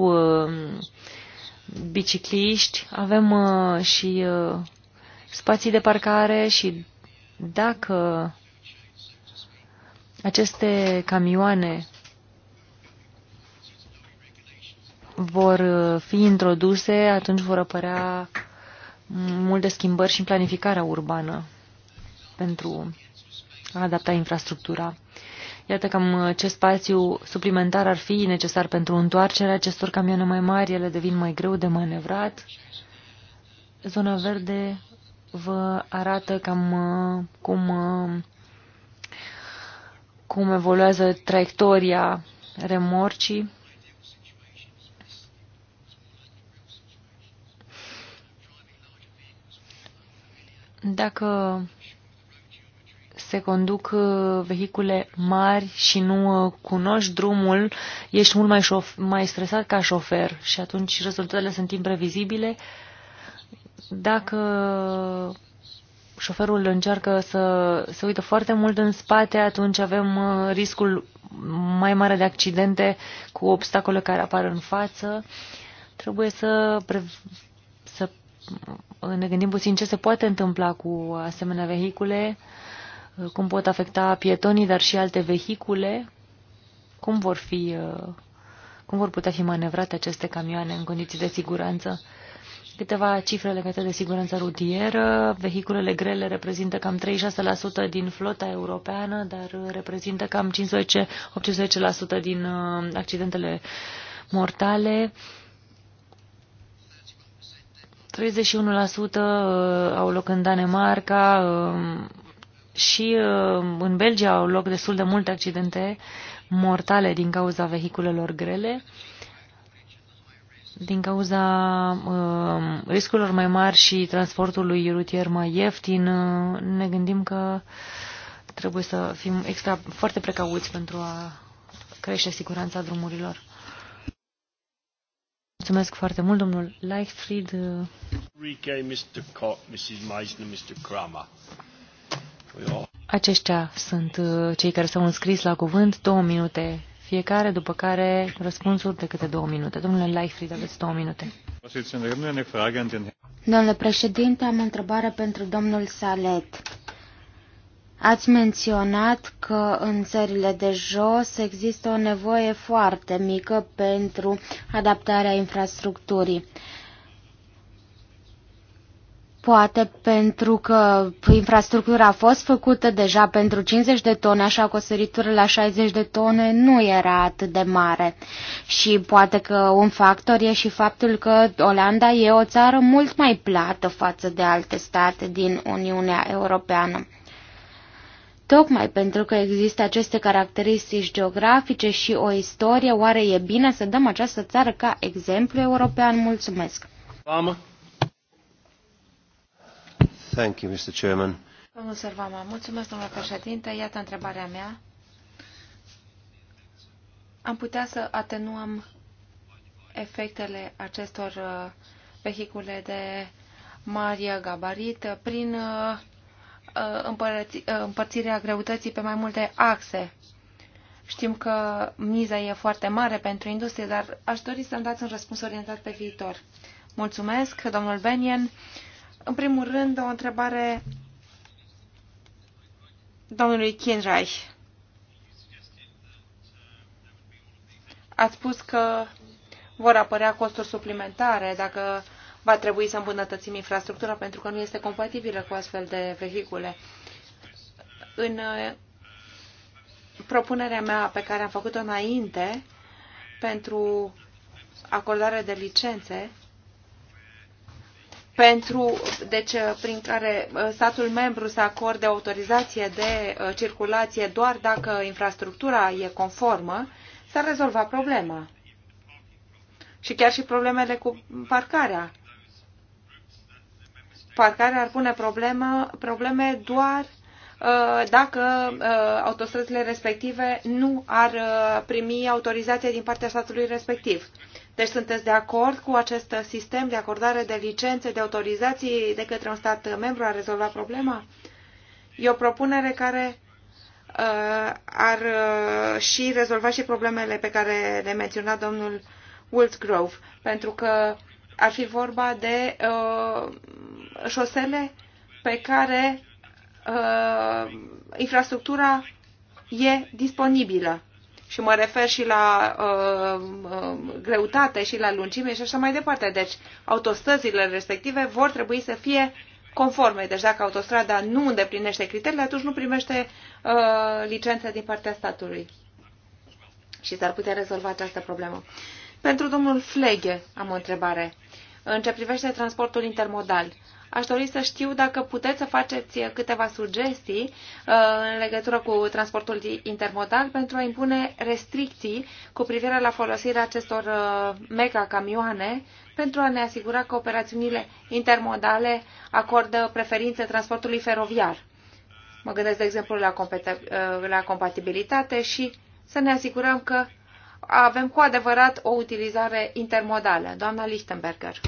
bicicliști, avem uh, și uh, spații de parcare și dacă aceste camioane vor uh, fi introduse, atunci vor apărea multe schimbări și în planificarea urbană pentru a adapta infrastructura. Iată cam uh, ce spațiu suplimentar ar fi necesar pentru întoarcerea acestor camioane mai mari, ele devin mai greu de manevrat. Zona verde vă arată cam uh, cum, uh, cum evoluează traiectoria remorcii. Dacă se conduc uh, vehicule mari și nu uh, cunoști drumul, ești mult mai, șof- mai stresat ca șofer și atunci rezultatele sunt imprevizibile. Dacă șoferul încearcă să se uită foarte mult în spate, atunci avem uh, riscul mai mare de accidente cu obstacole care apar în față. Trebuie să, să ne gândim puțin ce se poate întâmpla cu asemenea vehicule cum pot afecta pietonii, dar și alte vehicule, cum vor, fi, uh, cum vor putea fi manevrate aceste camioane în condiții de siguranță. Câteva cifre legate de siguranța rutieră. Vehiculele grele reprezintă cam 36% din flota europeană, dar reprezintă cam 15-18% din uh, accidentele mortale. 31% uh, au loc în Danemarca, um, și uh, în Belgia au loc destul de multe accidente mortale din cauza vehiculelor grele, din cauza uh, riscurilor mai mari și transportului rutier mai ieftin, uh, ne gândim că trebuie să fim extra foarte precauți pentru a crește siguranța drumurilor. Mulțumesc foarte mult, domnul Leichfried.
Rike, Mr. Koch, Mrs. Meisner, Mr. Kramer.
Aceștia sunt uh, cei care s-au înscris la cuvânt, două minute fiecare, după care răspunsuri de câte două minute.
Domnule Leifried, aveți două minute. Domnule președinte, am o întrebare pentru domnul Salet. Ați menționat că în țările de jos există o nevoie foarte mică pentru adaptarea infrastructurii. Poate pentru că infrastructura a fost făcută deja pentru 50 de tone, așa că o săritură la 60 de tone nu era atât de mare. Și poate că un factor e și faptul că Olanda e o țară mult mai plată față de alte state din Uniunea Europeană. Tocmai pentru că există aceste caracteristici geografice și o istorie, oare e bine să dăm această țară ca exemplu european? Mulțumesc! Mama.
Thank you, Mr. Chairman.
Domnul mulțumesc, domnule președinte. Iată întrebarea mea. Am putea să atenuăm efectele acestor uh, vehicule de mari gabarit prin uh, uh, împărțirea greutății pe mai multe axe. Știm că miza e foarte mare pentru industrie, dar aș dori să-mi dați un răspuns orientat pe viitor. Mulțumesc, domnul Benien. În primul rând, o întrebare domnului Kinreich. Ați spus că vor apărea costuri suplimentare dacă va trebui să îmbunătățim infrastructura pentru că nu este compatibilă cu astfel de vehicule. În uh, propunerea mea pe care am făcut-o înainte pentru acordarea de licențe, pentru, deci, uh, prin care uh, statul membru să acorde autorizație de uh, circulație doar dacă infrastructura e conformă, s-ar rezolva problema. Și chiar și problemele cu parcarea. Parcarea ar pune problemă, probleme doar dacă autostrăzile respective nu ar primi autorizație din partea statului respectiv. Deci sunteți de acord cu acest sistem de acordare de licențe, de autorizații de către un stat membru a rezolvat problema? E o propunere care uh, ar uh, și rezolva și problemele pe care le menționa domnul Wilsgrove, pentru că ar fi vorba de uh, șosele pe care uh, infrastructura e disponibilă și mă refer și la uh, uh, greutate și la lungime și așa mai departe. Deci autostrăzile respective vor trebui să fie conforme. Deci dacă autostrada nu îndeplinește criteriile, atunci nu primește uh, licența din partea statului. Și s-ar putea rezolva această problemă. Pentru domnul Flege am o întrebare. În ce privește transportul intermodal, uh, Aș dori să știu dacă puteți să faceți câteva sugestii uh, în legătură cu transportul intermodal pentru a impune restricții cu privire la folosirea acestor uh, mega camioane pentru a ne asigura că operațiunile intermodale acordă preferințe transportului feroviar. Mă gândesc, de exemplu, la, uh, la compatibilitate și să ne asigurăm că avem cu adevărat o utilizare intermodală. Doamna Lichtenberger.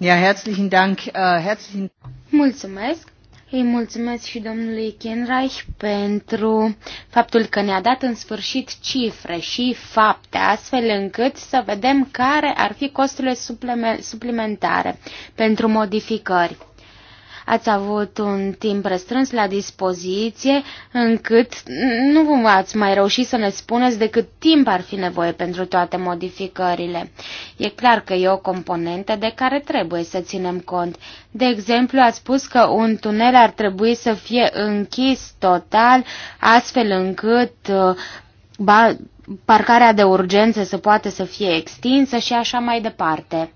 Ja, herzlichen Dank. Äh, herzlichen... Mulțumesc. Îi mulțumesc și domnului Kenreich pentru faptul că ne-a dat în sfârșit cifre și fapte, astfel încât să vedem care ar fi costurile suplimentare pentru modificări. Ați avut un timp restrâns la dispoziție încât nu ați mai reușit să ne spuneți de cât timp ar fi nevoie pentru toate modificările. E clar că e o componentă de care trebuie să ținem cont. De exemplu, ați spus că un tunel ar trebui să fie închis total, astfel încât uh, ba, parcarea de urgență să poată să fie extinsă și așa mai departe.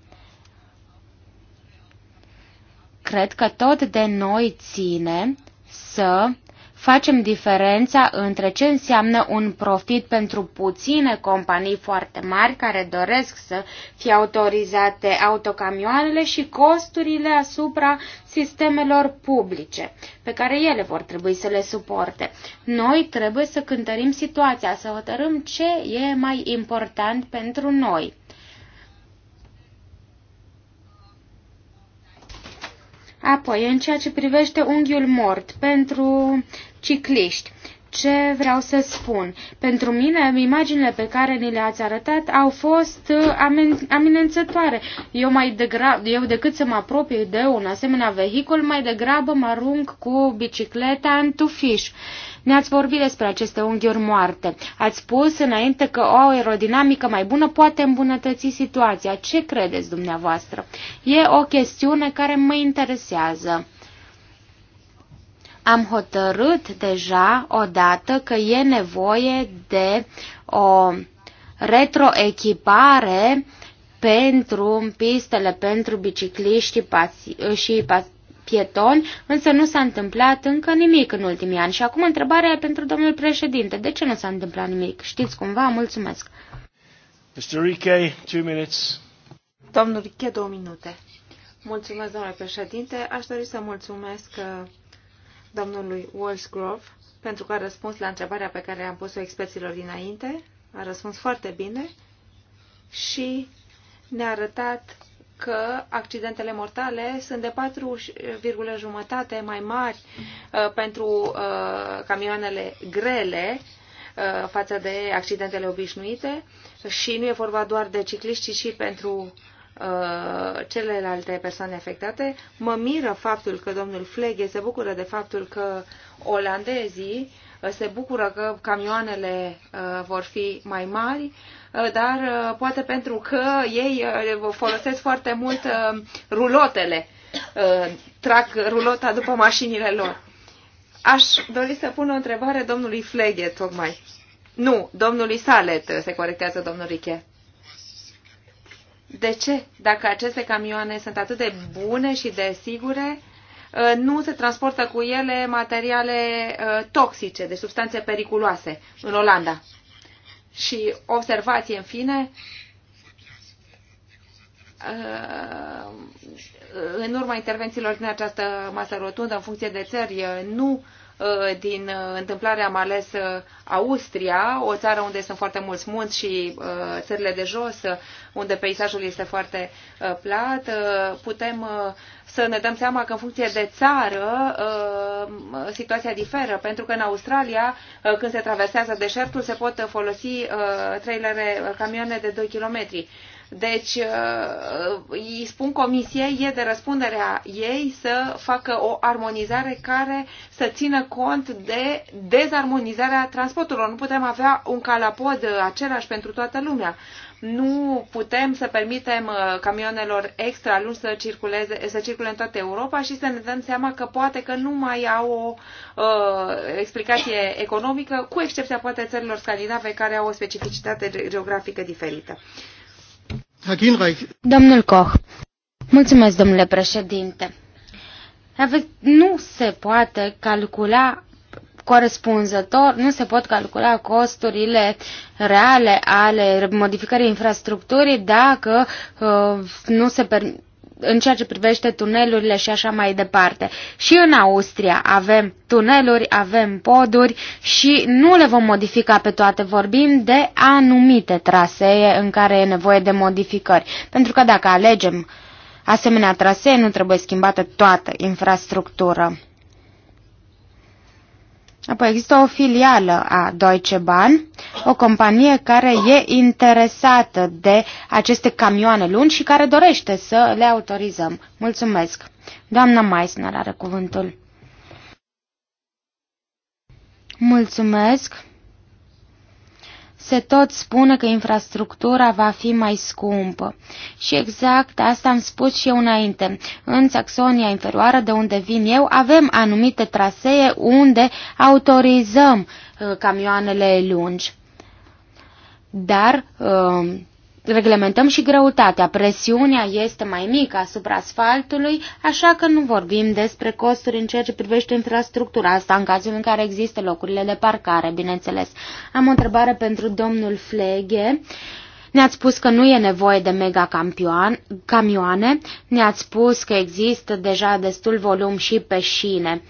Cred că tot de noi ține să facem diferența între ce înseamnă un profit pentru puține companii foarte mari care doresc să fie autorizate autocamioanele și costurile asupra sistemelor publice pe care ele vor trebui să le suporte. Noi trebuie să cântărim situația, să hotărâm ce e mai important pentru noi. Apoi, în ceea ce privește unghiul mort pentru cicliști, ce vreau să spun. Pentru mine, imaginile pe care ni le-ați arătat au fost uh, amenințătoare. Eu, mai degrab, eu decât să mă apropii de un asemenea vehicul, mai degrabă mă arunc cu bicicleta în tufiș. Ne-ați vorbit despre aceste unghiuri moarte. Ați spus înainte că o aerodinamică mai bună poate îmbunătăți situația. Ce credeți dumneavoastră? E o chestiune care mă interesează. Am hotărât deja odată că e nevoie de o retroechipare pentru pistele pentru bicicliști și pietoni, însă nu s-a întâmplat încă nimic în ultimii ani. Și acum întrebarea e pentru domnul președinte. De ce nu s-a întâmplat nimic? Știți cumva? Mulțumesc.
Mr. Riche, two minutes.
Domnul Riche, două minute.
Mulțumesc, domnule președinte. Aș dori să mulțumesc uh, domnului Walsgrove pentru că a răspuns la întrebarea pe care am pus-o experților dinainte. A răspuns foarte bine și ne-a arătat că accidentele mortale sunt de 4,5 mai mari uh, pentru uh, camioanele grele uh, față de accidentele obișnuite și nu e vorba doar de cicliști, ci și pentru celelalte persoane afectate. Mă miră faptul că domnul Flege se bucură de faptul că olandezii se bucură că camioanele uh, vor fi mai mari, uh, dar uh, poate pentru că ei folosesc foarte mult rulotele, trag rulota după mașinile lor. Aș dori să pun o întrebare domnului Fleghe, tocmai. Nu, domnului Salet, se corectează domnul Riche. De ce, dacă aceste camioane sunt atât de bune și de sigure, Uh, nu se transportă cu ele materiale uh, toxice, de substanțe periculoase, în Olanda. Și observație, în fine, uh, în urma intervențiilor din această masă rotundă, în funcție de țări, nu Uh, din uh, întâmplarea, am ales uh, Austria, o țară unde sunt foarte mulți munți și țările de jos, unde peisajul este foarte plat, putem să ne dăm seama că în funcție de țară situația diferă, pentru că în Australia, când se traversează deșertul, se pot folosi trailere, camioane de 2 kilometri deci, uh, îi spun comisiei, e de răspunderea ei să facă o armonizare care să țină cont de dezarmonizarea transporturilor. Nu putem avea un calapod același pentru toată lumea. Nu putem să permitem uh, camionelor extra lungi să, circuleze, să circule în toată Europa și să ne dăm seama că poate că nu mai au o uh, explicație economică, cu excepția poate țărilor scandinave care au o specificitate geografică diferită. Uh,
Domnul Koch, mulțumesc, domnule președinte. Nu se poate calcula corespunzător, nu se pot calcula costurile reale ale modificării infrastructurii dacă uh, nu se permite în ceea ce privește tunelurile și așa mai departe. Și în Austria avem tuneluri, avem poduri și nu le vom modifica pe toate. Vorbim de anumite trasee în care e nevoie de modificări. Pentru că dacă alegem asemenea trasee, nu trebuie schimbată toată infrastructura. Apoi există o filială a Deutsche Bahn, o companie care e interesată de aceste camioane lungi și care dorește să le autorizăm. Mulțumesc. Doamna Meissner are cuvântul. Mulțumesc. Se tot spune că infrastructura va fi mai scumpă. Și exact asta am spus și eu înainte. În Saxonia Inferioară, de unde vin eu, avem anumite trasee unde autorizăm uh, camioanele lungi. Dar uh, reglementăm și greutatea. Presiunea este mai mică asupra asfaltului, așa că nu vorbim despre costuri în ceea ce privește infrastructura asta, în cazul în care există locurile de parcare, bineînțeles. Am o întrebare pentru domnul Fleghe. Ne-ați spus că nu e nevoie de mega camioane, ne-ați spus că există deja destul volum și pe șine.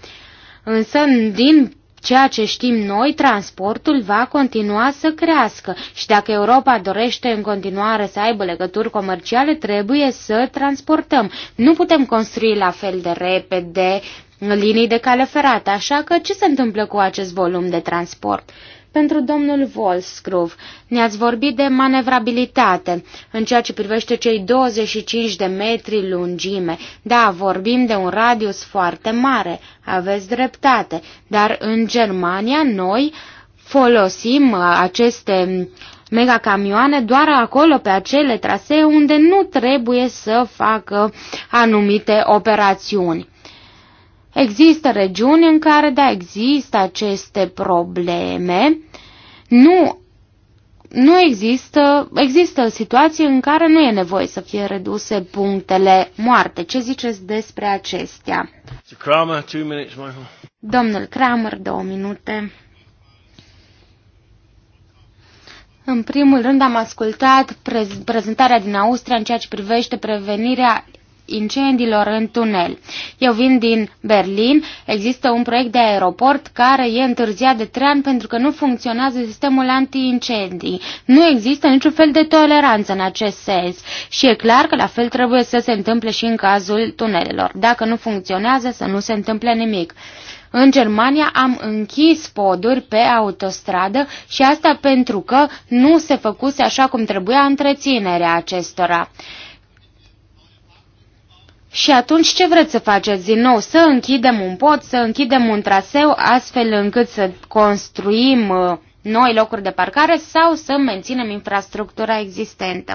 Însă, din ceea ce știm noi, transportul va continua să crească și dacă Europa dorește în continuare să aibă legături comerciale, trebuie să transportăm. Nu putem construi la fel de repede linii de cale ferată, așa că ce se întâmplă cu acest volum de transport? Pentru domnul Wolfsgrove, ne-ați vorbit de manevrabilitate în ceea ce privește cei 25 de metri lungime. Da, vorbim de un radius foarte mare, aveți dreptate, dar în Germania noi folosim uh, aceste megacamioane doar acolo pe acele trasee unde nu trebuie să facă anumite operațiuni. Există regiuni în care, da, există aceste probleme nu, nu există, există situații în care nu e nevoie să fie reduse punctele moarte. Ce ziceți despre acestea?
Kramer, minutes,
Domnul Kramer, două minute. În primul rând am ascultat prezentarea din Austria în ceea ce privește prevenirea incendiilor în tunel. Eu vin din Berlin, există un proiect de aeroport care e întârziat de trei ani pentru că nu funcționează sistemul anti-incendii. Nu există niciun fel de toleranță în acest sens și e clar că la fel trebuie să se întâmple și în cazul tunelelor. Dacă nu funcționează, să nu se întâmple nimic. În Germania am închis poduri pe autostradă și asta pentru că nu se făcuse așa cum trebuia întreținerea acestora. Și atunci ce vreți să faceți din nou? Să închidem un pod, să închidem un traseu astfel încât să construim uh, noi locuri de parcare sau să menținem infrastructura existentă.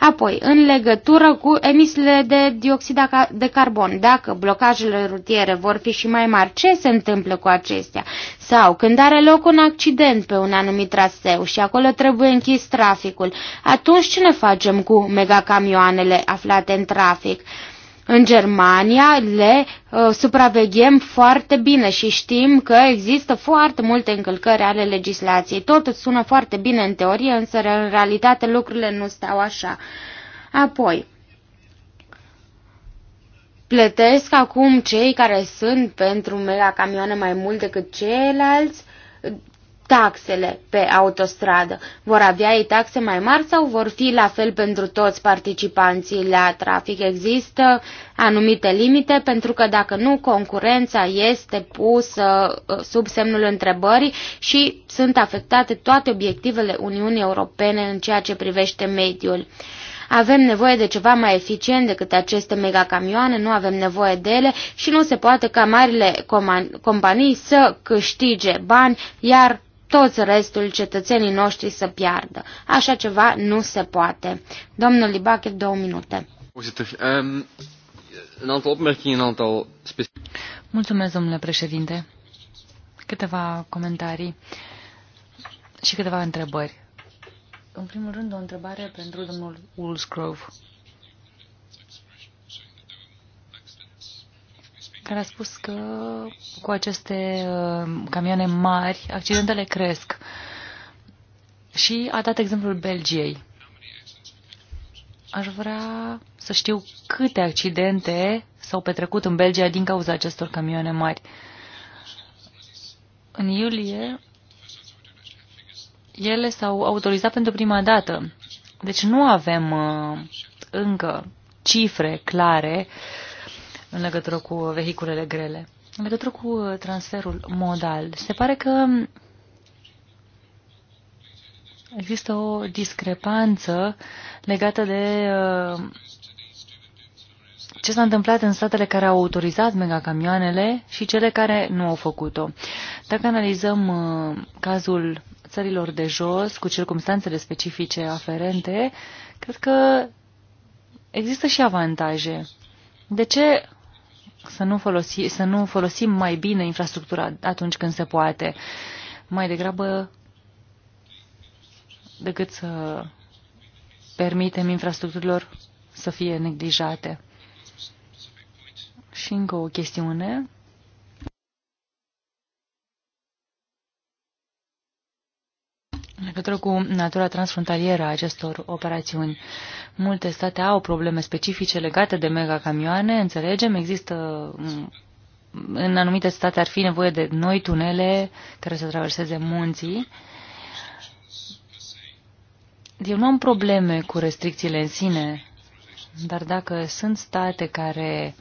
Apoi, în legătură cu emisiile de dioxid de carbon, dacă blocajele rutiere vor fi și mai mari, ce se întâmplă cu acestea? Sau când are loc un accident pe un anumit traseu și acolo trebuie închis traficul, atunci ce ne facem cu megacamioanele aflate în trafic? Uh, în Germania le uh, supraveghem foarte bine și știm că există foarte multe încălcări ale legislației. Totul sună foarte bine în teorie, însă în realitate lucrurile nu stau așa. Apoi, plătesc acum cei care sunt pentru mega camioane mai mult decât ceilalți taxele pe autostradă? Vor avea ei taxe mai mari sau vor fi la fel pentru toți participanții la trafic? Există anumite limite pentru că dacă nu, concurența este pusă uh, sub semnul întrebării și sunt afectate toate obiectivele Uniunii Europene în ceea ce privește mediul. Avem nevoie de ceva mai eficient decât aceste megacamioane, nu avem nevoie de ele și nu se poate ca marile companii să câștige bani, iar toți restul cetățenii noștri să piardă. Așa ceva nu se poate. Domnul Libache, două minute.
Mulțumesc, domnule președinte. Câteva comentarii și câteva întrebări. În primul rând, o întrebare pentru domnul Woolsgrove. care a spus că cu aceste uh, camioane mari accidentele cresc și a dat exemplul Belgiei. Aș vrea să știu câte accidente s-au petrecut în Belgia din cauza acestor camioane mari. În iulie, ele s-au autorizat pentru prima dată. Deci nu avem uh, încă cifre clare uh, în legătură cu vehiculele grele. În legătură cu uh, transferul modal, se pare că există o discrepanță legată de uh, ce s-a întâmplat în statele care au autorizat megacamioanele și cele care nu au făcut-o. Dacă analizăm uh, cazul țărilor de jos, cu circumstanțele specifice aferente, cred că există și avantaje. De ce să nu, folosi, să nu folosim mai bine infrastructura atunci când se poate, mai degrabă decât să permitem infrastructurilor să fie neglijate. Și încă o chestiune legătură cu natura transfrontalieră a acestor operațiuni. Multe state au probleme specifice legate de megacamioane, înțelegem, există mm, în anumite state ar fi nevoie de noi tunele care să traverseze munții. Eu nu am probleme cu restricțiile în sine, dar dacă sunt state care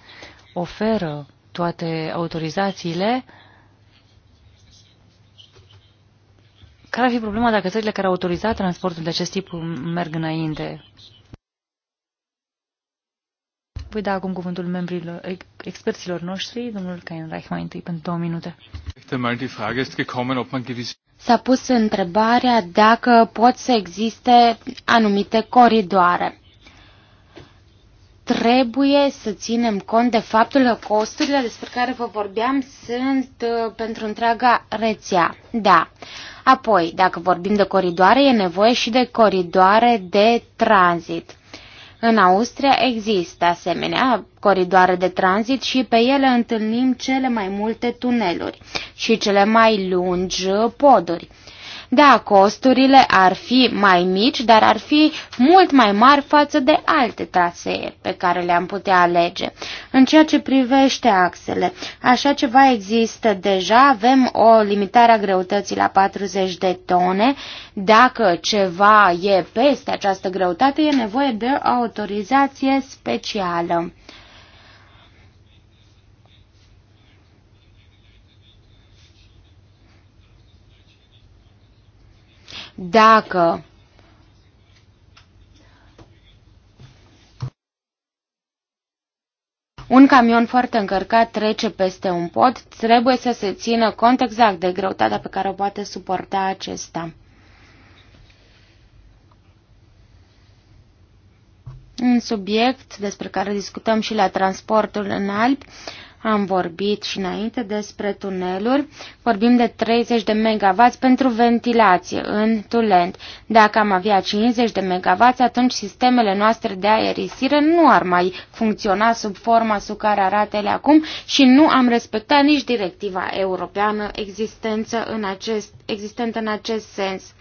oferă toate autorizațiile, uh, Care ar fi problema dacă țările care au autorizat transportul de acest tip merg înainte? Voi da acum cuvântul membrilor, experților noștri,
domnul Cain Reich, mai întâi pentru două minute. S-a pus întrebarea dacă pot să existe anumite coridoare trebuie să ținem cont de faptul că costurile despre care vă vorbeam sunt uh, pentru întreaga rețea. Da. Apoi, dacă vorbim de coridoare, e nevoie și de coridoare de tranzit. În Austria există asemenea coridoare de tranzit și pe ele întâlnim cele mai multe tuneluri și cele mai lungi poduri. Da, costurile ar fi mai mici, dar ar fi mult mai mari față de alte trasee pe care le-am putea alege. În ceea ce privește axele, așa ceva există deja, avem o limitare a greutății la 40 de tone. Dacă ceva e peste această greutate, e nevoie de o autorizație specială. Dacă un camion foarte încărcat trece peste un pod, trebuie să se țină cont exact de greutatea pe care o poate suporta acesta. Un subiect despre care discutăm și la transportul în Alpi am vorbit și înainte despre tuneluri. Vorbim de 30 de MW pentru ventilație în tulent. Dacă am avea 50 de MW, atunci sistemele noastre de aerisire nu ar mai funcționa sub forma sub care arată ele acum și nu am respectat nici directiva europeană existență în acest, existentă în acest sens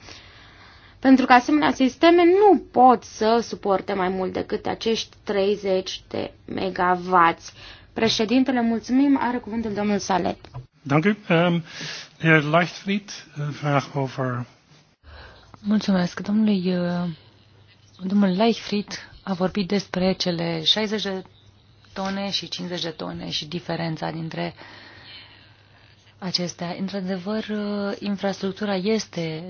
pentru că asemenea sisteme nu pot să suporte mai mult decât acești 30 de megavați. Președintele, mulțumim, are cuvântul domnul Salet.
Dank u. Um, heer Leichtfried, eh, vraag over...
Mulțumesc. Domnului, eh, domnul Leichfried a vorbit despre cele 60 de tone și 50 de tone și diferența dintre acestea. Într-adevăr, eh, infrastructura este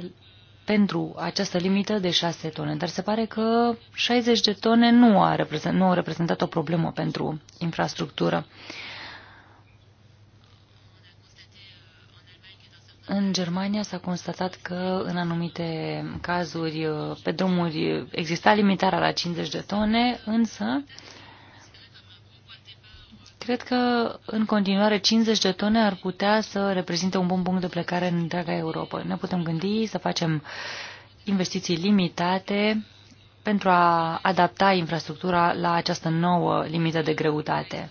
pentru această limită de 6 tone, dar se pare că 60 de tone nu, a reprezent, nu au reprezentat o problemă pentru infrastructură. În Germania s-a constatat că în anumite cazuri pe drumuri exista limitarea la 50 de tone, însă uh, Cred că în continuare 50 de tone ar putea să reprezinte un bun punct de plecare în întreaga Europa. Ne putem gândi să facem investiții limitate pentru a adapta infrastructura la această nouă limită de greutate.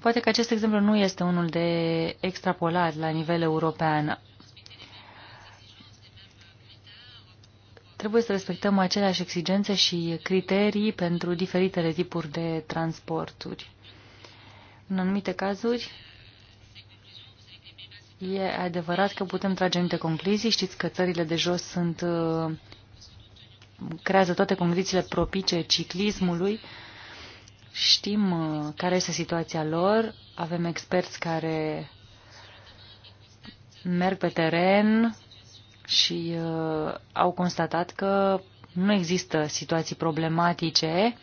Poate că acest exemplu nu este unul de extrapolat la nivel european. trebuie să respectăm aceleași exigențe și criterii pentru diferitele tipuri de transporturi. În anumite cazuri, e adevărat că putem trage anumite concluzii. Știți că țările de jos sunt uh, creează toate condițiile propice ciclismului. Știm uh, care este situația lor. Avem experți care merg pe teren, și uh, au constatat că nu există situații problematice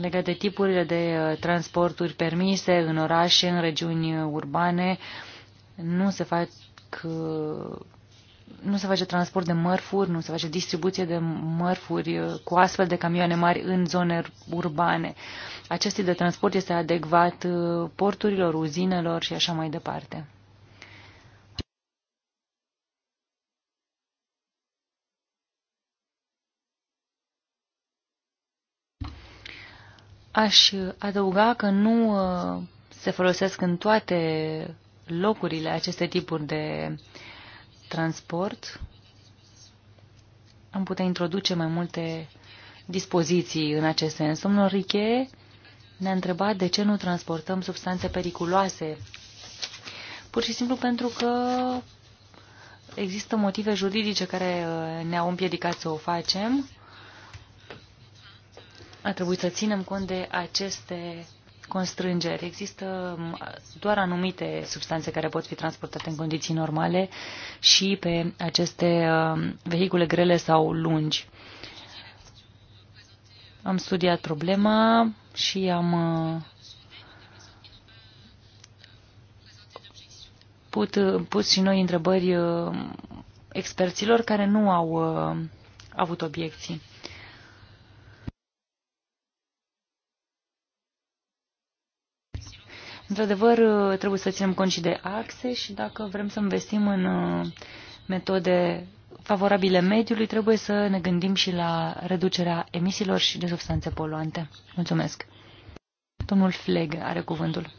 legate de tipurile de uh, transporturi permise în orașe, în regiuni urbane. Nu se fac uh, nu se face transport de mărfuri, nu se face distribuție de mărfuri uh, cu astfel de camioane mari în zone urbane. Acest tip de transport este adecvat porturilor, uzinelor și așa mai departe. Aș adăuga că nu uh, se folosesc în toate locurile aceste tipuri de transport. Am putea introduce mai multe dispoziții în acest sens. Domnul Riche ne-a întrebat de ce nu transportăm substanțe periculoase. Pur și simplu pentru că există motive juridice care uh, ne-au împiedicat să o facem a trebuit să ținem cont de aceste constrângeri. Există doar anumite substanțe care pot fi transportate în condiții normale și pe aceste uh, vehicule grele sau lungi. Am studiat problema și am uh, put, pus și noi întrebări uh, experților care nu au avut obiecții. Într-adevăr, trebuie să ținem cont și de axe și dacă vrem să investim în uh, metode favorabile mediului, trebuie să ne gândim și la reducerea emisiilor și de substanțe poluante. Mulțumesc. Domnul
Fleg are cuvântul.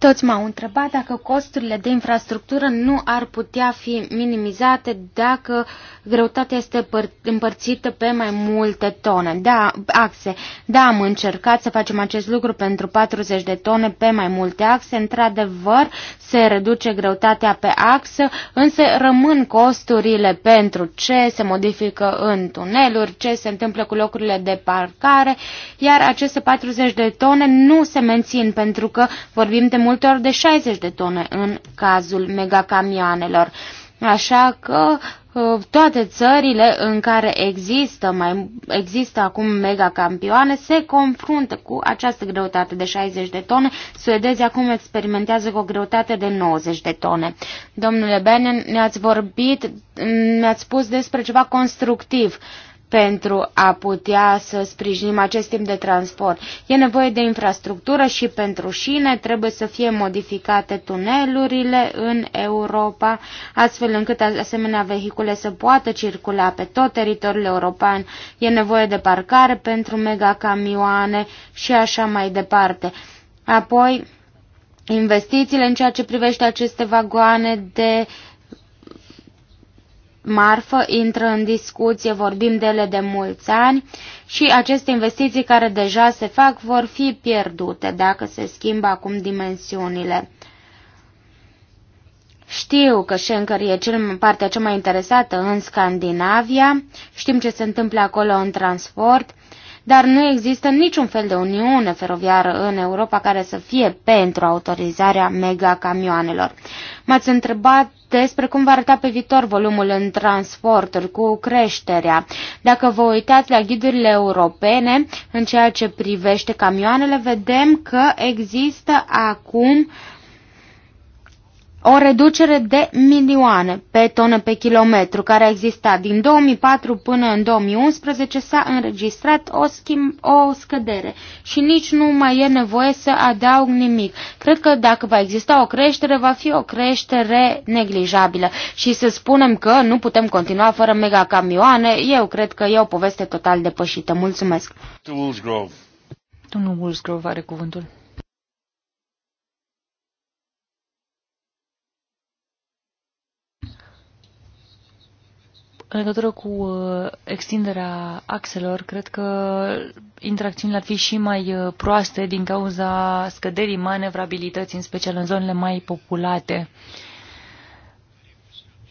Toți m-au întrebat dacă costurile de infrastructură nu ar putea fi minimizate dacă greutatea este împărțită pe mai multe tone, da, axe. Da, am încercat să facem acest lucru pentru 40 de tone pe mai multe axe. Într-adevăr, se reduce greutatea pe axă, însă rămân costurile pentru ce se modifică în tuneluri, ce se întâmplă cu locurile de parcare, iar aceste 40 de tone nu se mențin pentru că vorbim de multe ori de 60 de tone în cazul megacamioanelor. Așa că uh, toate țările în care există, mai, există acum megacampioane se confruntă cu această greutate de 60 de tone. Suedezii acum experimentează cu o greutate de 90 de tone. Domnule Benen, ne-ați vorbit, ne-ați spus despre ceva constructiv. Uh, pentru a putea să sprijinim acest timp de transport. E nevoie de infrastructură și pentru șine trebuie să fie modificate tunelurile în Europa, astfel încât asemenea vehicule să poată circula pe tot teritoriul european. E nevoie de parcare pentru megacamioane și așa mai departe. Apoi, investițiile în ceea ce privește aceste vagoane de uh, marfă intră în discuție, vorbim de ele de mulți ani și aceste investiții care deja se fac vor fi pierdute dacă se schimbă acum dimensiunile. Știu că Schenker e cel, partea cea mai interesată în Scandinavia, știm ce se întâmplă acolo în transport, dar nu există niciun fel de uniune feroviară în Europa care să fie pentru autorizarea megacamioanelor. M-ați întrebat despre cum va arăta pe viitor volumul în transporturi cu creșterea. Dacă vă uitați la ghidurile europene, în ceea ce privește camioanele, vedem că există acum o reducere de milioane pe tonă pe kilometru care a existat. Din 2004 până în 2011 s-a înregistrat o, schimb, o scădere și nici nu mai e nevoie să adaug nimic. Cred că dacă va exista o creștere, va fi o creștere neglijabilă și să spunem că nu putem continua fără megacamioane, eu cred că e o poveste total depășită. Mulțumesc! Domnul Woolsgrove are cuvântul.
În legătură cu uh, extinderea axelor, cred că interacțiunile ar fi și mai uh, proaste din cauza scăderii manevrabilității, în special în zonele mai populate.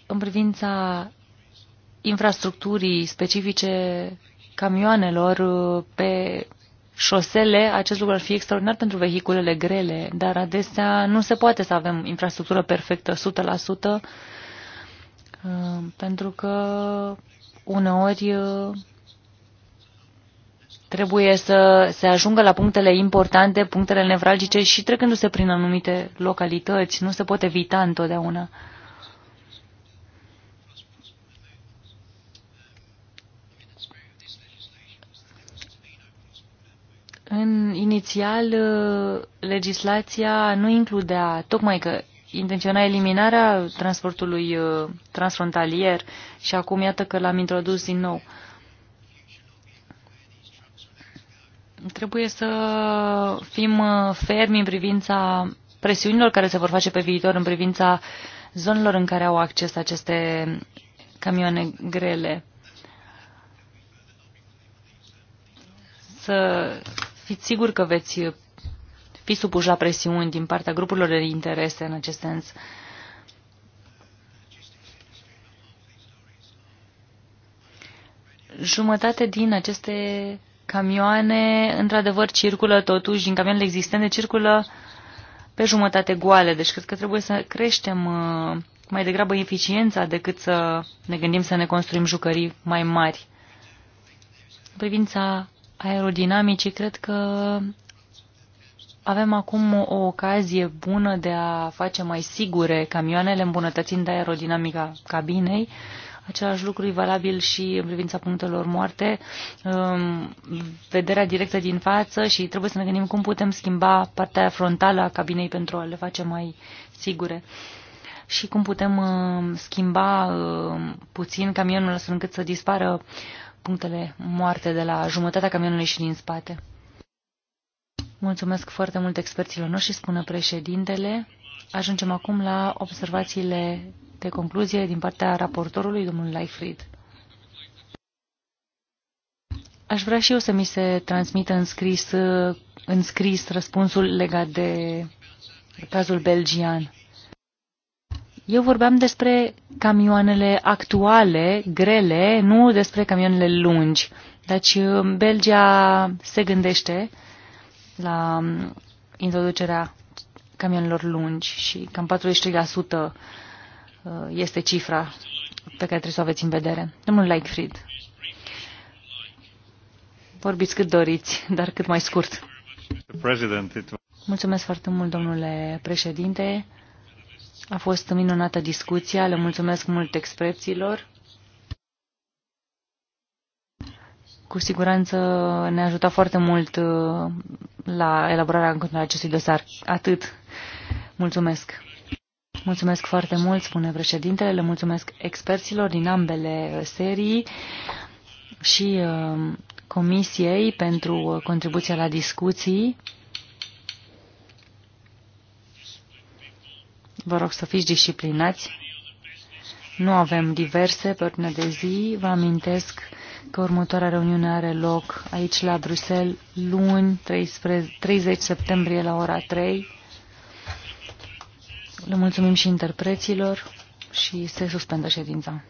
În privința infrastructurii specifice camioanelor uh, pe șosele, acest lucru ar fi extraordinar pentru vehiculele grele, dar adesea nu se poate să avem infrastructură perfectă 100%, Ehm, pentru că uneori ehm, trebuie să se ajungă la punctele importante, punctele nevralgice și trecându-se prin anumite localități. Nu se pot evita întotdeauna. În inițial, ehm, legislația nu includea, tocmai că intenționa eliminarea transportului uh, transfrontalier și acum iată că l-am introdus din nou. Trebuie să fim uh, fermi în privința presiunilor care se vor face pe viitor, în privința zonelor în care au acces aceste camioane grele. Să fiți siguri că veți fi supuși la presiuni din partea grupurilor de interese în acest sens. Jumătate din aceste camioane, într-adevăr, circulă totuși, din camioanele existente, circulă pe jumătate goale. Deci cred că trebuie să creștem uh, mai degrabă eficiența decât să ne gândim să ne construim jucării mai mari. În privința aerodinamicii, cred că avem acum o ocazie bună de a face mai sigure camioanele, îmbunătățind aerodinamica cabinei. Același lucru e valabil și în privința punctelor moarte, ehm, vederea directă din față și trebuie să ne gândim cum putem schimba partea frontală a cabinei pentru a le face mai sigure și cum putem ehm, schimba ehm, puțin camionul astfel încât să dispară punctele moarte de la jumătatea camionului și din spate. Mulțumesc foarte mult experților noștri, spune președintele. Ajungem acum la observațiile de concluzie din partea raportorului, domnul Leifried. Aș vrea și eu să mi se transmită în scris, în scris răspunsul legat de cazul belgian. Eu vorbeam despre camioanele actuale, grele, nu despre camioanele lungi. Deci Belgia se gândește la um, introducerea camionelor lungi și cam 43% uh, este cifra pe care trebuie să o aveți în vedere. Domnul Leichfried, vorbiți cât doriți, dar cât mai scurt. Mulțumesc foarte mult, domnule președinte. A fost minunată discuția, le mulțumesc mult experților. cu siguranță ne-a ajutat foarte mult uh, la elaborarea în acestui dosar. Atât. Mulțumesc. Mulțumesc foarte mult, spune președintele, le mulțumesc experților din ambele serii și uh, comisiei pentru contribuția la discuții. Vă rog să fiți disciplinați. Nu avem diverse pe ordine de zi. Vă amintesc că următoarea reuniune are loc aici la Bruxelles luni 30 septembrie la ora 3. Le mulțumim și interpreților și se suspendă ședința.